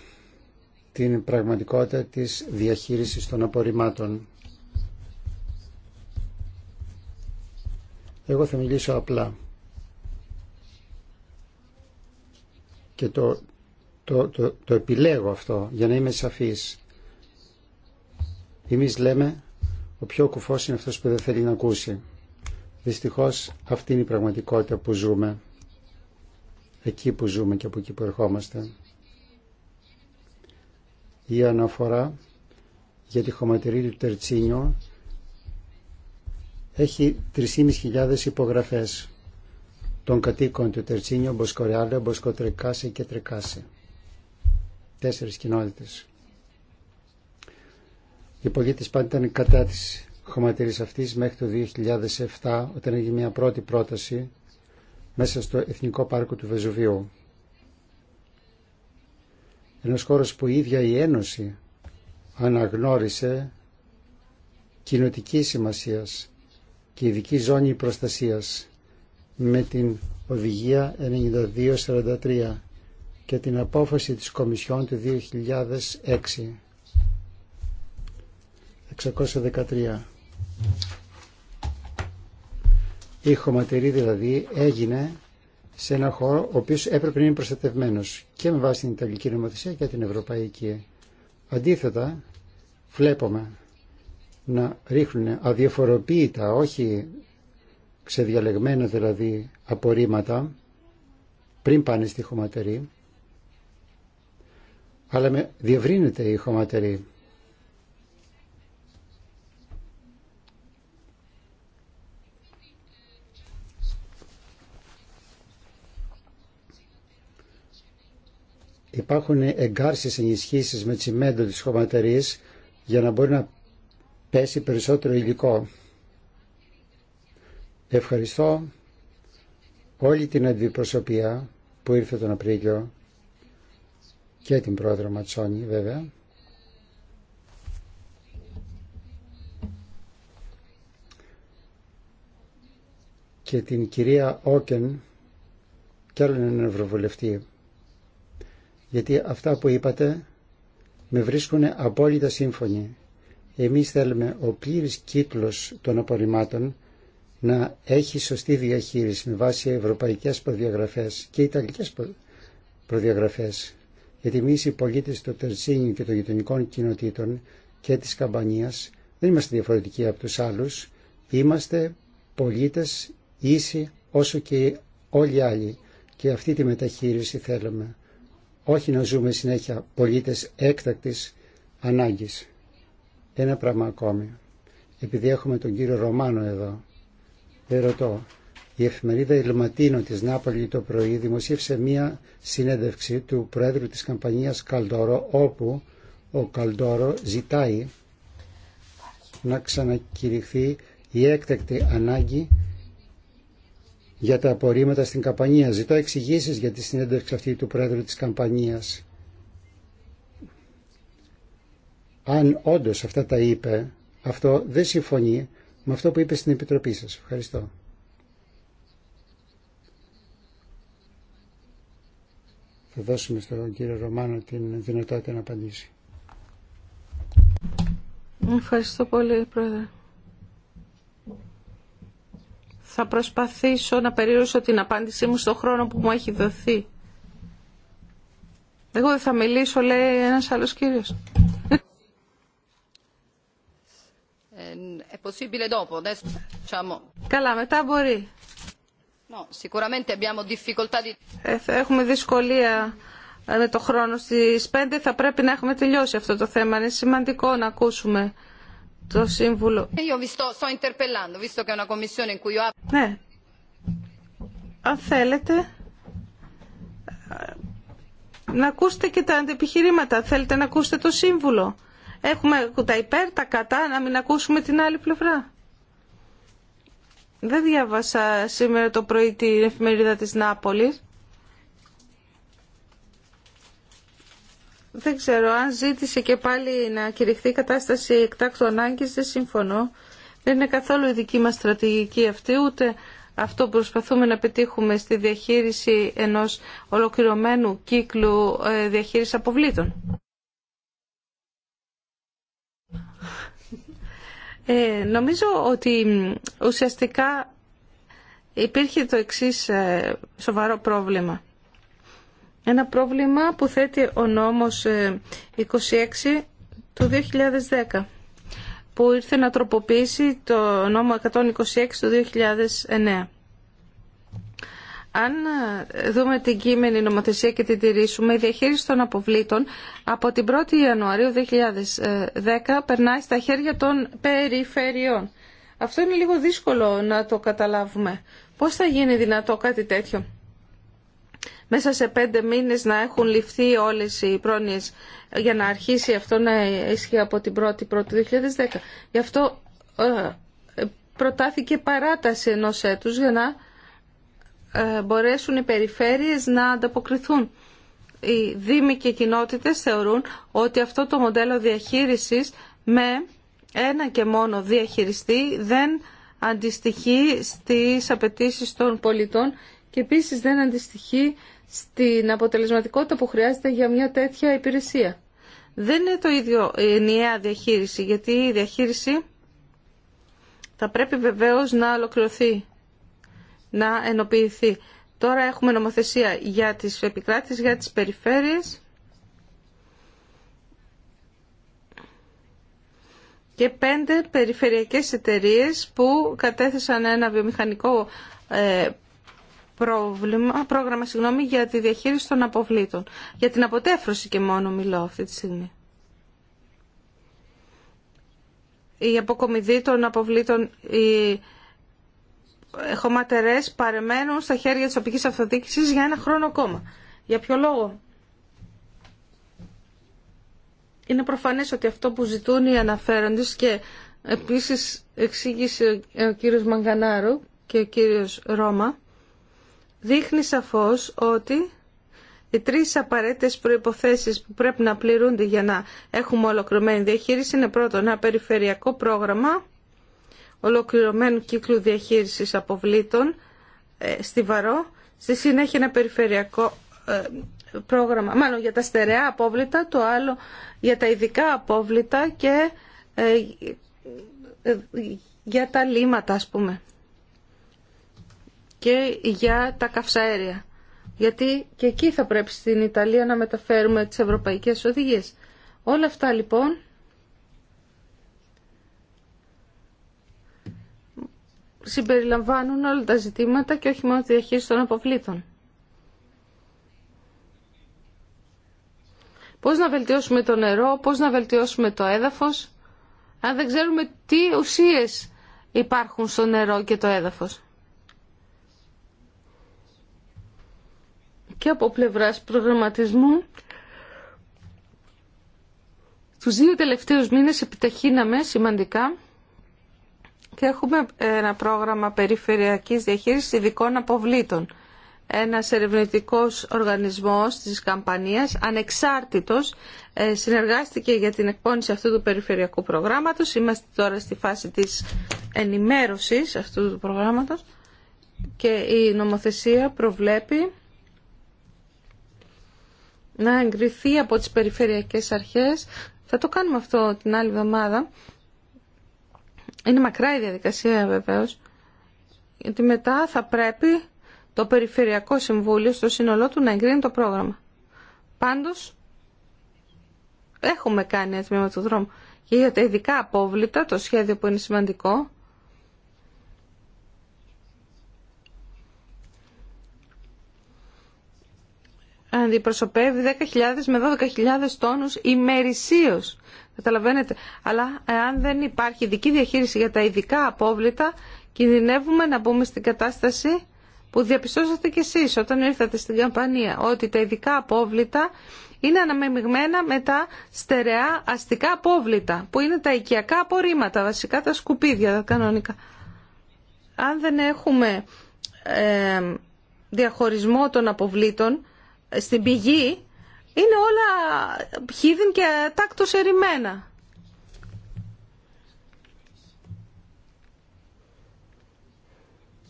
την πραγματικότητα της διαχείρισης των απορριμμάτων. Εγώ θα μιλήσω απλά. Και το, το, το, το επιλέγω αυτό για να είμαι σαφής. Εμείς λέμε ο πιο κουφός είναι αυτός που δεν θέλει να ακούσει. Δυστυχώς αυτή είναι η πραγματικότητα που ζούμε. Εκεί που ζούμε και από εκεί που ερχόμαστε η αναφορά για τη χωματερή του Τερτσίνιο έχει 3.500 υπογραφές των κατοίκων του Τερτσίνιο, Μποσκορεάλε, Μποσκοτρεκάσε και Τρεκάσε. Τέσσερις κοινότητες. Οι πολίτες πάντα ήταν κατά της χωματερής αυτής μέχρι το 2007 όταν έγινε μια πρώτη πρόταση μέσα στο Εθνικό Πάρκο του Βεζουβίου ενός χώρος που η ίδια η Ένωση αναγνώρισε κοινοτική σημασία και ειδική ζώνη προστασίας με την Οδηγία 9243 και την απόφαση της Κομισιόν του 2006. 613. Η χωματερή δηλαδή έγινε σε ένα χώρο ο οποίο έπρεπε να είναι προστατευμένο και με βάση την Ιταλική νομοθεσία και την Ευρωπαϊκή. Αντίθετα, βλέπουμε να ρίχνουν αδιαφοροποίητα, όχι ξεδιαλεγμένα δηλαδή απορρίμματα πριν πάνε στη χωματερή, αλλά με διευρύνεται η χωματερή. υπάρχουν εγκάρσεις ενισχύσεις με τσιμέντο της χωματερής για να μπορεί να πέσει περισσότερο υλικό. Ευχαριστώ όλη την αντιπροσωπεία που ήρθε τον Απρίλιο και την πρόεδρο Ματσόνη βέβαια. και την κυρία Όκεν και άλλον έναν ευρωβουλευτή γιατί αυτά που είπατε με βρίσκουν απόλυτα σύμφωνοι. Εμείς θέλουμε ο πλήρης κύκλος των απορριμμάτων να έχει σωστή διαχείριση με βάση ευρωπαϊκές προδιαγραφές και ιταλικές προδιαγραφές. Γιατί εμείς οι πολίτες του Τερσίνιου και των γειτονικών κοινοτήτων και της Καμπανίας δεν είμαστε διαφορετικοί από τους άλλους. Είμαστε πολίτες ίσοι όσο και όλοι οι άλλοι και αυτή τη μεταχείριση θέλουμε όχι να ζούμε συνέχεια πολίτες έκτακτης ανάγκης. Ένα πράγμα ακόμη. Επειδή έχουμε τον κύριο Ρωμάνο εδώ, δεν ρωτώ. Η εφημερίδα Ιλματίνο της Νάπολη το πρωί δημοσίευσε μία συνέντευξη του πρόεδρου της καμπανίας Καλντόρο, όπου ο Καλδόρο ζητάει να ξανακηρυχθεί η έκτακτη ανάγκη για τα απορρίμματα στην Καμπανία. Ζητώ εξηγήσει για τη συνέντευξη αυτή του πρόεδρου της Καμπανίας. Αν όντω αυτά τα είπε, αυτό δεν συμφωνεί με αυτό που είπε στην Επιτροπή σας. Ευχαριστώ. Θα δώσουμε στον κύριο Ρωμάνο την δυνατότητα να απαντήσει. Ευχαριστώ πολύ, Πρόεδρε. Θα προσπαθήσω να περιορίσω την απάντησή μου στο χρόνο που μου έχει δοθεί. Εγώ δεν θα μιλήσω, λέει ένας άλλος κύριος. Ε, Καλά, μετά μπορεί. Ε, έχουμε δυσκολία με το χρόνο. Στις 5 θα πρέπει να έχουμε τελειώσει αυτό το θέμα. Είναι σημαντικό να ακούσουμε το Σύμβουλο... Ναι. Αν θέλετε, ε, να ακούσετε και τα αντιπιχειρήματα. Θέλετε να ακούσετε το Σύμβουλο. Έχουμε τα υπέρ, τα κατά, να μην ακούσουμε την άλλη πλευρά. Δεν διάβασα σήμερα το πρωί την εφημερίδα της Νάπολης Δεν ξέρω αν ζήτησε και πάλι να κηρυχθεί η κατάσταση εκτάκτου ανάγκης, δεν συμφωνώ. Δεν είναι καθόλου η δική μας στρατηγική αυτή, ούτε αυτό που προσπαθούμε να πετύχουμε στη διαχείριση ενός ολοκληρωμένου κύκλου ε, διαχείρισης αποβλήτων. Ε, νομίζω ότι ουσιαστικά υπήρχε το εξής ε, σοβαρό πρόβλημα. Ένα πρόβλημα που θέτει ο νόμος 26 ε, του 2010 που ήρθε να τροποποιήσει το νόμο 126 του 2009. Αν ε, δούμε την κείμενη νομοθεσία και την τηρήσουμε, η διαχείριση των αποβλήτων από την 1η Ιανουαρίου 2010 περνάει στα χέρια των περιφερειών. Αυτό είναι λίγο δύσκολο να το καταλάβουμε. Πώς θα γίνει δυνατό κάτι τέτοιο μέσα σε πέντε μήνες να έχουν ληφθεί όλες οι πρόνοιες για να αρχίσει αυτό να ισχύει από την 1η πρώτη 2010. Γι' αυτό ε, προτάθηκε παράταση ενός έτους για να ε, μπορέσουν οι περιφέρειες να ανταποκριθούν. Οι δήμοι και οι κοινότητες θεωρούν ότι αυτό το μοντέλο διαχείρισης με ένα και μόνο διαχειριστή δεν αντιστοιχεί στις απαιτήσεις των πολιτών και επίσης δεν αντιστοιχεί στην αποτελεσματικότητα που χρειάζεται για μια τέτοια υπηρεσία. Δεν είναι το ίδιο η ενιαία διαχείριση, γιατί η διαχείριση θα πρέπει βεβαίως να ολοκληρωθεί, να ενοποιηθεί. Τώρα έχουμε νομοθεσία για τις επικράτες, για τις περιφέρειες και πέντε περιφερειακές εταιρείες που κατέθεσαν ένα βιομηχανικό ε, πρόβλημα, πρόγραμμα συγγνώμη, για τη διαχείριση των αποβλήτων. Για την αποτέφρωση και μόνο μιλώ αυτή τη στιγμή. Η αποκομιδή των αποβλήτων, οι χωματερές παρεμένουν στα χέρια της τοπικής αυτοδίκησης για ένα χρόνο ακόμα. Για ποιο λόγο? Είναι προφανές ότι αυτό που ζητούν οι αναφέροντες και επίσης εξήγησε ο κύριος Μαγκανάρου και ο κύριος Ρώμα δείχνει σαφώς ότι οι τρεις απαραίτητες προϋποθέσεις που πρέπει να πληρούνται για να έχουμε ολοκληρωμένη διαχείριση είναι πρώτον ένα περιφερειακό πρόγραμμα ολοκληρωμένου κύκλου διαχείρισης αποβλήτων ε, Βαρό στη συνέχεια ένα περιφερειακό ε, πρόγραμμα, μάλλον για τα στερεά απόβλητα, το άλλο για τα ειδικά απόβλητα και ε, ε, για τα λίματα ας πούμε και για τα καυσαέρια. Γιατί και εκεί θα πρέπει στην Ιταλία να μεταφέρουμε τις ευρωπαϊκές οδηγίες. Όλα αυτά λοιπόν συμπεριλαμβάνουν όλα τα ζητήματα και όχι μόνο τη διαχείριση των αποβλήτων. Πώς να βελτιώσουμε το νερό, πώς να βελτιώσουμε το έδαφος, αν δεν ξέρουμε τι ουσίες υπάρχουν στο νερό και το έδαφος. και από πλευράς προγραμματισμού. Τους δύο τελευταίους μήνες επιταχύναμε σημαντικά και έχουμε ένα πρόγραμμα περιφερειακής διαχείρισης ειδικών αποβλήτων. Ένας ερευνητικός οργανισμός της Καμπανίας, ανεξάρτητος, ε, συνεργάστηκε για την εκπόνηση αυτού του περιφερειακού προγράμματος. Είμαστε τώρα στη φάση της ενημέρωσης αυτού του προγράμματος και η νομοθεσία προβλέπει να εγκριθεί από τις περιφερειακές αρχές. Θα το κάνουμε αυτό την άλλη εβδομάδα. Είναι μακρά η διαδικασία βεβαίως, γιατί μετά θα πρέπει το Περιφερειακό Συμβούλιο στο σύνολό του να εγκρίνει το πρόγραμμα. Πάντως, έχουμε κάνει ένα του δρόμου. Και για τα ειδικά απόβλητα, το σχέδιο που είναι σημαντικό, αντιπροσωπεύει 10.000 με 12.000 τόνους ημερησίως. Καταλαβαίνετε. Αλλά αν δεν υπάρχει ειδική διαχείριση για τα ειδικά απόβλητα, κινδυνεύουμε να μπούμε στην κατάσταση που διαπιστώσατε κι εσείς όταν ήρθατε στην καμπανία, ότι τα ειδικά απόβλητα είναι αναμεμειγμένα με τα στερεά αστικά απόβλητα, που είναι τα οικιακά απορρίμματα, βασικά τα σκουπίδια τα κανονικά. Αν δεν έχουμε ε, διαχωρισμό των αποβλήτων, στην πηγή είναι όλα χίδιν και τάκτος ερημένα.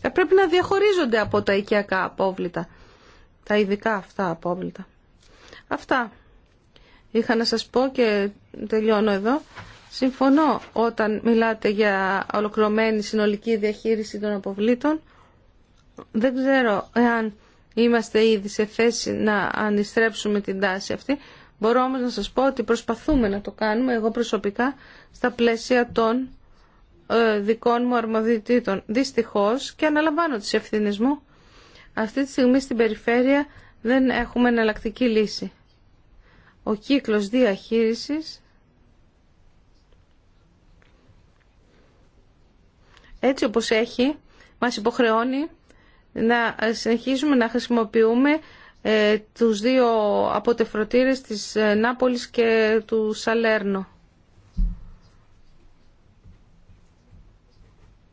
Θα πρέπει να διαχωρίζονται από τα οικιακά απόβλητα, τα ειδικά αυτά απόβλητα. Αυτά είχα να σας πω και τελειώνω εδώ. Συμφωνώ όταν μιλάτε για ολοκληρωμένη συνολική διαχείριση των αποβλήτων. Δεν ξέρω εάν είμαστε ήδη σε θέση να ανιστρέψουμε την τάση αυτή. Μπορώ όμως να σας πω ότι προσπαθούμε να το κάνουμε εγώ προσωπικά στα πλαίσια των ε, δικών μου αρμοδιτήτων. Δυστυχώς και αναλαμβάνω τις ευθύνε μου. Αυτή τη στιγμή στην περιφέρεια δεν έχουμε εναλλακτική λύση. Ο κύκλος διαχείρισης έτσι όπως έχει μας υποχρεώνει να συνεχίζουμε να χρησιμοποιούμε ε, τους δύο αποτεφρωτήρες της ε, Νάπολης και του Σαλέρνο.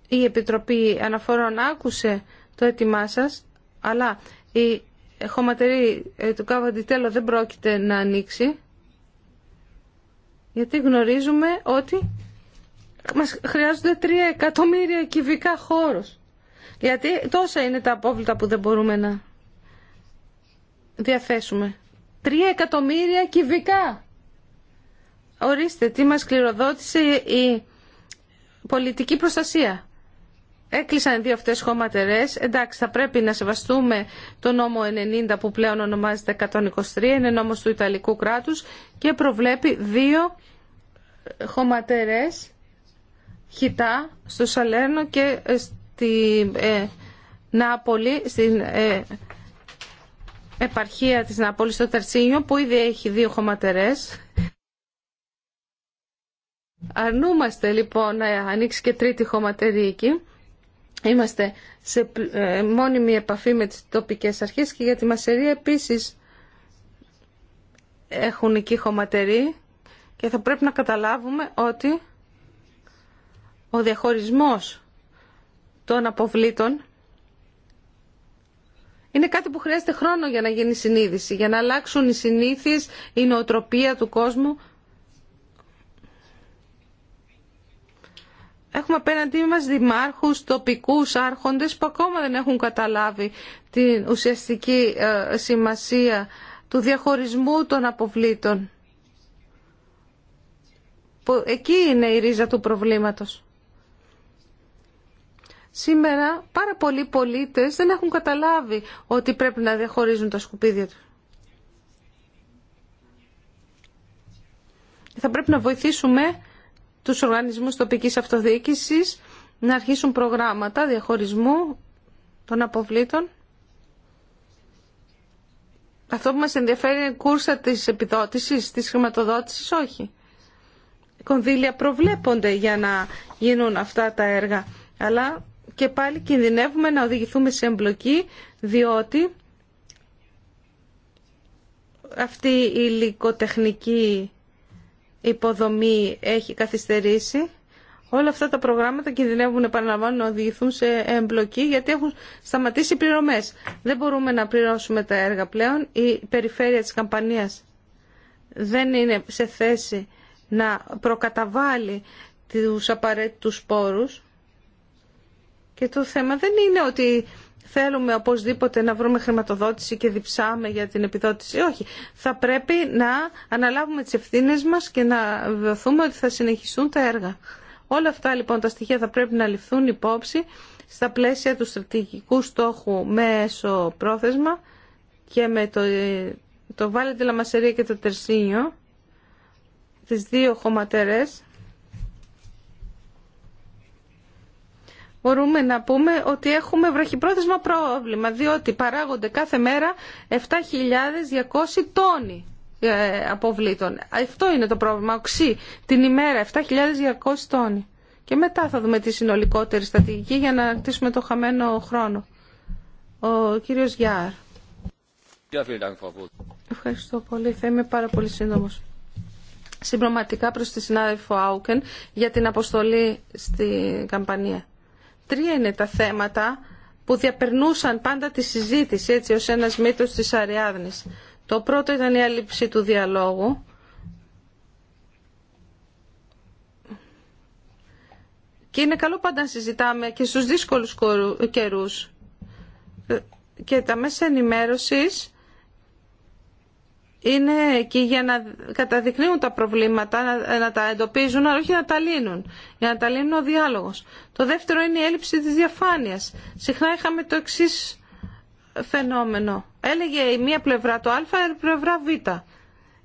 Η Επιτροπή Αναφορών άκουσε το έτοιμά σας, αλλά η χωματερή ε, του Καβαντιτέλο δεν πρόκειται να ανοίξει, γιατί γνωρίζουμε ότι μας χρειάζονται 3 εκατομμύρια κυβικά χώρος. Γιατί τόσα είναι τα απόβλητα που δεν μπορούμε να διαθέσουμε. Τρία εκατομμύρια κυβικά. Ορίστε, τι μας κληροδότησε η πολιτική προστασία. Έκλεισαν δύο αυτές χωματερές. Εντάξει, θα πρέπει να σεβαστούμε το νόμο 90 που πλέον ονομάζεται 123, είναι νόμος του Ιταλικού κράτους και προβλέπει δύο χωματερές χιτά στο Σαλέρνο και τη ε, Νάπολη, στην ε, επαρχία της Νάπολης στο Ταρσίνιο που ήδη έχει δύο χωματερές. Αρνούμαστε λοιπόν να ανοίξει και τρίτη χωματερή εκεί. Είμαστε σε ε, μόνιμη επαφή με τις τοπικές αρχές και για τη μασερία επίσης έχουν εκεί χωματερή και θα πρέπει να καταλάβουμε ότι ο διαχωρισμός των αποβλήτων είναι κάτι που χρειάζεται χρόνο για να γίνει συνείδηση, για να αλλάξουν οι συνήθειες, η νοοτροπία του κόσμου. Έχουμε απέναντί μας δημάρχους, τοπικούς άρχοντες που ακόμα δεν έχουν καταλάβει την ουσιαστική ε, σημασία του διαχωρισμού των αποβλήτων. Που εκεί είναι η ρίζα του προβλήματος. Σήμερα πάρα πολλοί πολίτες δεν έχουν καταλάβει ότι πρέπει να διαχωρίζουν τα σκουπίδια τους. Θα πρέπει να βοηθήσουμε τους οργανισμούς τοπικής αυτοδιοίκησης να αρχίσουν προγράμματα διαχωρισμού των αποβλήτων. Αυτό που μας ενδιαφέρει είναι η κούρσα της επιδότησης, της χρηματοδότησης, όχι. Κονδύλια προβλέπονται για να γίνουν αυτά τα έργα, αλλά και πάλι κινδυνεύουμε να οδηγηθούμε σε εμπλοκή διότι αυτή η υλικοτεχνική υποδομή έχει καθυστερήσει. Όλα αυτά τα προγράμματα κινδυνεύουν, επαναλαμβάνω, να οδηγηθούν σε εμπλοκή γιατί έχουν σταματήσει οι πληρωμές. Δεν μπορούμε να πληρώσουμε τα έργα πλέον. Η περιφέρεια της καμπανίας δεν είναι σε θέση να προκαταβάλει τους απαραίτητους πόρους και το θέμα δεν είναι ότι θέλουμε οπωσδήποτε να βρούμε χρηματοδότηση και διψάμε για την επιδότηση. Όχι. Θα πρέπει να αναλάβουμε τις ευθύνες μας και να βεβαιωθούμε ότι θα συνεχιστούν τα έργα. Όλα αυτά λοιπόν τα στοιχεία θα πρέπει να ληφθούν υπόψη στα πλαίσια του στρατηγικού στόχου μέσω πρόθεσμα και με το, το Βάλε Λαμασερία και το Τερσίνιο, τις δύο χωματερές μπορούμε να πούμε ότι έχουμε βραχυπρόθεσμα πρόβλημα, διότι παράγονται κάθε μέρα 7.200 τόνοι ε, αποβλήτων. Αυτό είναι το πρόβλημα, οξύ, την ημέρα 7.200 τόνοι. Και μετά θα δούμε τη συνολικότερη στατηγική για να κτίσουμε το χαμένο χρόνο. Ο κύριος Γιάρ. Ευχαριστώ πολύ. Θα είμαι πάρα πολύ σύντομος. Συμπροματικά προς τη συνάδελφο Άουκεν για την αποστολή στην καμπανία. Τρία είναι τα θέματα που διαπερνούσαν πάντα τη συζήτηση έτσι ως ένας μύθος της Αριάδνης. Το πρώτο ήταν η αλήψη του διαλόγου. Και είναι καλό πάντα να συζητάμε και στους δύσκολους καιρούς. Και τα μέσα ενημέρωσης είναι εκεί για να καταδεικνύουν τα προβλήματα, να, τα εντοπίζουν, αλλά όχι να τα λύνουν. Για να τα λύνουν ο διάλογος. Το δεύτερο είναι η έλλειψη της διαφάνειας. Συχνά είχαμε το εξή φαινόμενο. Έλεγε η μία πλευρά το α, η πλευρά β.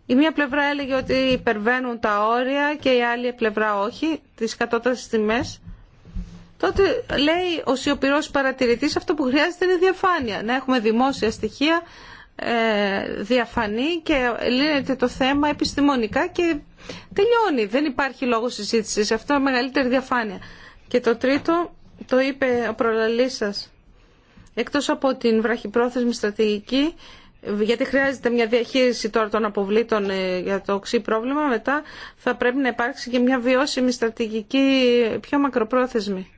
Η μία πλευρά έλεγε ότι υπερβαίνουν τα όρια και η άλλη πλευρά όχι, τι κατώτατε τιμέ. Τότε λέει ο σιωπηρό παρατηρητή αυτό που χρειάζεται είναι διαφάνεια. Να έχουμε δημόσια στοιχεία, ε, διαφανή και λύνεται το θέμα επιστημονικά και τελειώνει. Δεν υπάρχει λόγος συζήτηση. Αυτό είναι μεγαλύτερη διαφάνεια. Και το τρίτο, το είπε ο προλαλής σας. Εκτός από την βραχυπρόθεσμη στρατηγική, γιατί χρειάζεται μια διαχείριση τώρα των αποβλήτων ε, για το οξύ πρόβλημα, μετά θα πρέπει να υπάρξει και μια βιώσιμη στρατηγική πιο μακροπρόθεσμη.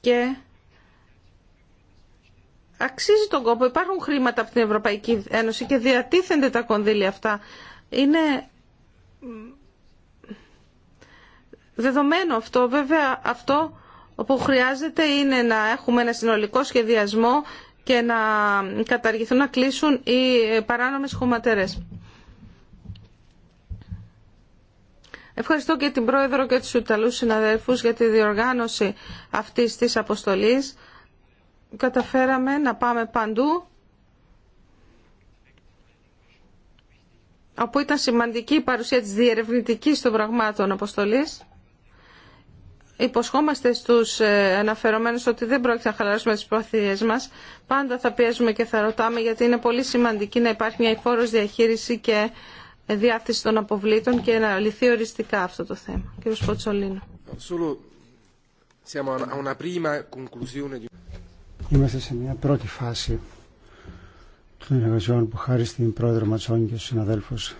Και αξίζει τον κόπο. Υπάρχουν χρήματα από την Ευρωπαϊκή Ένωση και διατίθενται τα κονδύλια αυτά. Είναι δεδομένο αυτό. Βέβαια αυτό που χρειάζεται είναι να έχουμε ένα συνολικό σχεδιασμό και να καταργηθούν να κλείσουν οι παράνομες χωματερές. Ευχαριστώ και την Πρόεδρο και τους Ιταλούς συναδέλφους για τη διοργάνωση αυτής της αποστολής καταφέραμε να πάμε παντού όπου ήταν σημαντική η παρουσία της διερευνητικής των πραγμάτων αποστολής. Υποσχόμαστε στους ε, αναφερομένους ότι δεν πρόκειται να χαλαρώσουμε τις προθυρίες μας. Πάντα θα πιέζουμε και θα ρωτάμε γιατί είναι πολύ σημαντική να υπάρχει μια υφόρος διαχείριση και διάθεση των αποβλήτων και να λυθεί οριστικά αυτό το θέμα. Είμαστε σε μια πρώτη φάση των εργασιών που χάρη στην πρόεδρο Ματσόνη και στους συναδέλφους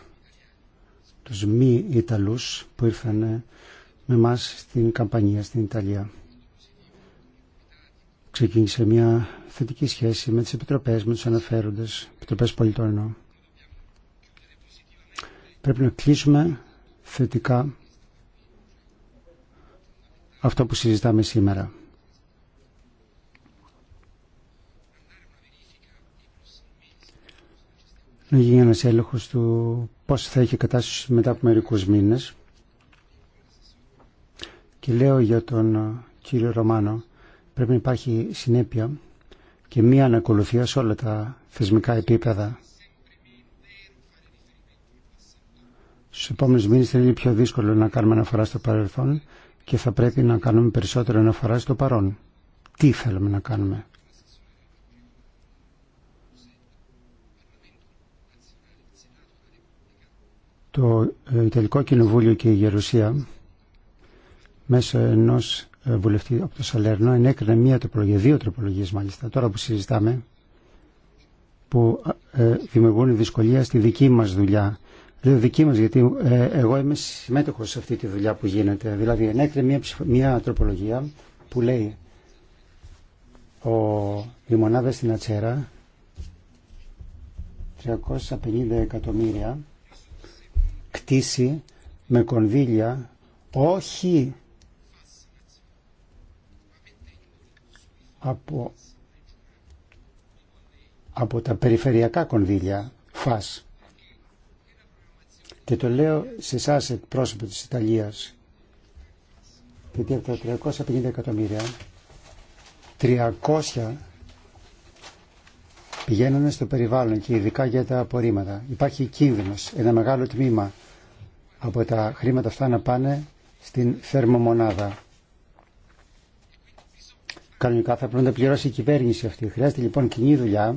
τους μη Ιταλούς που ήρθαν με μας στην καμπανία στην Ιταλία. Ξεκίνησε μια θετική σχέση με τις επιτροπές, με τους αναφέροντες, επιτροπές πολιτών Πρέπει να κλείσουμε θετικά αυτό που συζητάμε σήμερα. να γίνει ένας έλεγχος του πώς θα έχει κατάσταση μετά από μερικούς μήνες. Και λέω για τον ε, κύριο Ρωμάνο, πρέπει να υπάρχει συνέπεια και μία ανακολουθία σε όλα τα θεσμικά επίπεδα. Στου επόμενου μήνε θα είναι πιο δύσκολο να κάνουμε αναφορά στο παρελθόν και θα πρέπει να κάνουμε περισσότερο αναφορά στο παρόν. Τι θέλουμε να κάνουμε το ε, Ιταλικό Κοινοβούλιο και η Γερουσία μέσω ενός ε, βουλευτή από το Σαλέρνο ενέκρινε μία τροπολογία, δύο τροπολογίες μάλιστα, τώρα που συζητάμε, που ε, δημιουργούν δυσκολία στη δική μας δουλειά. Λέω δική μας γιατί εγώ είμαι συμμέτοχος σε αυτή τη δουλειά που γίνεται. Δηλαδή ενέκρινε μία, μία τροπολογία που λέει ο, η μονάδα στην Ατσέρα 350 εκατομμύρια κτίσει με κονδύλια όχι από, από τα περιφερειακά κονδύλια ΦΑΣ. Και το λέω σε εσά εκπρόσωπο της Ιταλίας γιατί από τα 350 εκατομμύρια 300 πηγαίνουν στο περιβάλλον και ειδικά για τα απορρίμματα. Υπάρχει κίνδυνος, ένα μεγάλο τμήμα από τα χρήματα αυτά να πάνε στην θερμομονάδα. Κανονικά θα πρέπει να πληρώσει η κυβέρνηση αυτή. Χρειάζεται λοιπόν κοινή δουλειά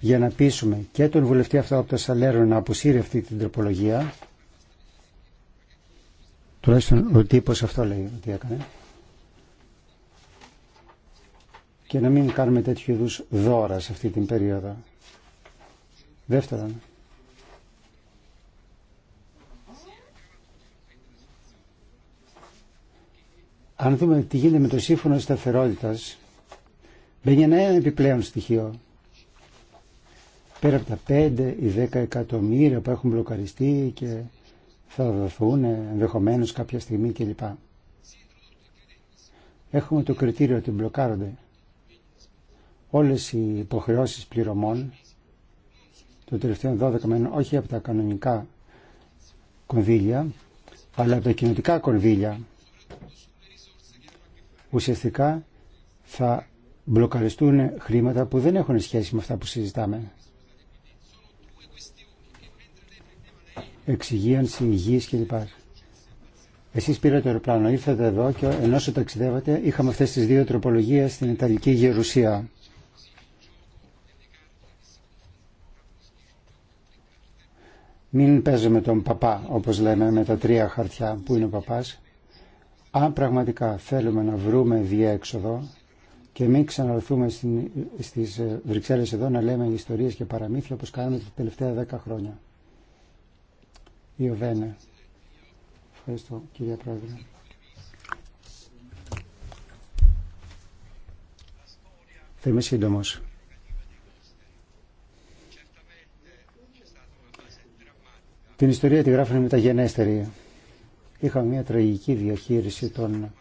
για να πείσουμε και τον βουλευτή αυτό από το Σαλέρο να αποσύρει αυτή την τροπολογία. Τουλάχιστον ο τύπος αυτό λέει ότι έκανε και να μην κάνουμε τέτοιου είδου δώρα σε αυτή την περίοδο. Δεύτερον, αν δούμε τι γίνεται με το σύμφωνο σταθερότητα, μπαίνει ένα επιπλέον στοιχείο. Πέρα από τα 5 ή 10 εκατομμύρια που έχουν μπλοκαριστεί και θα δοθούν ενδεχομένω κάποια στιγμή κλπ. Έχουμε το κριτήριο ότι μπλοκάρονται όλες οι υποχρεώσεις πληρωμών το τελευταίων 12 μήνων, όχι από τα κανονικά κονδύλια, αλλά από τα κοινωτικά κονδύλια, ουσιαστικά θα μπλοκαριστούν χρήματα που δεν έχουν σχέση με αυτά που συζητάμε. Εξυγίανση, υγιής κλπ. Εσείς πήρατε το αεροπλάνο, ήρθατε εδώ και ενώ σου ταξιδεύατε είχαμε αυτές τις δύο τροπολογίες στην Ιταλική Γερουσία. Μην παίζουμε τον παπά, όπως λέμε, με τα τρία χαρτιά που είναι ο παπάς. Αν πραγματικά θέλουμε να βρούμε διέξοδο και μην ξαναρθούμε στις ε, Βρυξέλλες εδώ να λέμε ιστορίες και παραμύθια όπως κάνουμε τα τελευταία δέκα χρόνια. Ιωβένε. Ευχαριστώ κυρία Πρόεδρε. Θα είμαι σύντομος. Την ιστορία τη τα μεταγενέστερη. Είχαμε μια τραγική διαχείριση των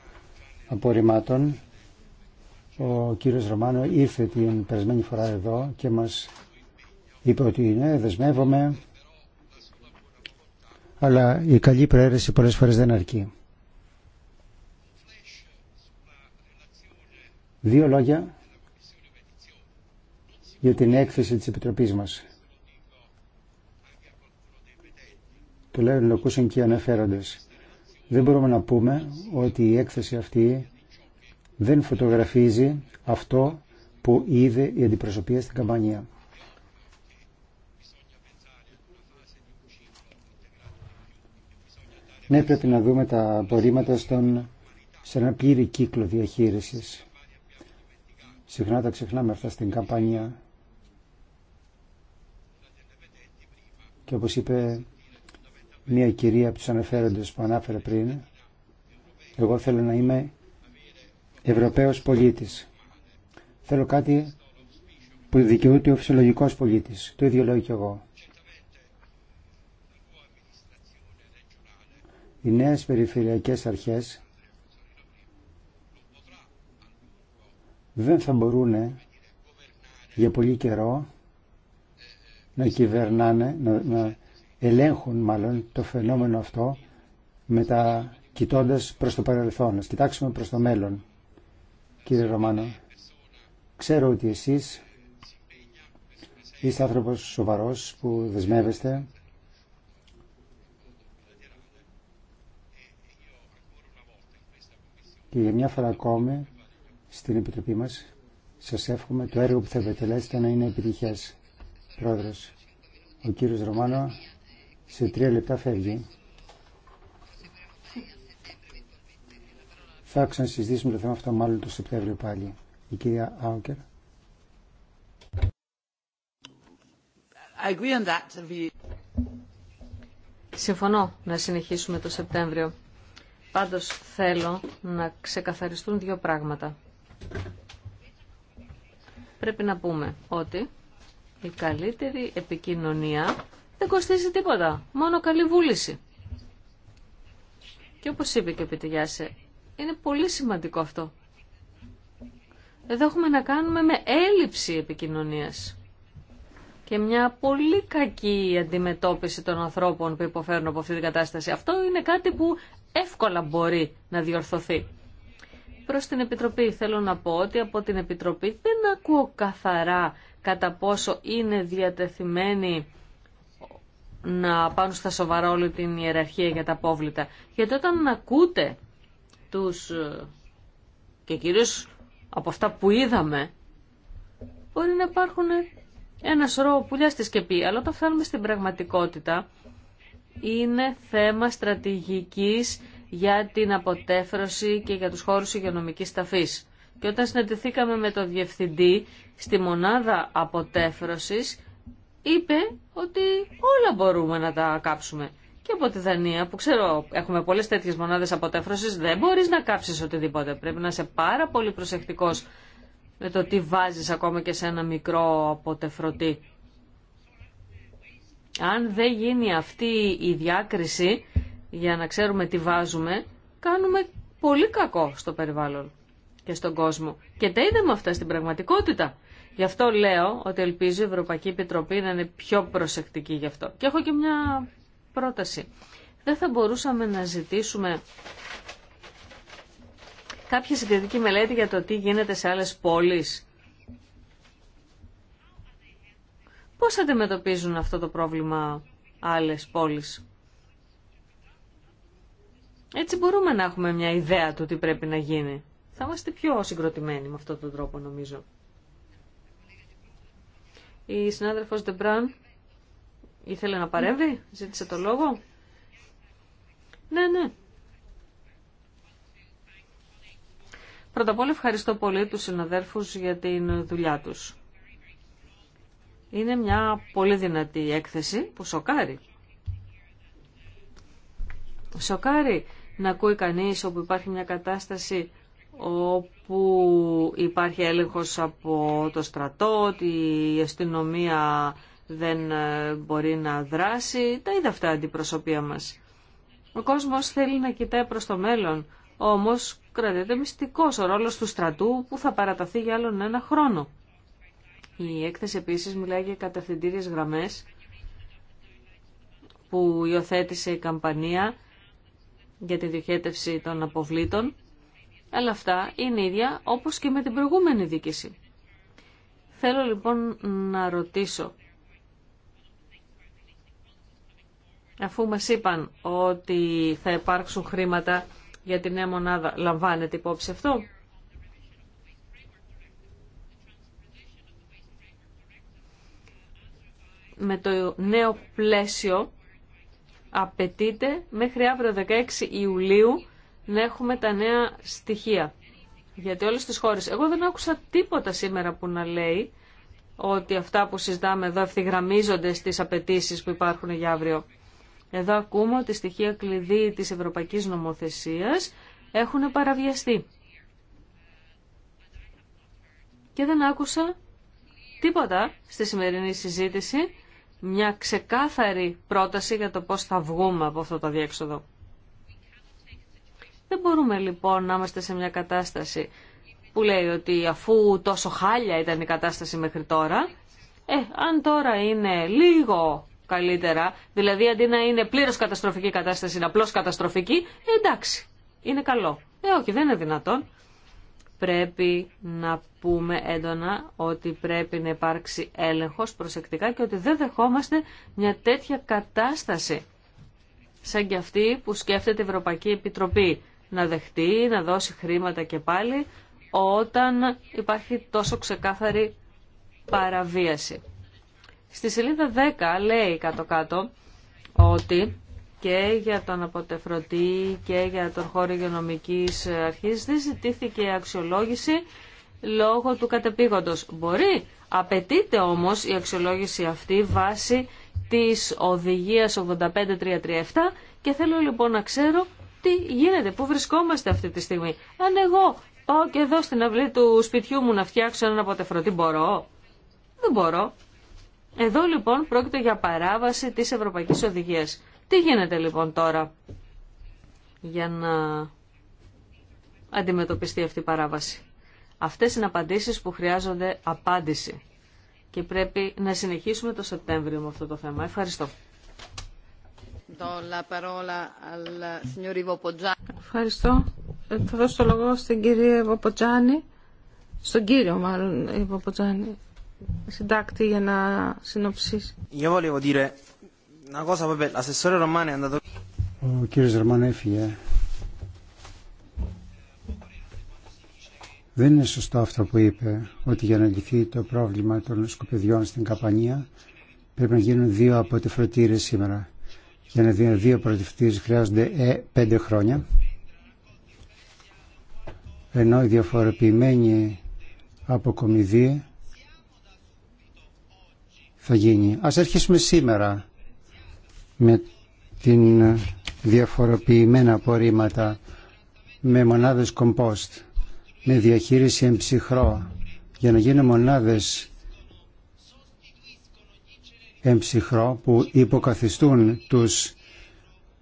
απορριμμάτων. Ο κύριος Ρωμάνο ήρθε την περασμένη φορά εδώ και μας είπε ότι ναι, δεσμεύομαι, αλλά η καλή προαίρεση πολλές φορές δεν αρκεί. Δύο λόγια για την έκθεση της Επιτροπής μας. το λένε ακούσαν και οι αναφέροντες. Δεν μπορούμε να πούμε ότι η έκθεση αυτή δεν φωτογραφίζει αυτό που είδε η αντιπροσωπεία στην καμπανία. Ναι, πρέπει να δούμε τα απορρίμματα στον, σε ένα πλήρη κύκλο διαχείρισης. Συχνά τα ξεχνάμε αυτά στην καμπανία. Και όπως είπε μια κυρία από τους αναφέροντες που ανάφερε πριν. Εγώ θέλω να είμαι Ευρωπαίος πολίτης. Θέλω κάτι που δικαιούται ο φυσιολογικός πολίτης. Το ίδιο λέω και εγώ. Οι νέες περιφερειακές αρχές δεν θα μπορούν για πολύ καιρό να κυβερνάνε, να ελέγχουν μάλλον το φαινόμενο αυτό μετα... κοιτώντας προς το παρελθόν. Να κοιτάξουμε προς το μέλλον. Κύριε Ρωμάνο, ξέρω ότι εσείς είστε άνθρωπος σοβαρός που δεσμεύεστε και για μια φορά ακόμη στην Επιτροπή μας σας εύχομαι το έργο που θα επιτελέσετε να είναι επιτυχές. Πρόεδρος, ο κύριος Ρωμάνο σε τρία λεπτά φεύγει. Θα ξανασυζητήσουμε το θέμα αυτό μάλλον το Σεπτέμβριο πάλι. Η κυρία Άουκερ. Συμφωνώ να συνεχίσουμε το Σεπτέμβριο. Πάντως θέλω να ξεκαθαριστούν δύο πράγματα. Πρέπει να πούμε ότι η καλύτερη επικοινωνία δεν κοστίζει τίποτα, μόνο καλή βούληση. Και όπως είπε και ο Πιτυγιάσε, είναι πολύ σημαντικό αυτό. Εδώ έχουμε να κάνουμε με έλλειψη επικοινωνίας και μια πολύ κακή αντιμετώπιση των ανθρώπων που υποφέρουν από αυτή την κατάσταση. Αυτό είναι κάτι που εύκολα μπορεί να διορθωθεί. Προς την Επιτροπή θέλω να πω ότι από την Επιτροπή δεν ακούω καθαρά κατά πόσο είναι διατεθειμένη να πάνω στα σοβαρά όλη την ιεραρχία για τα απόβλητα. Γιατί όταν ακούτε τους ε, και κυρίως από αυτά που είδαμε μπορεί να υπάρχουν ένα σωρό πουλιά στη σκεπή. Αλλά όταν φτάνουμε στην πραγματικότητα είναι θέμα στρατηγικής για την αποτέφρωση και για τους χώρους υγειονομικής ταφής. Και όταν συναντηθήκαμε με το Διευθυντή στη μονάδα αποτέφρωσης, είπε ότι όλα μπορούμε να τα κάψουμε. Και από τη Δανία, που ξέρω, έχουμε πολλέ τέτοιε μονάδε αποτέφρωση, δεν μπορεί να κάψει οτιδήποτε. Πρέπει να είσαι πάρα πολύ προσεκτικό με το τι βάζει ακόμα και σε ένα μικρό αποτεφρωτή. Αν δεν γίνει αυτή η διάκριση για να ξέρουμε τι βάζουμε, κάνουμε πολύ κακό στο περιβάλλον και στον κόσμο. Και τα είδαμε αυτά στην πραγματικότητα. Γι' αυτό λέω ότι ελπίζω η Ευρωπαϊκή Επιτροπή να είναι πιο προσεκτική γι' αυτό. Και έχω και μια πρόταση. Δεν θα μπορούσαμε να ζητήσουμε κάποια συγκριτική μελέτη για το τι γίνεται σε άλλες πόλεις. Πώς αντιμετωπίζουν αυτό το πρόβλημα άλλες πόλεις. Έτσι μπορούμε να έχουμε μια ιδέα του τι πρέπει να γίνει. Θα είμαστε πιο συγκροτημένοι με αυτόν τον τρόπο νομίζω. Η συνάδελφος Ντεμπράν ήθελε να παρέμβει, ζήτησε το λόγο. Ναι, ναι. Πρώτα απ' όλα ευχαριστώ πολύ τους συναδέρφους για την δουλειά τους. Είναι μια πολύ δυνατή έκθεση που σοκάρει. Σοκάρει να ακούει κανείς όπου υπάρχει μια κατάσταση όπου υπάρχει έλεγχος από το στρατό, ότι η αστυνομία δεν ε, μπορεί να δράσει. Τα είδα αυτά αντιπροσωπεία μας. Ο κόσμος θέλει να κοιτάει προς το μέλλον, όμως κρατείται μυστικός ο ρόλος του στρατού που θα παραταθεί για άλλον ένα χρόνο. Η έκθεση επίσης μιλάει για κατευθυντήριες γραμμές που υιοθέτησε η καμπανία για τη διοχέτευση των αποβλήτων αλλά αυτά είναι ίδια όπως και με την προηγούμενη δίκηση. Θέλω λοιπόν να ρωτήσω, αφού μας είπαν ότι θα υπάρξουν χρήματα για τη νέα μονάδα, λαμβάνεται υπόψη αυτό. Με το νέο πλαίσιο απαιτείται μέχρι αύριο 16 Ιουλίου να έχουμε τα νέα στοιχεία. Γιατί όλες τις χώρες... Εγώ δεν άκουσα τίποτα σήμερα που να λέει ότι αυτά που συζητάμε εδώ ευθυγραμμίζονται στις απαιτήσει που υπάρχουν για αύριο. Εδώ ακούμε ότι στοιχεία κλειδί της Ευρωπαϊκής Νομοθεσίας έχουν παραβιαστεί. Και δεν άκουσα τίποτα στη σημερινή συζήτηση μια ξεκάθαρη πρόταση για το πώς θα βγούμε από αυτό το διέξοδο. Δεν μπορούμε λοιπόν να είμαστε σε μια κατάσταση που λέει ότι αφού τόσο χάλια ήταν η κατάσταση μέχρι τώρα, ε, αν τώρα είναι λίγο καλύτερα, δηλαδή αντί να είναι πλήρως καταστροφική κατάσταση, είναι απλώς καταστροφική, ε, εντάξει, είναι καλό. Ε, όχι, δεν είναι δυνατόν. Πρέπει να πούμε έντονα ότι πρέπει να υπάρξει έλεγχος προσεκτικά και ότι δεν δεχόμαστε μια τέτοια κατάσταση σαν και αυτή που σκέφτεται η Ευρωπαϊκή Επιτροπή να δεχτεί, να δώσει χρήματα και πάλι όταν υπάρχει τόσο ξεκάθαρη παραβίαση. Στη σελίδα 10 λέει κάτω-κάτω ότι και για τον αποτεφρωτή και για τον χώρο υγειονομικής αρχής δεν ζητήθηκε αξιολόγηση λόγω του κατεπήγοντος. Μπορεί, απαιτείται όμως η αξιολόγηση αυτή βάσει της οδηγίας 85337 και θέλω λοιπόν να ξέρω τι γίνεται, πού βρισκόμαστε αυτή τη στιγμή. Αν εγώ πάω και εδώ στην αυλή του σπιτιού μου να φτιάξω έναν αποτεφρωτή, μπορώ. Δεν μπορώ. Εδώ λοιπόν πρόκειται για παράβαση της Ευρωπαϊκής Οδηγίας. Τι γίνεται λοιπόν τώρα για να αντιμετωπιστεί αυτή η παράβαση. Αυτές είναι απαντήσεις που χρειάζονται απάντηση και πρέπει να συνεχίσουμε το Σεπτέμβριο με αυτό το θέμα. Ευχαριστώ. Ευχαριστώ. Ε, θα δώσω το λόγο στην κυρία Βοποτζάνη, στον κύριο μάλλον Βοποτζάνη, συντάκτη για να συνοψίσει. Ο κύριος Ρωμάν έφυγε. Δεν είναι σωστό αυτό που είπε, ότι για να λυθεί το πρόβλημα των σκουπιδιών στην Καπανία πρέπει να γίνουν δύο αποτεφρωτήρες σήμερα για να δίνουν δύο προτιφτήρες χρειάζονται ε, πέντε χρόνια ενώ η διαφοροποιημένη αποκομιδή θα γίνει. Ας αρχίσουμε σήμερα με την διαφοροποιημένα απορρίμματα με μονάδες κομπόστ, με διαχείριση εμψυχρό για να γίνουν μονάδες εμψυχρό που υποκαθιστούν τους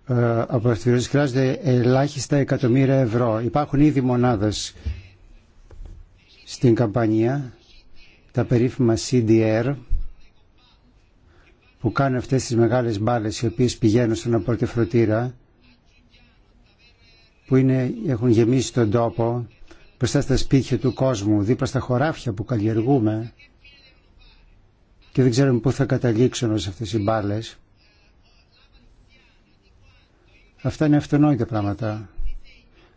ε, χρειάζονται ελάχιστα εκατομμύρια ευρώ. Υπάρχουν ήδη μονάδες στην καμπανία, τα περίφημα CDR, που κάνουν αυτές τις μεγάλες μπάλες οι οποίες πηγαίνουν στον απορτεφρωτήρα που είναι, έχουν γεμίσει τον τόπο μπροστά στα σπίτια του κόσμου, δίπλα στα χωράφια που καλλιεργούμε και δεν ξέρουμε πού θα καταλήξουν όλες αυτές οι μπάλε. Αυτά είναι αυτονόητα πράγματα.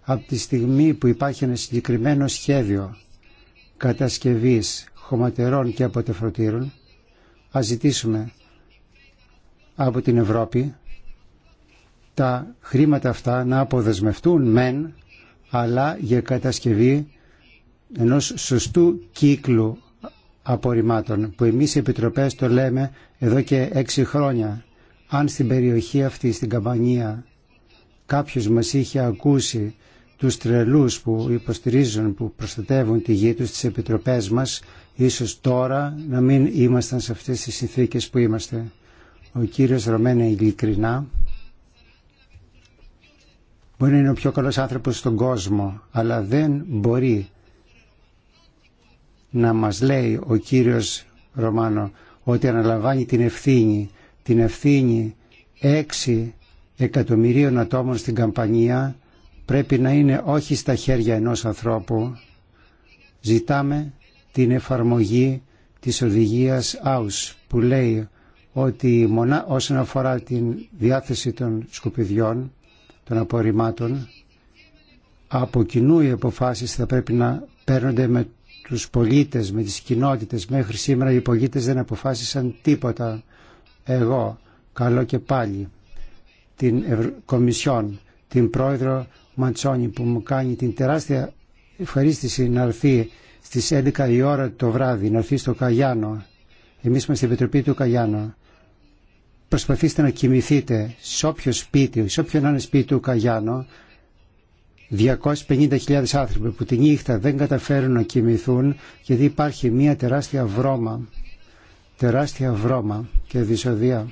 Από τη στιγμή που υπάρχει ένα συγκεκριμένο σχέδιο κατασκευής χωματερών και αποτεφρωτήρων, ας ζητήσουμε από την Ευρώπη τα χρήματα αυτά να αποδεσμευτούν μεν, αλλά για κατασκευή ενός σωστού κύκλου απορριμμάτων που εμείς οι επιτροπές το λέμε εδώ και έξι χρόνια. Αν στην περιοχή αυτή, στην Καμπανία, κάποιος μας είχε ακούσει τους τρελούς που υποστηρίζουν, που προστατεύουν τη γη τους τις επιτροπές μας, ίσως τώρα να μην ήμασταν σε αυτές τις συνθήκες που είμαστε. Ο κύριος Ρωμένα ειλικρινά μπορεί να είναι ο πιο καλός άνθρωπος στον κόσμο, αλλά δεν μπορεί να μας λέει ο κύριος Ρωμάνο ότι αναλαμβάνει την ευθύνη, την ευθύνη έξι εκατομμυρίων ατόμων στην καμπανία πρέπει να είναι όχι στα χέρια ενός ανθρώπου. Ζητάμε την εφαρμογή της οδηγίας ΑΟΣ που λέει ότι μονά, όσον αφορά την διάθεση των σκουπιδιών, των απορριμμάτων, από κοινού οι αποφάσεις θα πρέπει να παίρνονται με τους πολίτες, με τις κοινότητες. Μέχρι σήμερα οι πολίτες δεν αποφάσισαν τίποτα. Εγώ, καλό και πάλι, την Κομισιόν, την πρόεδρο Μαντσόνη που μου κάνει την τεράστια ευχαρίστηση να έρθει στις 11 η ώρα το βράδυ, να έρθει στο Καγιάνο. Εμείς είμαστε στην Επιτροπή του Καγιάνο. Προσπαθήστε να κοιμηθείτε σε όποιο σπίτι, σε όποιον είναι σπίτι του Καγιάνο, 250.000 άνθρωποι που τη νύχτα δεν καταφέρουν να κοιμηθούν γιατί υπάρχει μια τεράστια βρώμα τεράστια βρώμα και δυσοδεία.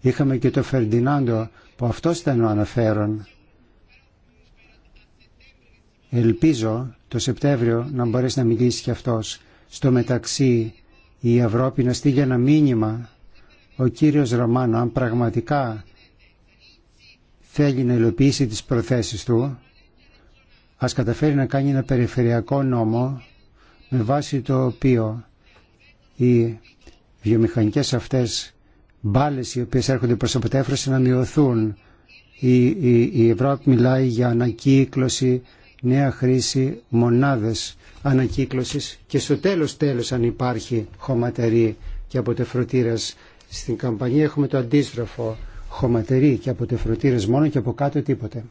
Είχαμε και το Φερντινάντο που αυτός ήταν ο αναφέρον. Ελπίζω το Σεπτέμβριο να μπορέσει να μιλήσει και αυτός. Στο μεταξύ η Ευρώπη να στείλει ένα μήνυμα. Ο κύριος Ρωμάνο αν πραγματικά θέλει να υλοποιήσει τις προθέσεις του, ας καταφέρει να κάνει ένα περιφερειακό νόμο με βάση το οποίο οι βιομηχανικές αυτές μπάλε οι οποίες έρχονται προς αποτέφρωση να μειωθούν. Η, η, η Ευρώπη μιλάει για ανακύκλωση, νέα χρήση, μονάδες ανακύκλωσης και στο τέλος τέλος αν υπάρχει χωματερή και αποτεφρωτήρας στην καμπανία έχουμε το αντίστροφο χωματερή και από τεφροτήρες μόνο και από κάτω τίποτε.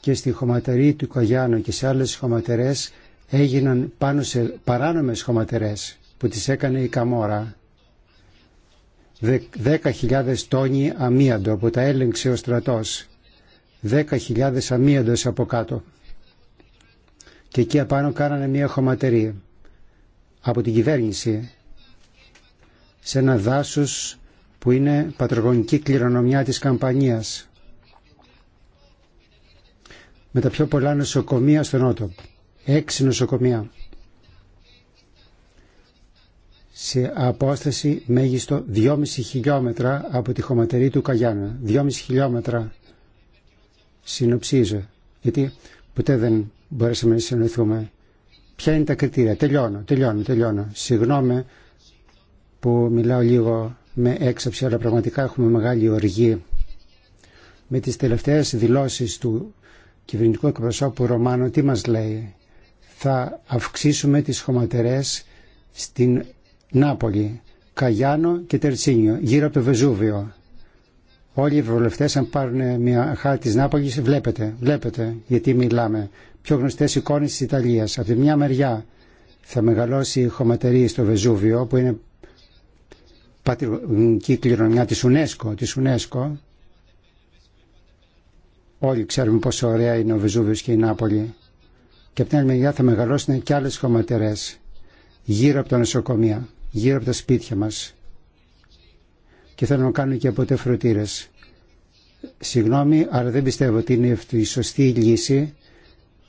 Και στη χωματερή του Κογιάνου και σε άλλες χωματερές έγιναν πάνω σε παράνομες χωματερές που τις έκανε η Καμόρα. 10.000 τόνοι αμίαντο από τα έλεγξε ο στρατός. 10.000 αμίαντος από κάτω. Και εκεί απάνω κάνανε μια χωματερή από την κυβέρνηση σε ένα δάσος που είναι πατρογονική κληρονομιά της Καμπανίας με τα πιο πολλά νοσοκομεία στο Νότο. Έξι νοσοκομεία σε απόσταση μέγιστο 2,5 χιλιόμετρα από τη χωματερή του Καγιάννα. 2,5 χιλιόμετρα συνοψίζω, γιατί ποτέ δεν μπορέσαμε να συνοηθούμε. Ποια είναι τα κριτήρια. Τελειώνω, τελειώνω, τελειώνω. Συγγνώμη που μιλάω λίγο με έξαψη, αλλά πραγματικά έχουμε μεγάλη οργή με τις τελευταίες δηλώσεις του κυβερνητικού εκπροσώπου Ρωμάνου, τι μας λέει. Θα αυξήσουμε τις χωματερές στην Νάπολη, Καγιάνο και Τερτσίνιο, γύρω από το Βεζούβιο. Όλοι οι ευρωβουλευτέ, αν πάρουν μια χάρη της Νάπολης βλέπετε, βλέπετε γιατί μιλάμε. Πιο γνωστές εικόνες της Ιταλίας Από τη μια μεριά θα μεγαλώσει η χωματερή στο Βεζούβιο, που είναι πατρική κληρονομιά της UNESCO, της UNESCO. Όλοι ξέρουμε πόσο ωραία είναι ο Βεζούβιος και η Νάπολη. Και από την άλλη θα μεγαλώσουν και άλλες χωματερές γύρω από τα νοσοκομεία, γύρω από τα σπίτια μας. Και θέλουν να κάνουν και από φροντήρες. Συγγνώμη, αλλά δεν πιστεύω ότι είναι η σωστή λύση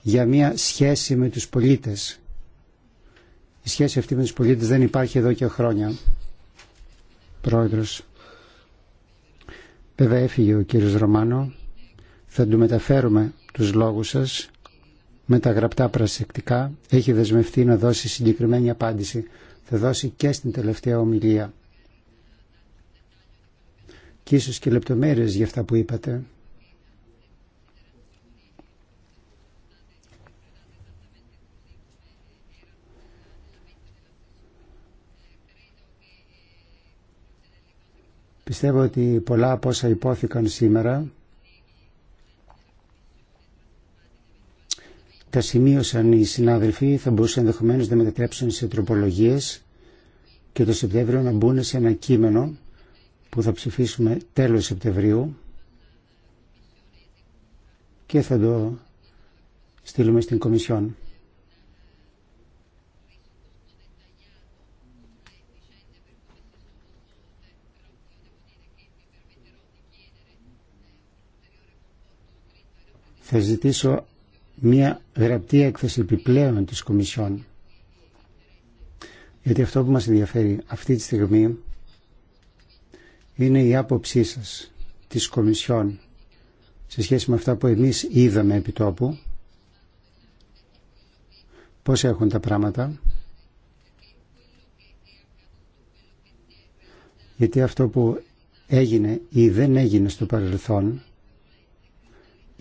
για μια σχέση με τους πολίτες. Η σχέση αυτή με τους πολίτες δεν υπάρχει εδώ και χρόνια. Πρόεδρος. Βέβαια έφυγε ο κύριος Ρωμάνο. Θα του μεταφέρουμε τους λόγους σας με τα γραπτά πρασεκτικά. Έχει δεσμευτεί να δώσει συγκεκριμένη απάντηση. Θα δώσει και στην τελευταία ομιλία. Και ίσως και λεπτομέρειες για αυτά που είπατε. Πιστεύω ότι πολλά από όσα υπόθηκαν σήμερα τα σημείωσαν οι συνάδελφοι, θα μπορούσαν ενδεχομένω να μετατρέψουν σε τροπολογίες και το Σεπτέμβριο να μπουν σε ένα κείμενο που θα ψηφίσουμε τέλος Σεπτεμβρίου και θα το στείλουμε στην Κομισιόν. θα ζητήσω μια γραπτή έκθεση επιπλέον της Κομισιόν. Γιατί αυτό που μας ενδιαφέρει αυτή τη στιγμή είναι η άποψή σας της Κομισιόν σε σχέση με αυτά που εμείς είδαμε επί τόπου, πώς έχουν τα πράγματα, γιατί αυτό που έγινε ή δεν έγινε στο παρελθόν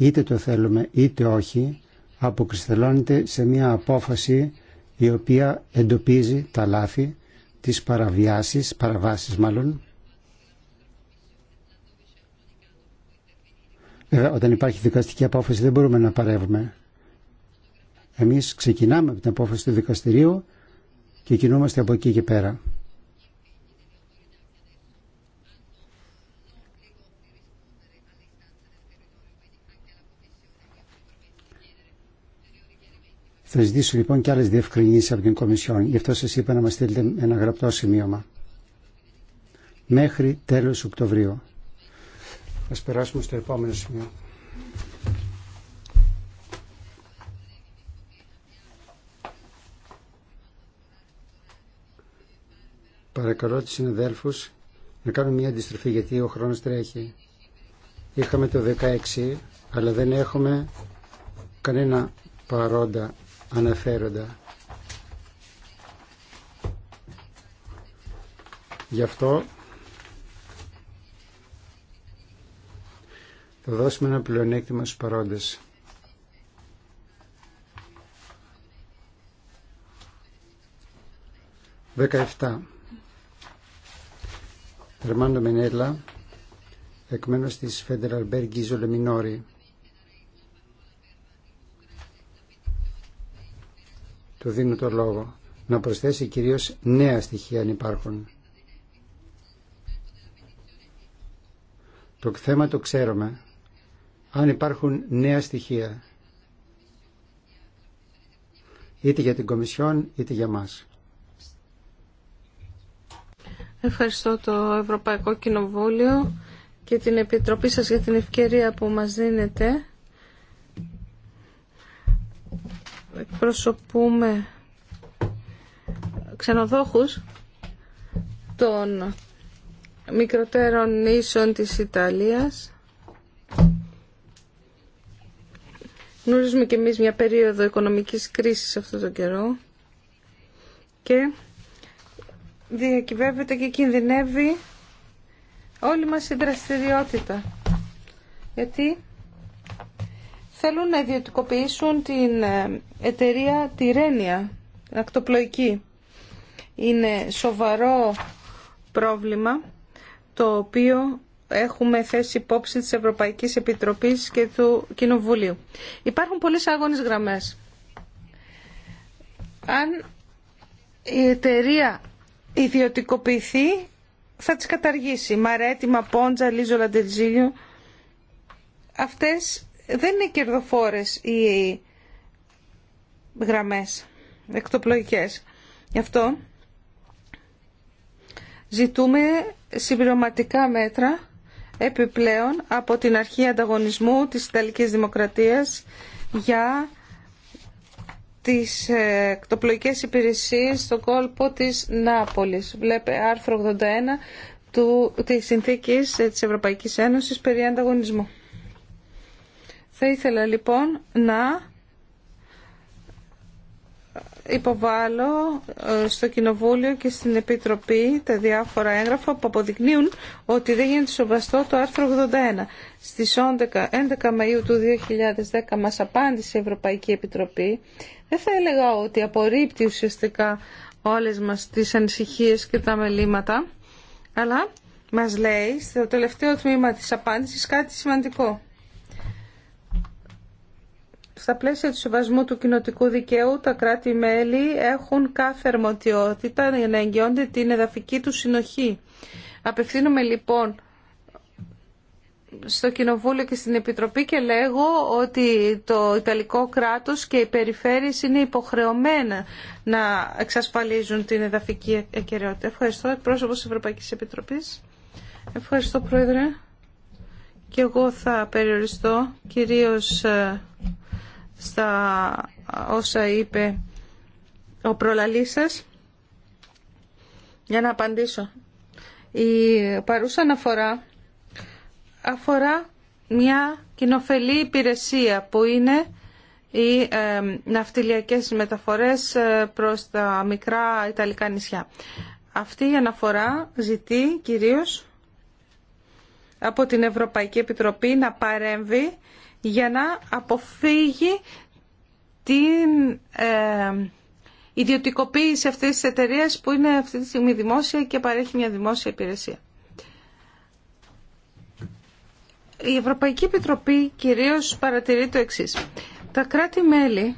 είτε το θέλουμε είτε όχι, αποκριστελώνεται σε μια απόφαση η οποία εντοπίζει τα λάθη, τις παραβιάσεις, παραβάσεις μάλλον. Βέβαια, όταν υπάρχει δικαστική απόφαση δεν μπορούμε να παρεύουμε. Εμείς ξεκινάμε από την απόφαση του δικαστηρίου και κινούμαστε από εκεί και πέρα. Θα ζητήσω λοιπόν και άλλε διευκρινήσει από την Κομισιόν. Γι' αυτό σα είπα να μα στείλετε ένα γραπτό σημείωμα. Μέχρι τέλο Οκτωβρίου. Α περάσουμε στο επόμενο σημείο. Παρακαλώ του συναδέλφους να κάνουμε μια αντιστροφή γιατί ο χρόνος τρέχει. Είχαμε το 16 αλλά δεν έχουμε κανένα παρόντα αναφέροντα. Γι' αυτό θα δώσουμε ένα πλεονέκτημα στους παρόντες. Δεκαεφτά. Ερμάντο Μενέλα, εκ μέρους της Φέντεραλ Γκίζολε Μινόρι. του δίνω το λόγο να προσθέσει κυρίως νέα στοιχεία αν υπάρχουν. Το θέμα το ξέρουμε. Αν υπάρχουν νέα στοιχεία είτε για την Κομισιόν είτε για μας. Ευχαριστώ το Ευρωπαϊκό Κοινοβούλιο και την Επιτροπή σας για την ευκαιρία που μας δίνετε εκπροσωπούμε ξενοδόχους των μικροτέρων νήσων της Ιταλίας. Γνωρίζουμε και εμείς μια περίοδο οικονομικής κρίσης αυτό τον καιρό και διακυβεύεται και κινδυνεύει όλη μας η δραστηριότητα. Γιατί θέλουν να ιδιωτικοποιήσουν την ε, εταιρεία Τυρένια, ακτοπλοϊκή. Είναι σοβαρό πρόβλημα το οποίο έχουμε θέσει υπόψη της Ευρωπαϊκής Επιτροπής και του Κοινοβουλίου. Υπάρχουν πολλές άγονες γραμμές. Αν η εταιρεία ιδιωτικοποιηθεί, θα τις καταργήσει. Μαρέτημα, Πόντζα, Λίζο Λαντελζίγιο. Αυτές δεν είναι κερδοφόρες οι γραμμές εκτοπλογικές. Γι' αυτό ζητούμε συμπληρωματικά μέτρα επιπλέον από την αρχή ανταγωνισμού της Ιταλικής Δημοκρατίας για τις ε, εκτοπλογικές υπηρεσίες στον κόλπο της Νάπολης. Βλέπε άρθρο 81 του, της Συνθήκης ε, της Ευρωπαϊκής Ένωσης περί ανταγωνισμού. Θα ήθελα λοιπόν να υποβάλλω ε, στο Κοινοβούλιο και στην Επιτροπή τα διάφορα έγγραφα που αποδεικνύουν ότι δεν γίνεται σοβαστό το άρθρο 81. Στις 11 Μαΐου του 2010 μας απάντησε η Ευρωπαϊκή Επιτροπή. Δεν θα έλεγα ότι απορρίπτει ουσιαστικά όλες μας τις ανησυχίες και τα μελήματα, αλλά μας λέει στο τελευταίο τμήμα της απάντησης κάτι σημαντικό. Στα πλαίσια του συμβασμού του κοινοτικού δικαίου, τα κράτη-μέλη έχουν κάθε αρμοδιότητα για να εγγυώνται την εδαφική του συνοχή. Απευθύνομαι λοιπόν στο Κοινοβούλιο και στην Επιτροπή και λέγω ότι το Ιταλικό κράτος και οι περιφέρειες είναι υποχρεωμένα να εξασφαλίζουν την εδαφική αικαιρεότητα. Ευχαριστώ, εκπρόσωπος Ευρωπαϊκής Επιτροπής. Ευχαριστώ, Πρόεδρε. Και εγώ θα περιοριστώ κυρίως ε, στα όσα είπε ο προλαλής σας. Για να απαντήσω. Η παρούσα αναφορά αφορά μια κοινοφελή υπηρεσία που είναι οι ε, ναυτιλιακές μεταφορές ε, προς τα μικρά Ιταλικά νησιά. Αυτή η αναφορά ζητεί κυρίως από την Ευρωπαϊκή Επιτροπή να παρέμβει για να αποφύγει την ε, ιδιωτικοποίηση αυτής της εταιρείας που είναι αυτή τη στιγμή δημόσια και παρέχει μια δημόσια υπηρεσία. Η Ευρωπαϊκή Επιτροπή κυρίως παρατηρεί το εξής. Τα κράτη-μέλη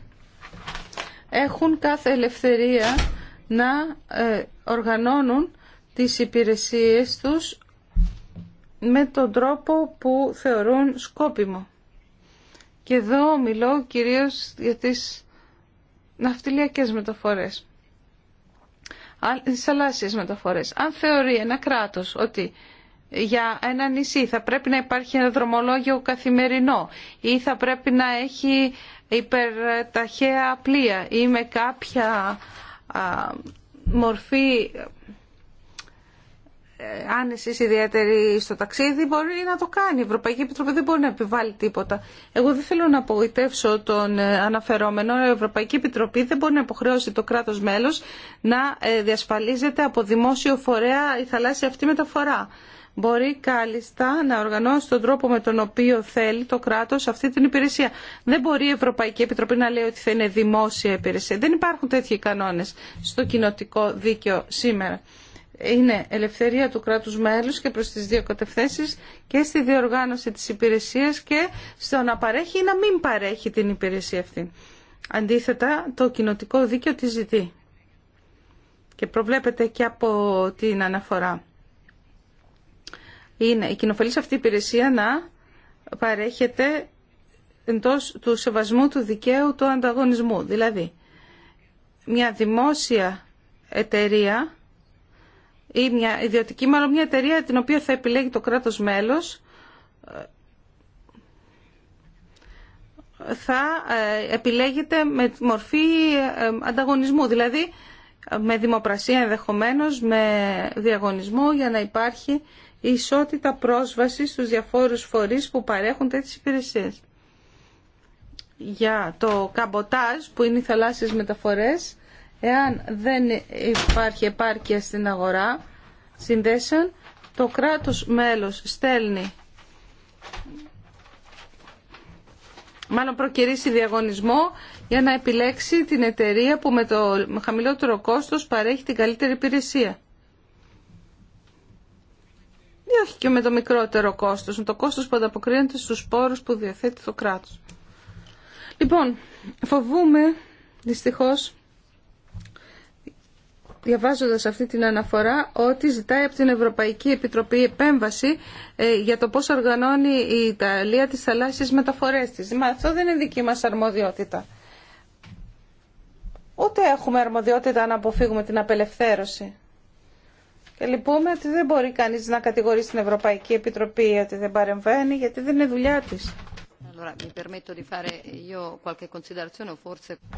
έχουν κάθε ελευθερία να ε, οργανώνουν τις υπηρεσίες τους με τον τρόπο που θεωρούν σκόπιμο. Και εδώ μιλώ κυρίως για τις ναυτιλιακές μεταφορές, τις αλάσιες μεταφορές. Αν θεωρεί ένα κράτος ότι για ένα νησί θα πρέπει να υπάρχει ένα δρομολόγιο καθημερινό ή θα πρέπει να έχει υπερταχαία πλοία ή με κάποια μορφή ε, αν εσείς ιδιαίτερη στο ταξίδι μπορεί να το κάνει. Η Ευρωπαϊκή Επιτροπή δεν μπορεί να επιβάλλει τίποτα. Εγώ δεν θέλω να απογοητεύσω τον ε, αναφερόμενο. Η Ευρωπαϊκή Επιτροπή δεν μπορεί να υποχρεώσει το κράτος μέλος να ε, διασφαλίζεται από δημόσιο φορέα η θαλάσσια αυτή μεταφορά. Μπορεί κάλλιστα να οργανώσει τον τρόπο με τον οποίο θέλει το κράτο αυτή την υπηρεσία. Δεν μπορεί η Ευρωπαϊκή Επιτροπή να λέει ότι θα είναι δημόσια υπηρεσία. Δεν υπάρχουν τέτοιοι κανόνε στο κοινοτικό δίκαιο σήμερα είναι ελευθερία του κράτους μέλους και προς τις δύο κατευθύνσεις και στη διοργάνωση της υπηρεσίας και στο να παρέχει ή να μην παρέχει την υπηρεσία αυτή. Αντίθετα, το κοινοτικό δίκαιο τη ζητεί και προβλέπεται και από την αναφορά. Είναι η κοινοφελής αυτή υπηρεσία να παρέχεται εντός του σεβασμού του δικαίου του ανταγωνισμού. Δηλαδή, μια δημόσια εταιρεία ή μια ιδιωτική, μάλλον μια εταιρεία την οποία θα επιλέγει το κράτος μέλος, θα ε, επιλέγεται με μορφή ε, ανταγωνισμού, δηλαδή ε, με δημοπρασία ενδεχομένως, με διαγωνισμό για να υπάρχει ισότητα πρόσβασης στους διαφόρους φορείς που παρέχουν τέτοιες υπηρεσίες. Για το καμποτάζ που είναι οι θαλάσσιες μεταφορές, Εάν δεν υπάρχει επάρκεια στην αγορά συνδέσεων, το κράτος μέλος στέλνει μάλλον προκυρήσει διαγωνισμό για να επιλέξει την εταιρεία που με το χαμηλότερο κόστος παρέχει την καλύτερη υπηρεσία. Ή όχι και με το μικρότερο κόστος, με το κόστος που ανταποκρίνεται στους πόρους που διαθέτει το κράτος. Λοιπόν, φοβούμε δυστυχώς διαβάζοντας αυτή την αναφορά ότι ζητάει από την Ευρωπαϊκή Επιτροπή επέμβαση ε, για το πώς οργανώνει η Ιταλία τις θαλάσσιες μεταφορές της. Μα αυτό δεν είναι δική μας αρμοδιότητα. Ούτε έχουμε αρμοδιότητα να αποφύγουμε την απελευθέρωση. Και λυπούμε ότι δεν μπορεί κανείς να κατηγορήσει την Ευρωπαϊκή Επιτροπή ότι δεν παρεμβαίνει γιατί δεν είναι δουλειά της.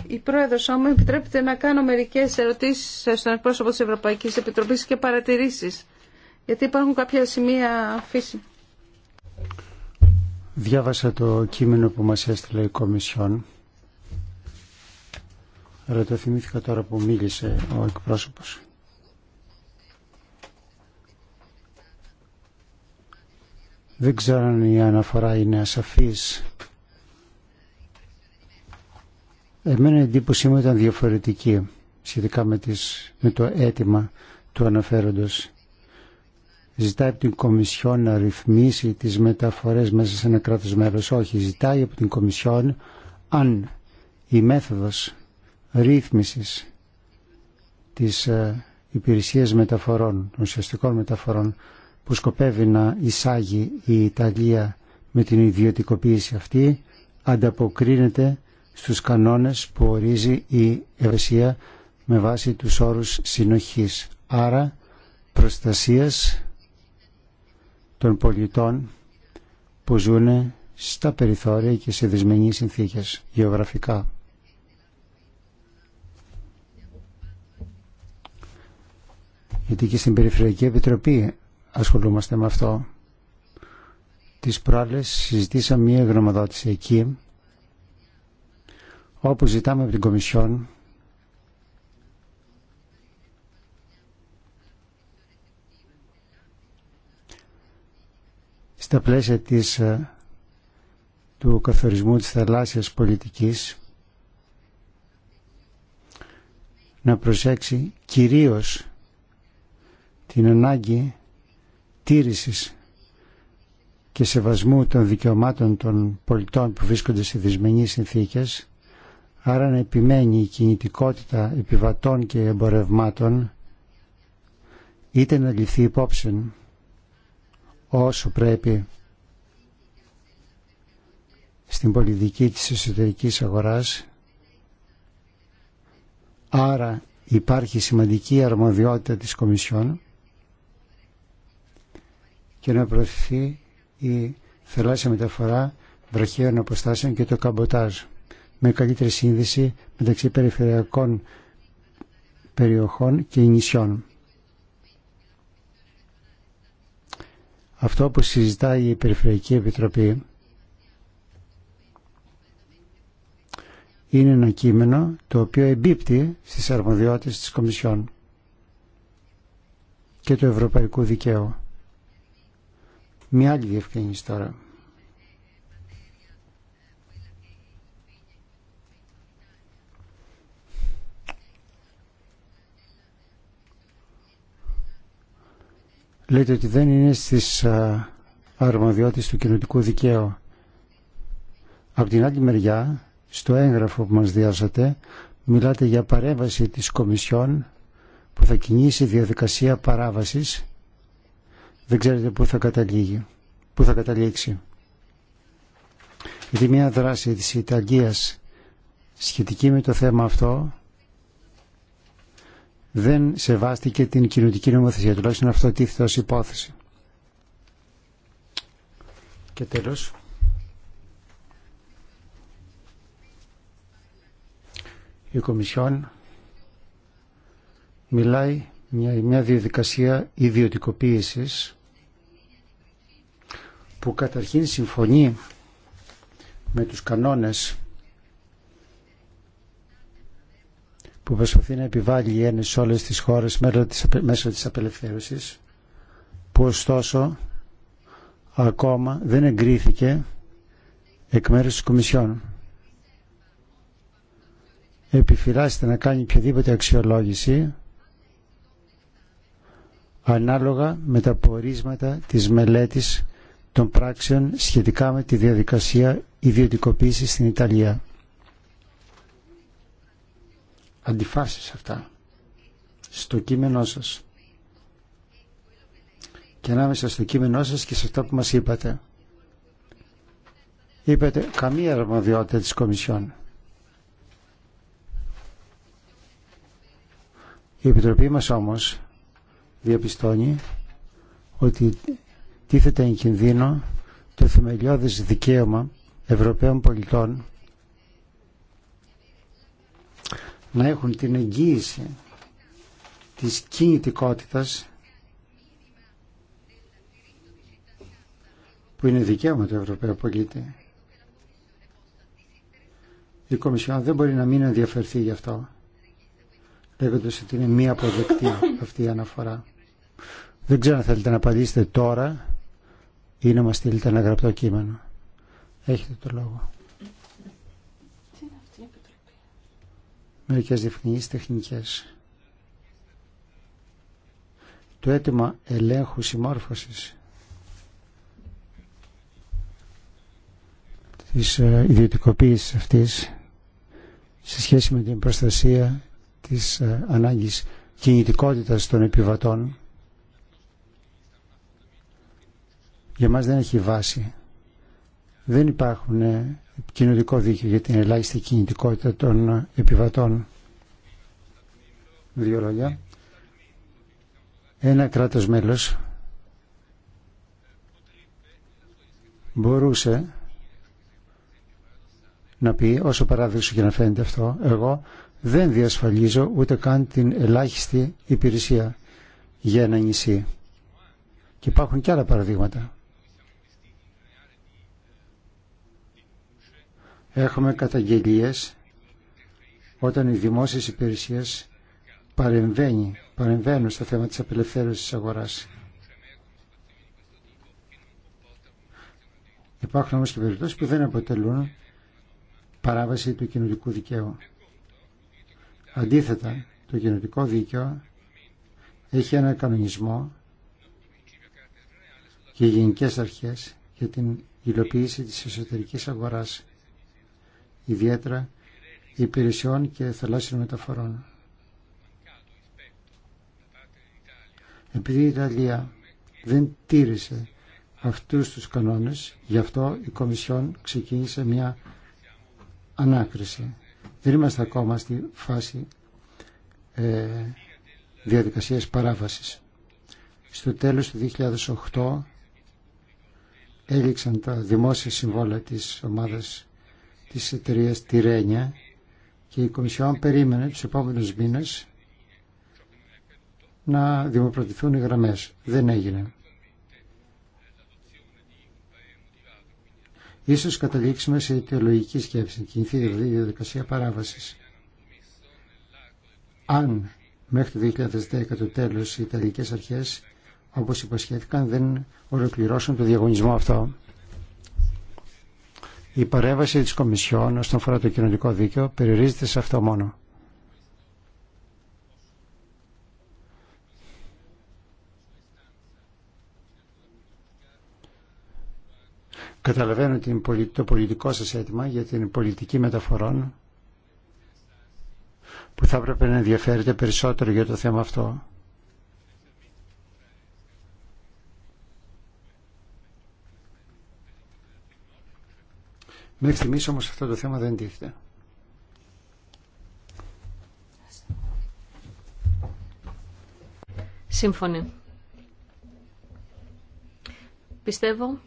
Η πρόεδρο αν μου επιτρέπετε να κάνω μερικέ ερωτήσει στον εκπρόσωπο τη Ευρωπαϊκή Επιτροπή και παρατηρήσει γιατί υπάρχουν κάποια σημεία φύση. Διάβασα το κείμενο που μας έστειλε η Κομισιόν, αλλά το θυμήθηκα τώρα που μίλησε ο εκπρόσωπος. Δεν ξέρω αν η αναφορά είναι ασαφής. Εμένα η εντύπωσή μου ήταν διαφορετική σχετικά με, τις, με το αίτημα του αναφέροντος. Ζητάει από την Κομισιόν να ρυθμίσει τις μεταφορές μέσα σε ένα κράτος μέρος. Όχι, ζητάει από την Κομισιόν αν η μέθοδος ρύθμισης της ε, υπηρεσίας μεταφορών, των ουσιαστικών μεταφορών, που σκοπεύει να εισάγει η Ιταλία με την ιδιωτικοποίηση αυτή ανταποκρίνεται στους κανόνες που ορίζει η Ευρωσία με βάση τους όρους συνοχής, άρα προστασίας των πολιτών που ζουν στα περιθώρια και σε δυσμενείς συνθήκες γεωγραφικά. Γιατί και στην Περιφερειακή Επιτροπή ασχολούμαστε με αυτό. Τις προάλλες συζητήσαμε μία γνωμοδότηση εκεί όπου ζητάμε από την Κομισιόν στα πλαίσια της, ε, του καθορισμού της θαλάσσιας πολιτικής να προσέξει κυρίως την ανάγκη τήρησης και σεβασμού των δικαιωμάτων των πολιτών που βρίσκονται σε δυσμενείς συνθήκες, άρα να επιμένει η κινητικότητα επιβατών και εμπορευμάτων, είτε να ληφθεί υπόψη όσο πρέπει στην πολιτική της εσωτερικής αγοράς, άρα υπάρχει σημαντική αρμοδιότητα της Κομισιόν, και να προωθηθεί η θελάσσια μεταφορά βραχαίων αποστάσεων και το καμποτάζ με καλύτερη σύνδεση μεταξύ περιφερειακών περιοχών και νησιών. Αυτό που συζητάει η Περιφερειακή Επιτροπή είναι ένα κείμενο το οποίο εμπίπτει στις αρμοδιότητες της Κομισιόν και του Ευρωπαϊκού Δικαίου. Μια άλλη διευκρίνηση τώρα. Λέτε ότι δεν είναι στις αρμοδιότητες του κοινωτικού δικαίου. Από την άλλη μεριά, στο έγγραφο που μας διάσατε, μιλάτε για παρέμβαση της Κομισιόν που θα κινήσει διαδικασία παράβασης δεν ξέρετε πού θα καταλήγει, πού θα καταλήξει. Γιατί μια δράση της Ιταλίας σχετική με το θέμα αυτό δεν σεβάστηκε την κοινωτική νομοθεσία, τουλάχιστον αυτό τίθεται ως υπόθεση. Και τέλος. Η Κομισιόν μιλάει μια, μια διαδικασία ιδιωτικοποίησης που καταρχήν συμφωνεί με τους κανόνες που προσπαθεί να επιβάλλει η έννοια σε όλες τις χώρες μέσω της απελευθέρωσης που ωστόσο ακόμα δεν εγκρίθηκε εκ μέρους της Κομισιόν. Επιφυλάσσεται να κάνει οποιαδήποτε αξιολόγηση ανάλογα με τα πορίσματα της μελέτης των πράξεων σχετικά με τη διαδικασία ιδιωτικοποίησης στην Ιταλία. Αντιφάσεις αυτά στο κείμενό σας και ανάμεσα στο κείμενό σας και σε αυτά που μας είπατε. Είπατε καμία αρμοδιότητα της Κομισιόν. Η Επιτροπή μας όμως διαπιστώνει ότι τίθεται εν κινδύνο το θεμελιώδες δικαίωμα Ευρωπαίων πολιτών να έχουν την εγγύηση της κινητικότητας που είναι δικαίωμα του Ευρωπαίου πολίτη. Η Κομισιόν δεν μπορεί να μην ενδιαφερθεί γι' αυτό, λέγοντας ότι είναι μία αποδεκτή αυτή η αναφορά. Δεν ξέρω αν θέλετε να απαντήσετε τώρα ή να μας στείλετε ένα γραπτό κείμενο. Έχετε το λόγο. Μερικές διευθυνήσεις τεχνικές. Το αίτημα ελέγχου συμμόρφωσης της ε, ιδιωτικοποίησης αυτής σε σχέση με την προστασία της ε, ανάγκης κινητικότητας των επιβατών για μας δεν έχει βάση. Δεν υπάρχουν ε, κοινωτικό δίκαιο για την ελάχιστη κινητικότητα των ε, επιβατών. Δύο λόγια. Ένα κράτος μέλος μπορούσε να πει, όσο παράδειγμα και να φαίνεται αυτό, εγώ δεν διασφαλίζω ούτε καν την ελάχιστη υπηρεσία για ένα νησί. Και υπάρχουν και άλλα παραδείγματα. έχουμε καταγγελίες όταν οι δημόσιες υπηρεσίες παρεμβαίνει, παρεμβαίνουν στο θέμα της απελευθέρωσης της αγοράς. Υπάρχουν όμως και περιπτώσεις που δεν αποτελούν παράβαση του κοινωτικού δικαίου. Αντίθετα, το κοινωτικό δίκαιο έχει ένα κανονισμό και γενικές αρχές για την υλοποίηση της εσωτερικής αγοράς ιδιαίτερα υπηρεσιών και θαλάσσιων μεταφορών. Επειδή η Ιταλία δεν τήρησε αυτούς τους κανόνες, γι' αυτό η Κομισιόν ξεκίνησε μια ανάκριση. Δεν είμαστε ακόμα στη φάση ε, διαδικασίας παράβασης. Στο τέλος του 2008 έληξαν τα δημόσια συμβόλαια της ομάδας της τη Τιρένια και η Κομισιόν περίμενε του επόμενου μήνε να δημοπρατηθούν οι γραμμέ. Δεν έγινε. Ίσως καταλήξουμε σε αιτιολογική σκέψη, κινηθεί δηλαδή η διαδικασία παράβασης. Αν μέχρι το 2010 το τέλος οι Ιταλικές αρχές, όπως υποσχέθηκαν, δεν ολοκληρώσουν το διαγωνισμό αυτό. Η παρέμβαση της Κομισιόν όσον αφορά το κοινωνικό δίκαιο περιορίζεται σε αυτό μόνο. Καταλαβαίνω το πολιτικό σας αίτημα για την πολιτική μεταφορών που θα έπρεπε να ενδιαφέρεται περισσότερο για το θέμα αυτό. Μέχρι στιγμή όμως αυτό το θέμα δεν τίθεται. Σύμφωνοι. Πιστεύω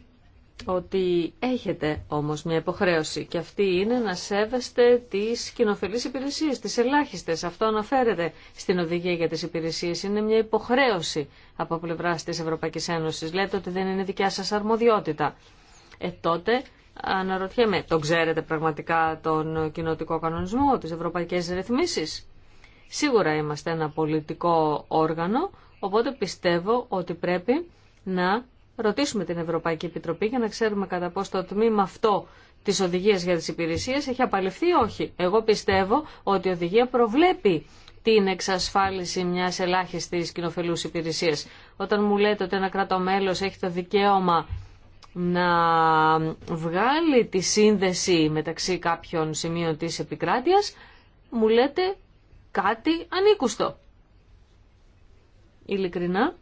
ότι έχετε όμως μια υποχρέωση και αυτή είναι να σέβεστε τις κοινοφελείς υπηρεσίες, τις ελάχιστες. Αυτό αναφέρεται στην οδηγία για τις υπηρεσίες. Είναι μια υποχρέωση από πλευράς της Ευρωπαϊκής Ένωσης. Λέτε ότι δεν είναι δικιά σας αρμοδιότητα. Ε, τότε Αναρωτιέμαι, τον ξέρετε πραγματικά τον κοινοτικό κανονισμό, τις ευρωπαϊκές ρυθμίσεις. Σίγουρα είμαστε ένα πολιτικό όργανο, οπότε πιστεύω ότι πρέπει να ρωτήσουμε την Ευρωπαϊκή Επιτροπή για να ξέρουμε κατά πόσο το τμήμα αυτό τη οδηγία για τις υπηρεσίες έχει απαλληφθεί ή όχι. Εγώ πιστεύω ότι η οδηγία προβλέπει την εξασφάλιση μια ελάχιστη κοινοφελού υπηρεσία. Όταν μου λέτε ότι ένα κράτο μέλο έχει το δικαίωμα να βγάλει τη σύνδεση μεταξύ κάποιων σημείων της επικράτειας, μου λέτε κάτι ανήκουστο. Ειλικρινά,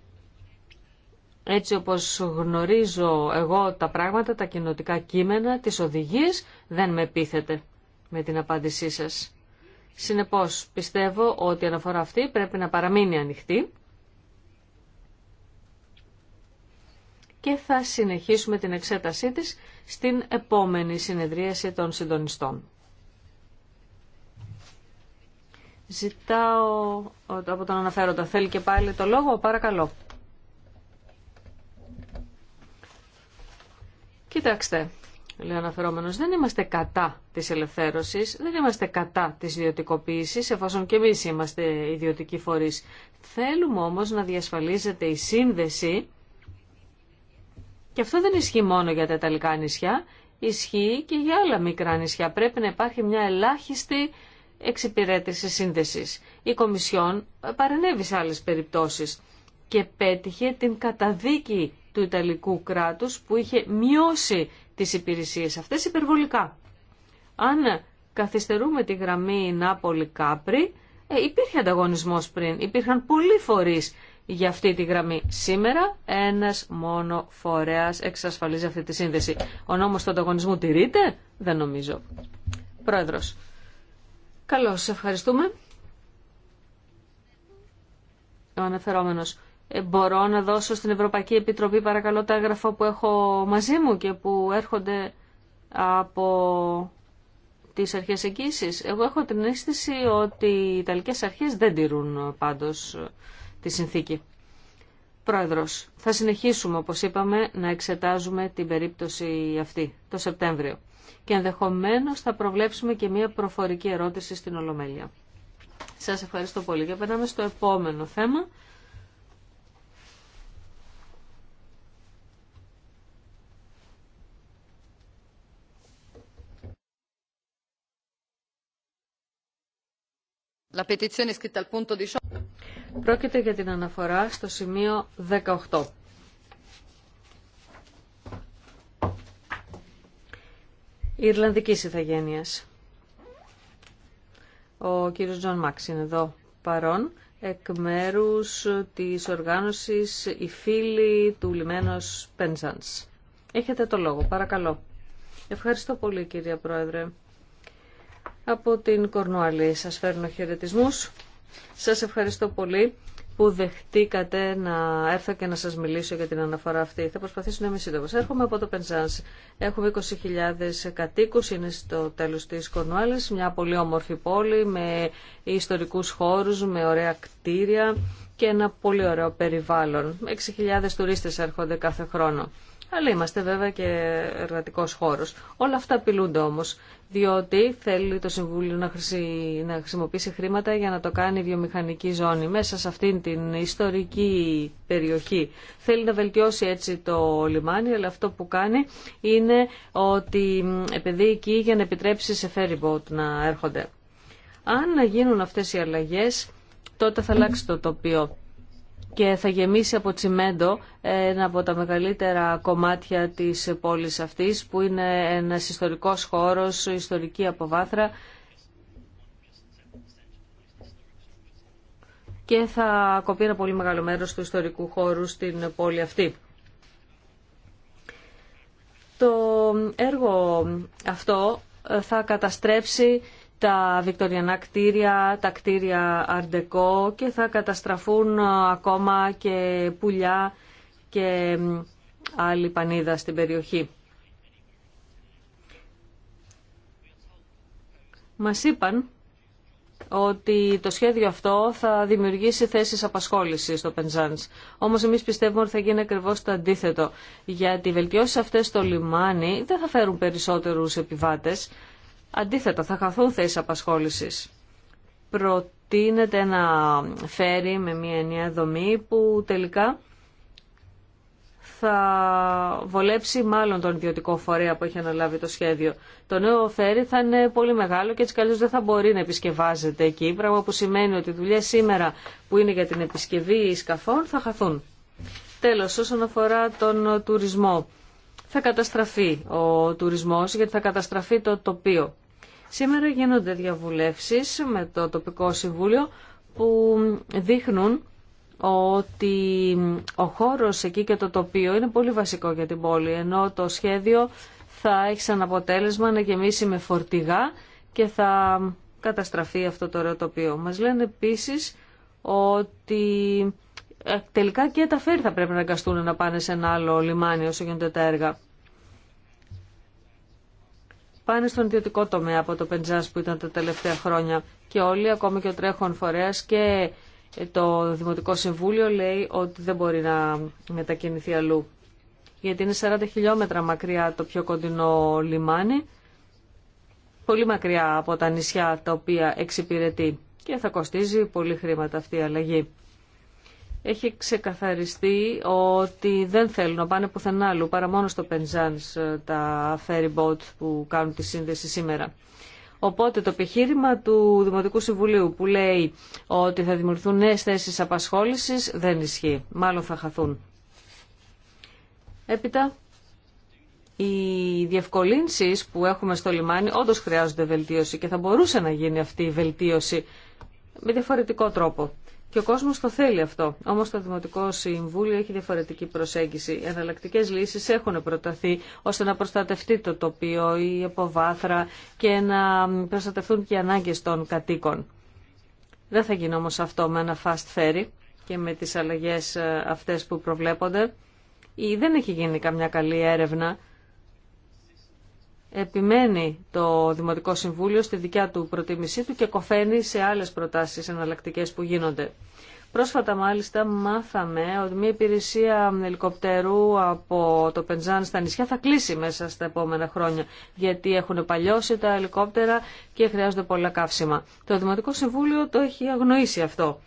έτσι όπως γνωρίζω εγώ τα πράγματα, τα κοινοτικά κείμενα, τις οδηγίες, δεν με πείθετε με την απάντησή σας. Συνεπώς, πιστεύω ότι η αναφορά αυτή πρέπει να παραμείνει ανοιχτή και θα συνεχίσουμε την εξέτασή της στην επόμενη συνεδρίαση των συντονιστών. Ζητάω από τον αναφέροντα. Θέλει και πάλι το λόγο, παρακαλώ. Κοιτάξτε, λέει ο αναφερόμενο, δεν είμαστε κατά της ελευθέρωσης... δεν είμαστε κατά της ιδιωτικοποίηση, εφόσον και εμεί είμαστε ιδιωτικοί φορεί. Θέλουμε όμω να διασφαλίζεται η σύνδεση και αυτό δεν ισχύει μόνο για τα Ιταλικά νησιά, ισχύει και για άλλα μικρά νησιά. Πρέπει να υπάρχει μια ελάχιστη εξυπηρέτηση σύνδεση. Η Κομισιόν παρενέβη σε άλλες περιπτώσεις και πέτυχε την καταδίκη του Ιταλικού κράτους που είχε μειώσει τις υπηρεσίες αυτές υπερβολικά. Αν καθυστερούμε τη γραμμή Νάπολη-Κάπρη, ε, υπήρχε ανταγωνισμός πριν, υπήρχαν πολλοί φορείς για αυτή τη γραμμή. Σήμερα ένας μόνο φορέα εξασφαλίζει αυτή τη σύνδεση. Ο νόμος του ανταγωνισμού τηρείται, δεν νομίζω. Πρόεδρος. Καλώς, ευχαριστούμε. Ο αναφερόμενο. Ε, μπορώ να δώσω στην Ευρωπαϊκή Επιτροπή παρακαλώ τα έγγραφα που έχω μαζί μου και που έρχονται από τις αρχές εγγύησης. Εγώ έχω την αίσθηση ότι οι Ιταλικές αρχές δεν τηρούν πάντως τη συνθήκη. Πρόεδρος, θα συνεχίσουμε, όπως είπαμε, να εξετάζουμε την περίπτωση αυτή το Σεπτέμβριο και ενδεχομένως θα προβλέψουμε και μία προφορική ερώτηση στην Ολομέλεια. Σας ευχαριστώ πολύ και περνάμε στο επόμενο θέμα. Πρόκειται για την αναφορά στο σημείο 18. Ιρλανδική ηθαγένεια. Ο κύριος Τζον Μάξ είναι εδώ παρόν, εκ μέρου τη οργάνωση «Οι φίλοι του Λιμένο Πέντζαντ. Έχετε το λόγο, παρακαλώ. Ευχαριστώ πολύ κύριε Πρόεδρε από την Κορνουαλή. Σας φέρνω χαιρετισμού. Σας ευχαριστώ πολύ που δεχτήκατε να έρθω και να σας μιλήσω για την αναφορά αυτή. Θα προσπαθήσω να είμαι σύντομος. Έρχομαι από το Πενζάνς. Έχουμε 20.000 κατοίκους, είναι στο τέλος της Κορνουάλης, μια πολύ όμορφη πόλη με ιστορικούς χώρους, με ωραία κτίρια και ένα πολύ ωραίο περιβάλλον. 6.000 τουρίστες έρχονται κάθε χρόνο αλλά είμαστε βέβαια και εργατικό χώρος. Όλα αυτά απειλούνται όμως, διότι θέλει το Συμβούλιο να, χρησι... χρησιμοποιήσει χρήματα για να το κάνει η βιομηχανική ζώνη μέσα σε αυτήν την ιστορική περιοχή. Θέλει να βελτιώσει έτσι το λιμάνι, αλλά αυτό που κάνει είναι ότι επειδή εκεί για να επιτρέψει σε ferry να έρχονται. Αν γίνουν αυτές οι αλλαγές, τότε θα αλλάξει το τοπίο και θα γεμίσει από τσιμέντο ένα από τα μεγαλύτερα κομμάτια της πόλης αυτής που είναι ένας ιστορικός χώρος, ιστορική αποβάθρα και θα κοπεί ένα πολύ μεγάλο μέρος του ιστορικού χώρου στην πόλη αυτή. Το έργο αυτό θα καταστρέψει τα βικτοριανά κτίρια, τα κτίρια αρντεκό και θα καταστραφούν ε, ακόμα και πουλιά και άλλη πανίδα στην περιοχή. Μας είπαν ότι το σχέδιο αυτό θα δημιουργήσει θέσεις απασχόλησης στο Πενζάνς. Όμως εμείς πιστεύουμε ότι θα γίνει ακριβώ το αντίθετο, γιατί οι βελτιώσεις αυτές στο λιμάνι δεν θα φέρουν περισσότερους επιβάτες, Αντίθετα, θα χαθούν θέσει απασχόληση. Προτείνεται να φέρει με μια ενιαία δομή που τελικά θα βολέψει μάλλον τον ιδιωτικό φορέα που έχει αναλάβει το σχέδιο. Το νέο φέρι θα είναι πολύ μεγάλο και έτσι καλώς δεν θα μπορεί να επισκευάζεται εκεί, πράγμα που σημαίνει ότι οι δουλειές σήμερα που είναι για την επισκευή σκαφών θα χαθούν. Τέλος, όσον αφορά τον τουρισμό, θα καταστραφεί ο τουρισμός γιατί θα καταστραφεί το τοπίο. Σήμερα γίνονται διαβουλεύσεις με το τοπικό συμβούλιο που δείχνουν ότι ο χώρος εκεί και το τοπίο είναι πολύ βασικό για την πόλη, ενώ το σχέδιο θα έχει σαν αποτέλεσμα να γεμίσει με φορτηγά και θα καταστραφεί αυτό το ωραίο τοπίο. Μας λένε επίσης ότι ε, τελικά και τα φέρει θα πρέπει να εγκαστούν να πάνε σε ένα άλλο λιμάνι όσο γίνονται τα έργα πάνε στον ιδιωτικό τομέα από το Πεντζάς που ήταν τα τελευταία χρόνια. Και όλοι, ακόμη και ο τρέχον φορέας και το Δημοτικό Συμβούλιο λέει ότι δεν μπορεί να μετακινηθεί αλλού. Γιατί είναι 40 χιλιόμετρα μακριά το πιο κοντινό λιμάνι, πολύ μακριά από τα νησιά τα οποία εξυπηρετεί. Και θα κοστίζει πολύ χρήματα αυτή η αλλαγή έχει ξεκαθαριστεί ότι δεν θέλουν να πάνε πουθενά άλλου παρά μόνο στο Πενζάνς ε, τα ferry boat που κάνουν τη σύνδεση σήμερα. Οπότε το επιχείρημα του Δημοτικού Συμβουλίου που λέει ότι θα δημιουργηθούν νέες θέσεις απασχόλησης δεν ισχύει. Μάλλον θα χαθούν. Έπειτα, οι διευκολύνσεις που έχουμε στο λιμάνι όντω χρειάζονται βελτίωση και θα μπορούσε να γίνει αυτή η βελτίωση με διαφορετικό τρόπο. Και ο κόσμο το θέλει αυτό. Όμω το Δημοτικό Συμβούλιο έχει διαφορετική προσέγγιση. Εναλλακτικέ λύσει έχουν προταθεί ώστε να προστατευτεί το τοπίο, η υποβάθρα και να προστατευτούν και οι ανάγκε των κατοίκων. Δεν θα γίνει όμω αυτό με ένα fast ferry και με τι αλλαγέ ε, αυτέ που προβλέπονται. Ή δεν έχει γίνει καμιά καλή έρευνα επιμένει το Δημοτικό Συμβούλιο στη δικιά του προτίμησή του και κοφαίνει σε άλλες προτάσεις εναλλακτικέ που γίνονται. Πρόσφατα μάλιστα μάθαμε ότι μια υπηρεσία ελικοπτερού από το Πεντζάν στα νησιά θα κλείσει μέσα στα επόμενα χρόνια γιατί έχουν παλιώσει τα ελικόπτερα και χρειάζονται πολλά καύσιμα. Το Δημοτικό Συμβούλιο το έχει αγνοήσει αυτό.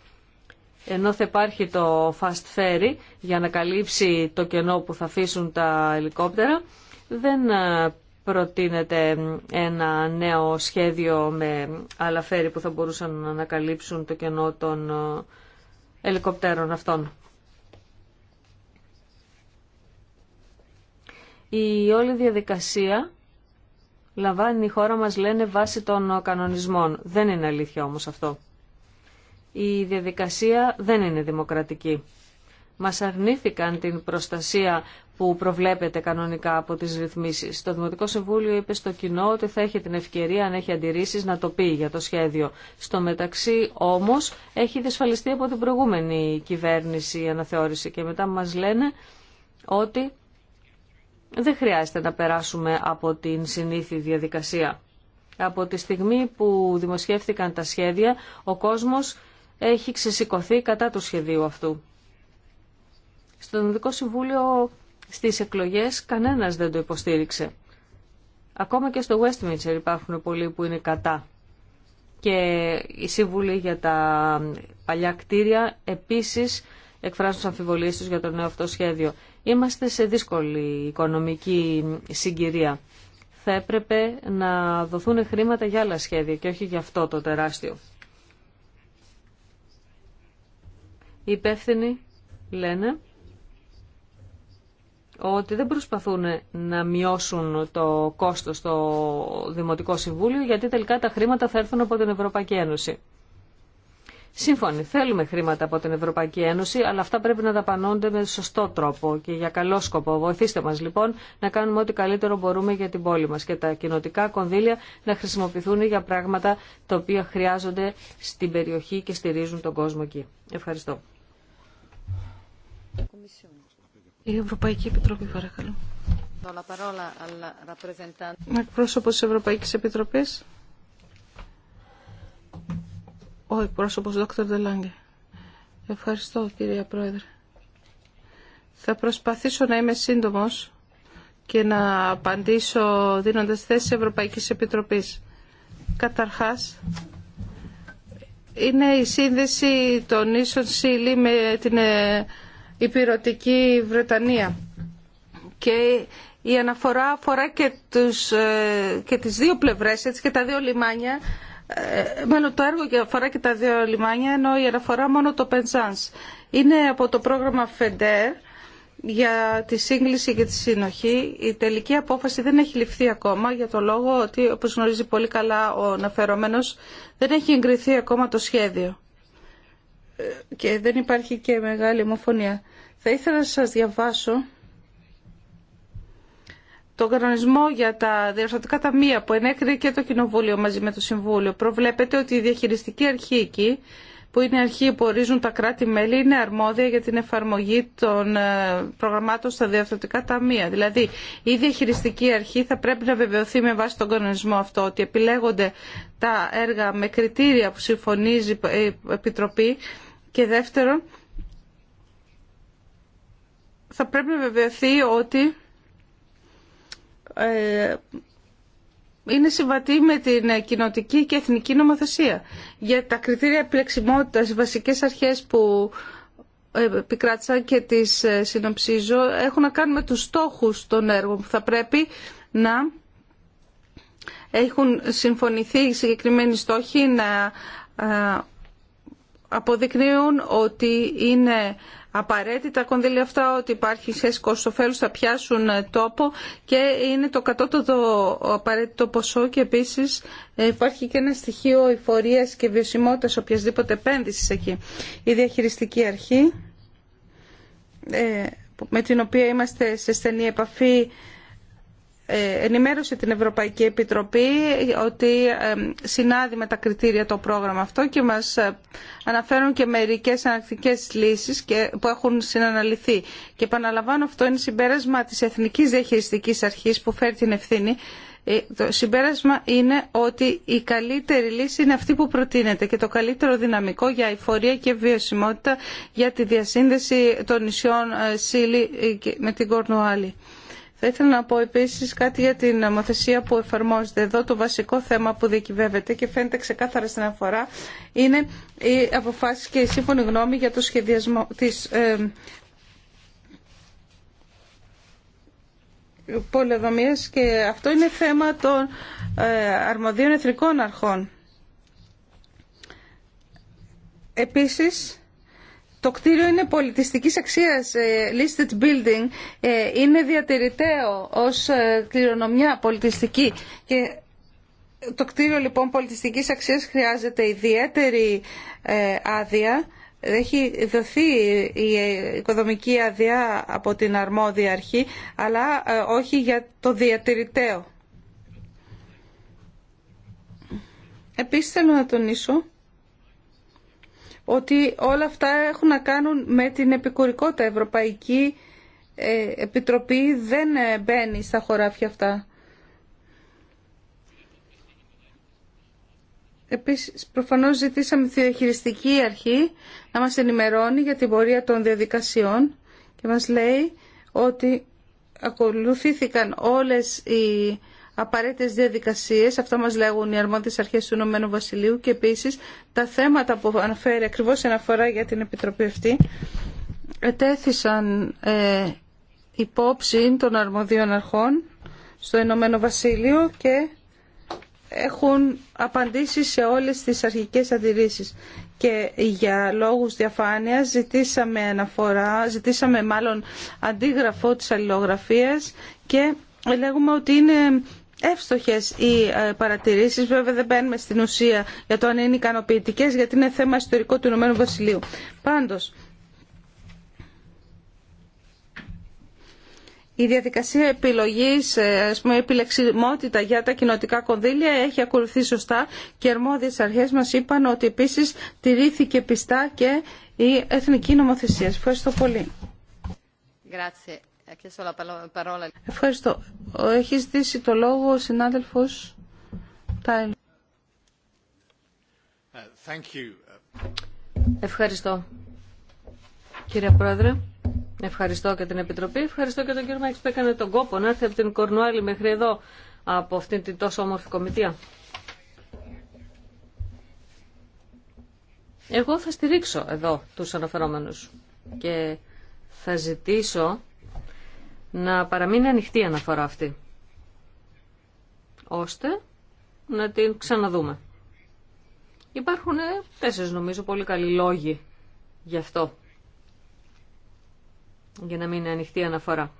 Ενώ θα υπάρχει το fast ferry για να καλύψει το κενό που θα αφήσουν τα ελικόπτερα δεν προτείνεται ένα νέο σχέδιο με άλλα που θα μπορούσαν να ανακαλύψουν το κενό των ε, ελικοπτέρων αυτών. Η όλη διαδικασία λαμβάνει η χώρα μας λένε βάση των κανονισμών. Δεν είναι αλήθεια όμως αυτό. Η διαδικασία δεν είναι δημοκρατική μας αρνήθηκαν την προστασία που προβλέπεται κανονικά από τις ρυθμίσεις. Το Δημοτικό Συμβούλιο είπε στο κοινό ότι θα έχει την ευκαιρία αν έχει αντιρρήσεις να το πει για το σχέδιο. Στο μεταξύ όμως έχει δυσφαλιστεί από την προηγούμενη κυβέρνηση η αναθεώρηση και μετά μας λένε ότι δεν χρειάζεται να περάσουμε από την συνήθη διαδικασία. Από τη στιγμή που δημοσιεύθηκαν τα σχέδια, ο κόσμος έχει ξεσηκωθεί κατά του σχεδίου αυτού. Στο Δημοτικό Συμβούλιο στις εκλογές κανένας δεν το υποστήριξε. Ακόμα και στο Westminster υπάρχουν πολλοί που είναι κατά. Και οι σύμβουλοι για τα παλιά κτίρια επίσης εκφράζουν αμφιβολίες τους για το νέο αυτό σχέδιο. Είμαστε σε δύσκολη οικονομική συγκυρία. Θα έπρεπε να δοθούν χρήματα για άλλα σχέδια και όχι για αυτό το τεράστιο. Οι υπεύθυνοι λένε ότι δεν προσπαθούν να μειώσουν το κόστος στο Δημοτικό Συμβούλιο γιατί τελικά τα χρήματα θα έρθουν από την Ευρωπαϊκή Ένωση. Σύμφωνοι, θέλουμε χρήματα από την Ευρωπαϊκή Ένωση, αλλά αυτά πρέπει να δαπανώνται με σωστό τρόπο και για καλό σκοπό. Βοηθήστε μας λοιπόν να κάνουμε ό,τι καλύτερο μπορούμε για την πόλη μας και τα κοινοτικά κονδύλια να χρησιμοποιηθούν για πράγματα τα οποία χρειάζονται στην περιοχή και στηρίζουν τον κόσμο εκεί. Ευχαριστώ. Η Ευρωπαϊκή Επιτροπή, παρακαλώ. Εκπρόσωπος της Ευρωπαϊκής Επιτροπής. Ο εκπρόσωπος Δόκτωρ Δελάγκε. Ευχαριστώ, κυρία Πρόεδρε. Θα προσπαθήσω να είμαι σύντομος και να απαντήσω δίνοντας θέση Ευρωπαϊκής Επιτροπής. Καταρχάς, είναι η σύνδεση των ίσων ΣΥΛΗ με την ε, η Πυρωτική Βρετανία. Και η αναφορά αφορά και, τους, ε, και τις δύο πλευρές, έτσι και τα δύο λιμάνια, ε, Μένω το έργο αφορά και τα δύο λιμάνια, ενώ η αναφορά μόνο το Πενζάνς. Είναι από το πρόγραμμα ΦΕΝΤΕΡ για τη σύγκληση και τη συνοχή. Η τελική απόφαση δεν έχει ληφθεί ακόμα για το λόγο ότι, όπως γνωρίζει πολύ καλά ο αναφερομένος, δεν έχει εγκριθεί ακόμα το σχέδιο και δεν υπάρχει και μεγάλη ομοφωνία. Θα ήθελα να σας διαβάσω το κανονισμό για τα διορθωτικά ταμεία που ενέκρινε και το Κοινοβούλιο μαζί με το Συμβούλιο. Προβλέπετε ότι η διαχειριστική αρχή εκεί, που είναι η αρχή που ορίζουν τα κράτη-μέλη, είναι αρμόδια για την εφαρμογή των ε, προγραμμάτων στα διορθωτικά ταμεία. Δηλαδή, η διαχειριστική αρχή θα πρέπει να βεβαιωθεί με βάση τον κανονισμό αυτό ότι επιλέγονται τα έργα με κριτήρια που συμφωνίζει η Επιτροπή και δεύτερον, θα πρέπει να βεβαιωθεί ότι ε, είναι συμβατή με την κοινοτική και εθνική νομοθεσία. Για τα κριτήρια επιλεξιμότητας, οι βασικές αρχές που ε, επικράτησα και τις ε, συνοψίζω, έχουν να κάνουν με τους στόχους των έργων που θα πρέπει να έχουν συμφωνηθεί οι συγκεκριμένοι στόχοι, να αποδεικνύουν ότι είναι απαραίτητα κονδύλια αυτά, ότι υπάρχει σχέση θα πιάσουν ε, τόπο και είναι το κατώτατο απαραίτητο ποσό και επίσης ε, υπάρχει και ένα στοιχείο εφορίας και βιωσιμότητας οποιασδήποτε επένδυσης εκεί. Η διαχειριστική αρχή ε, με την οποία είμαστε σε στενή επαφή ε, ενημέρωσε την Ευρωπαϊκή Επιτροπή ότι ε, συνάδει με τα κριτήρια το πρόγραμμα αυτό και μας ε, αναφέρουν και μερικές ανακτικές λύσεις που έχουν συναναλυθεί. Και επαναλαμβάνω αυτό είναι συμπέρασμα της Εθνικής Διαχειριστικής Αρχής που φέρει την ευθύνη το συμπέρασμα είναι ότι η καλύτερη λύση είναι αυτή που προτείνεται και το καλύτερο δυναμικό για εφορία και βιωσιμότητα για τη διασύνδεση των νησιών Σίλη με την Κορνουάλη. Θα ήθελα να πω επίση κάτι για την νομοθεσία που εφαρμόζεται εδώ. Το βασικό θέμα που διακυβεύεται και φαίνεται ξεκάθαρα στην αφορά είναι οι αποφάσεις και η σύμφωνη γνώμη για το σχεδιασμό της ε, και αυτό είναι θέμα των ε, αρμοδίων εθνικών αρχών. Επίσης, το κτίριο είναι πολιτιστικής αξίας, ε, listed building, ε, είναι διατηρηταίο ως ε, κληρονομιά πολιτιστική και το κτίριο λοιπόν πολιτιστικής αξίας χρειάζεται ιδιαίτερη άδεια. Έχει δοθεί η οικοδομική άδεια από την αρμόδια αρχή, αλλά όχι για το διατηρηταίο. Επίσης θέλω να τονίσω ότι όλα αυτά έχουν να κάνουν με την επικουρικότητα. Η Ευρωπαϊκή ε, Επιτροπή δεν ε, μπαίνει στα χωράφια αυτά. Επίσης, προφανώς ζητήσαμε τη διαχειριστική αρχή να μας ενημερώνει για την πορεία των διαδικασιών και μας λέει ότι ακολουθήθηκαν όλες οι απαραίτητε διαδικασίες, αυτό μας λέγουν οι αρμόδιε αρχέ του Ηνωμένου Βασιλείου και επίσης τα θέματα που αναφέρει ακριβώς αναφορά για την Επιτροπή αυτή ετέθησαν ε, υπόψη των αρμοδίων αρχών στο Ηνωμένο Βασίλειο και έχουν απαντήσει σε όλες τις αρχικές αντιρρήσεις και για λόγους διαφάνειας ζητήσαμε αναφορά, ζητήσαμε μάλλον αντίγραφο της αλληλογραφίας και λέγουμε ότι είναι εύστοχες οι ε, παρατηρήσεις. Βέβαια δεν μπαίνουμε στην ουσία για το αν είναι ικανοποιητικέ γιατί είναι θέμα ιστορικό του Ηνωμένου Βασιλείου. Πάντως, η διαδικασία επιλογής, ε, α πούμε, επιλεξιμότητα για τα κοινοτικά κονδύλια έχει ακολουθεί σωστά και αρμόδιε αρχέ μας είπαν ότι επίση τηρήθηκε πιστά και η εθνική νομοθεσία. Ευχαριστώ πολύ. Grazie. Ευχαριστώ. Έχει ζητήσει το λόγο ο συνάδελφος Τάιλ. Ε, ευχαριστώ. Κύριε Πρόεδρε, ευχαριστώ και την Επιτροπή. Ευχαριστώ και τον κύριο Μάξ που έκανε τον κόπο να έρθει από την Κορνουάλη μέχρι εδώ από αυτήν την τόσο όμορφη κομιτεία. Εγώ θα στηρίξω εδώ τους αναφερόμενους και θα ζητήσω να παραμείνει ανοιχτή η αναφορά αυτή, ώστε να την ξαναδούμε. Υπάρχουν ε, τέσσερις νομίζω πολύ καλοί λόγοι γι' αυτό, για να μην είναι ανοιχτή η αναφορά.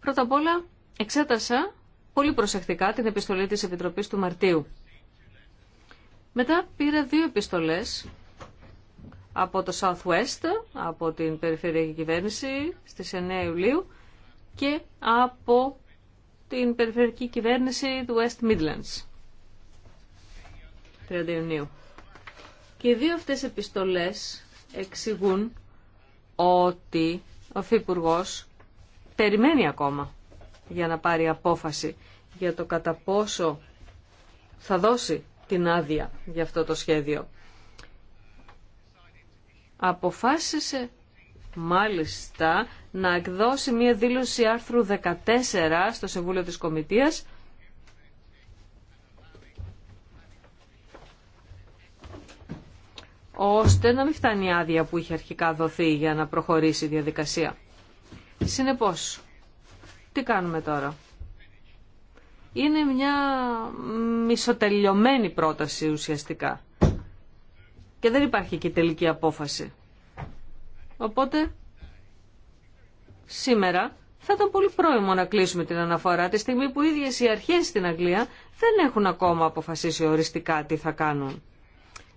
Πρώτα απ' όλα εξέτασα πολύ προσεκτικά την επιστολή της Επιτροπής του Μαρτίου. Μετά πήρα δύο επιστολές από το Southwest από την Περιφερειακή Κυβέρνηση στις 9 Ιουλίου και από την Περιφερειακή Κυβέρνηση του West Midlands 30 Ιουνίου. Και οι δύο αυτές επιστολές εξηγούν ότι ο φύπουργό περιμένει ακόμα για να πάρει απόφαση για το κατά πόσο θα δώσει την άδεια για αυτό το σχέδιο αποφάσισε μάλιστα να εκδώσει μία δήλωση άρθρου 14 στο Συμβούλιο της Κομιτείας ώστε να μην φτάνει η άδεια που είχε αρχικά δοθεί για να προχωρήσει η διαδικασία. Συνεπώς, τι κάνουμε τώρα. Είναι μια μισοτελειωμένη πρόταση ουσιαστικά. Και δεν υπάρχει και τελική απόφαση. Οπότε, σήμερα θα ήταν πολύ πρόημο να κλείσουμε την αναφορά τη στιγμή που οι ίδιες οι αρχές στην Αγγλία δεν έχουν ακόμα αποφασίσει οριστικά τι θα κάνουν.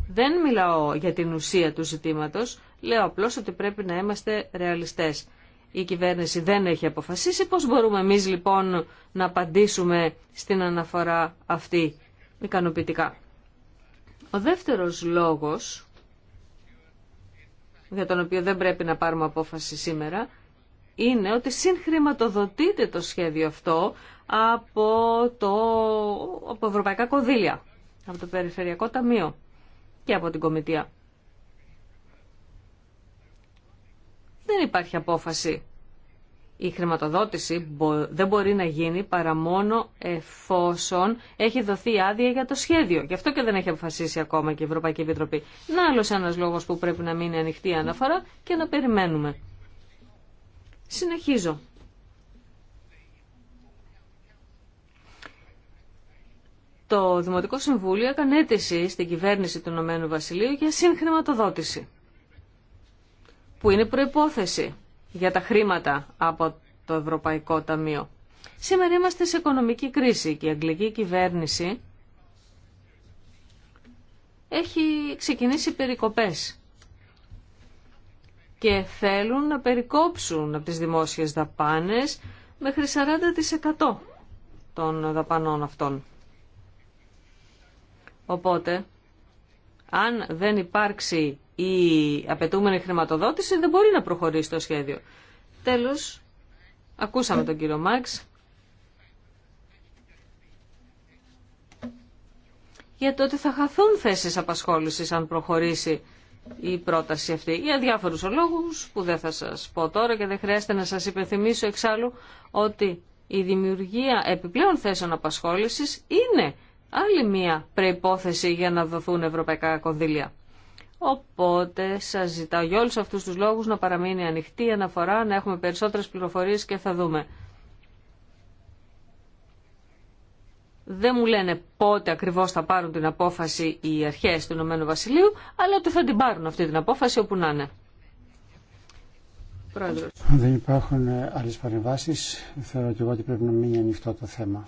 Δεν μιλάω για την ουσία του ζητήματος, λέω απλώς ότι πρέπει να είμαστε ρεαλιστές. Η κυβέρνηση δεν έχει αποφασίσει πώς μπορούμε εμείς λοιπόν να απαντήσουμε στην αναφορά αυτή ικανοποιητικά. Ο δεύτερος λόγος για τον οποίο δεν πρέπει να πάρουμε απόφαση σήμερα, είναι ότι συγχρηματοδοτείται το σχέδιο αυτό από, το, από Ευρωπαϊκά Κονδύλια, από το Περιφερειακό Ταμείο και από την Κομιτεία. Δεν υπάρχει απόφαση η χρηματοδότηση δεν μπορεί να γίνει παρά μόνο εφόσον έχει δοθεί άδεια για το σχέδιο. Γι' αυτό και δεν έχει αποφασίσει ακόμα και η Ευρωπαϊκή Επιτροπή. Να άλλος ένας λόγος που πρέπει να μείνει ανοιχτή η αναφορά και να περιμένουμε. Συνεχίζω. Το Δημοτικό Συμβούλιο έκανε αίτηση στην κυβέρνηση του Ηνωμένου Βασιλείου για συγχρηματοδότηση, που είναι προϋπόθεση για τα χρήματα από το Ευρωπαϊκό Ταμείο. Σήμερα είμαστε σε οικονομική κρίση και η αγγλική κυβέρνηση έχει ξεκινήσει περικοπές και θέλουν να περικόψουν από τις δημόσιες δαπάνες μέχρι 40% των δαπανών αυτών. Οπότε, αν δεν υπάρξει η απαιτούμενη χρηματοδότηση δεν μπορεί να προχωρήσει το σχέδιο. Τέλος, ακούσαμε τον κύριο Μάξ. για το ότι θα χαθούν θέσεις απασχόλησης αν προχωρήσει η πρόταση αυτή. Για διάφορους λόγους που δεν θα σας πω τώρα και δεν χρειάζεται να σας υπενθυμίσω εξάλλου ότι η δημιουργία επιπλέον θέσεων απασχόλησης είναι άλλη μία προϋπόθεση για να δοθούν ευρωπαϊκά κονδύλια. Οπότε σας ζητάω για όλου αυτούς τους λόγους να παραμείνει ανοιχτή η αναφορά, να έχουμε περισσότερες πληροφορίες και θα δούμε. Δεν μου λένε πότε ακριβώς θα πάρουν την απόφαση οι αρχέ του Ηνωμένου Βασιλείου, αλλά ότι θα την πάρουν αυτή την απόφαση όπου να είναι. Πρόεδρος. Δεν υπάρχουν άλλε παρεμβάσει. Θεωρώ και εγώ ότι πρέπει να μείνει ανοιχτό το θέμα.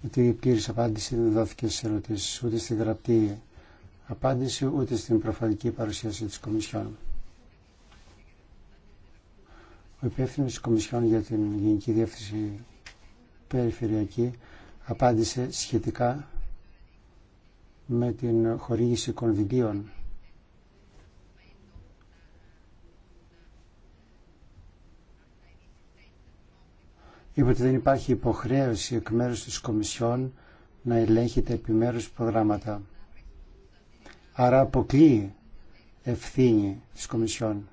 Γιατί η πλήρη απάντηση δεν δόθηκε σε ερωτήσεις ούτε στη γραπτή απάντηση ούτε στην προφορική παρουσίαση της Κομισιόν. Ο υπεύθυνο της Κομισιόν για την Γενική Διεύθυνση Περιφερειακή απάντησε σχετικά με την χορήγηση κονδυλίων είπε ότι δεν υπάρχει υποχρέωση εκ μέρους της Κομισιόν να ελέγχεται τα επιμέρους προγράμματα. Άρα αποκλείει ευθύνη της Κομισιόν.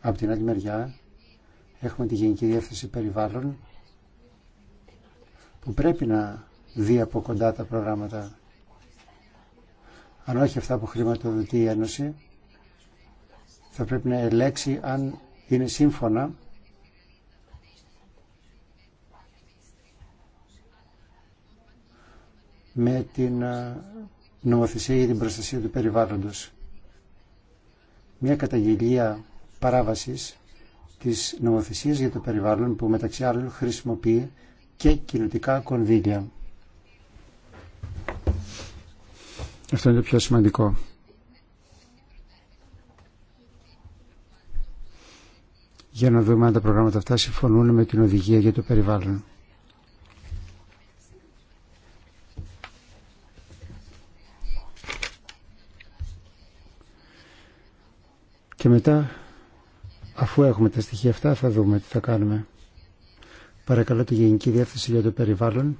Από την άλλη μεριά έχουμε τη Γενική Διεύθυνση Περιβάλλον που πρέπει να δει από κοντά τα προγράμματα. Αν όχι αυτά που χρηματοδοτεί η Ένωση, θα πρέπει να ελέξει αν είναι σύμφωνα με την ε, νομοθεσία για την προστασία του περιβάλλοντος. Μια καταγγελία παράβασης της νομοθεσίας για το περιβάλλον που μεταξύ άλλων χρησιμοποιεί και κοινωτικά κονδύλια. Αυτό είναι το πιο σημαντικό. Για να δούμε αν τα προγράμματα αυτά συμφωνούν με την οδηγία για το περιβάλλον. Και μετά, αφού έχουμε τα στοιχεία αυτά, θα δούμε τι θα κάνουμε. Παρακαλώ τη Γενική Διεύθυνση για το Περιβάλλον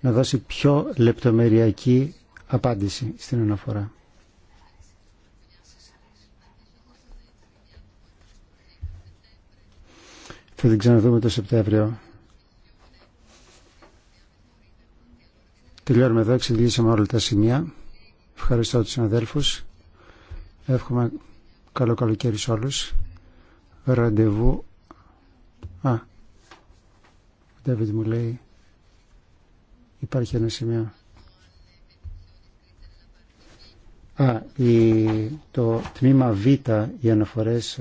να δώσει πιο λεπτομεριακή απάντηση στην αναφορά. Θα την ξαναδούμε το Σεπτέμβριο. Τελειώνουμε εδώ, εξηγήσαμε όλα τα σημεία. Ευχαριστώ τους συναδέλφους. Εύχομαι Καλό καλοκαίρι σε όλους. Ραντεβού. Α, ο Ντέβιντ μου λέει υπάρχει ένα σημείο. Α, το τμήμα Β, οι αναφορές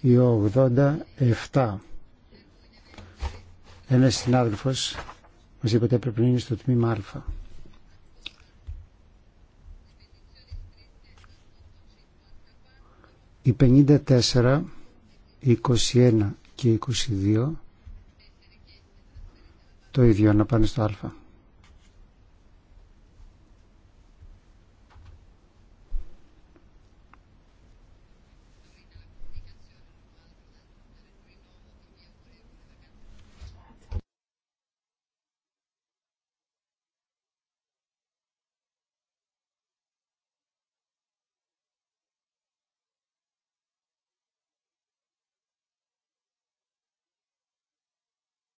η 87 ένας συνάδελφος μας είπε ότι έπρεπε να είναι στο τμήμα Α. Οι 54, οι 21 και οι 22 το ίδιο να πάνε στο Α.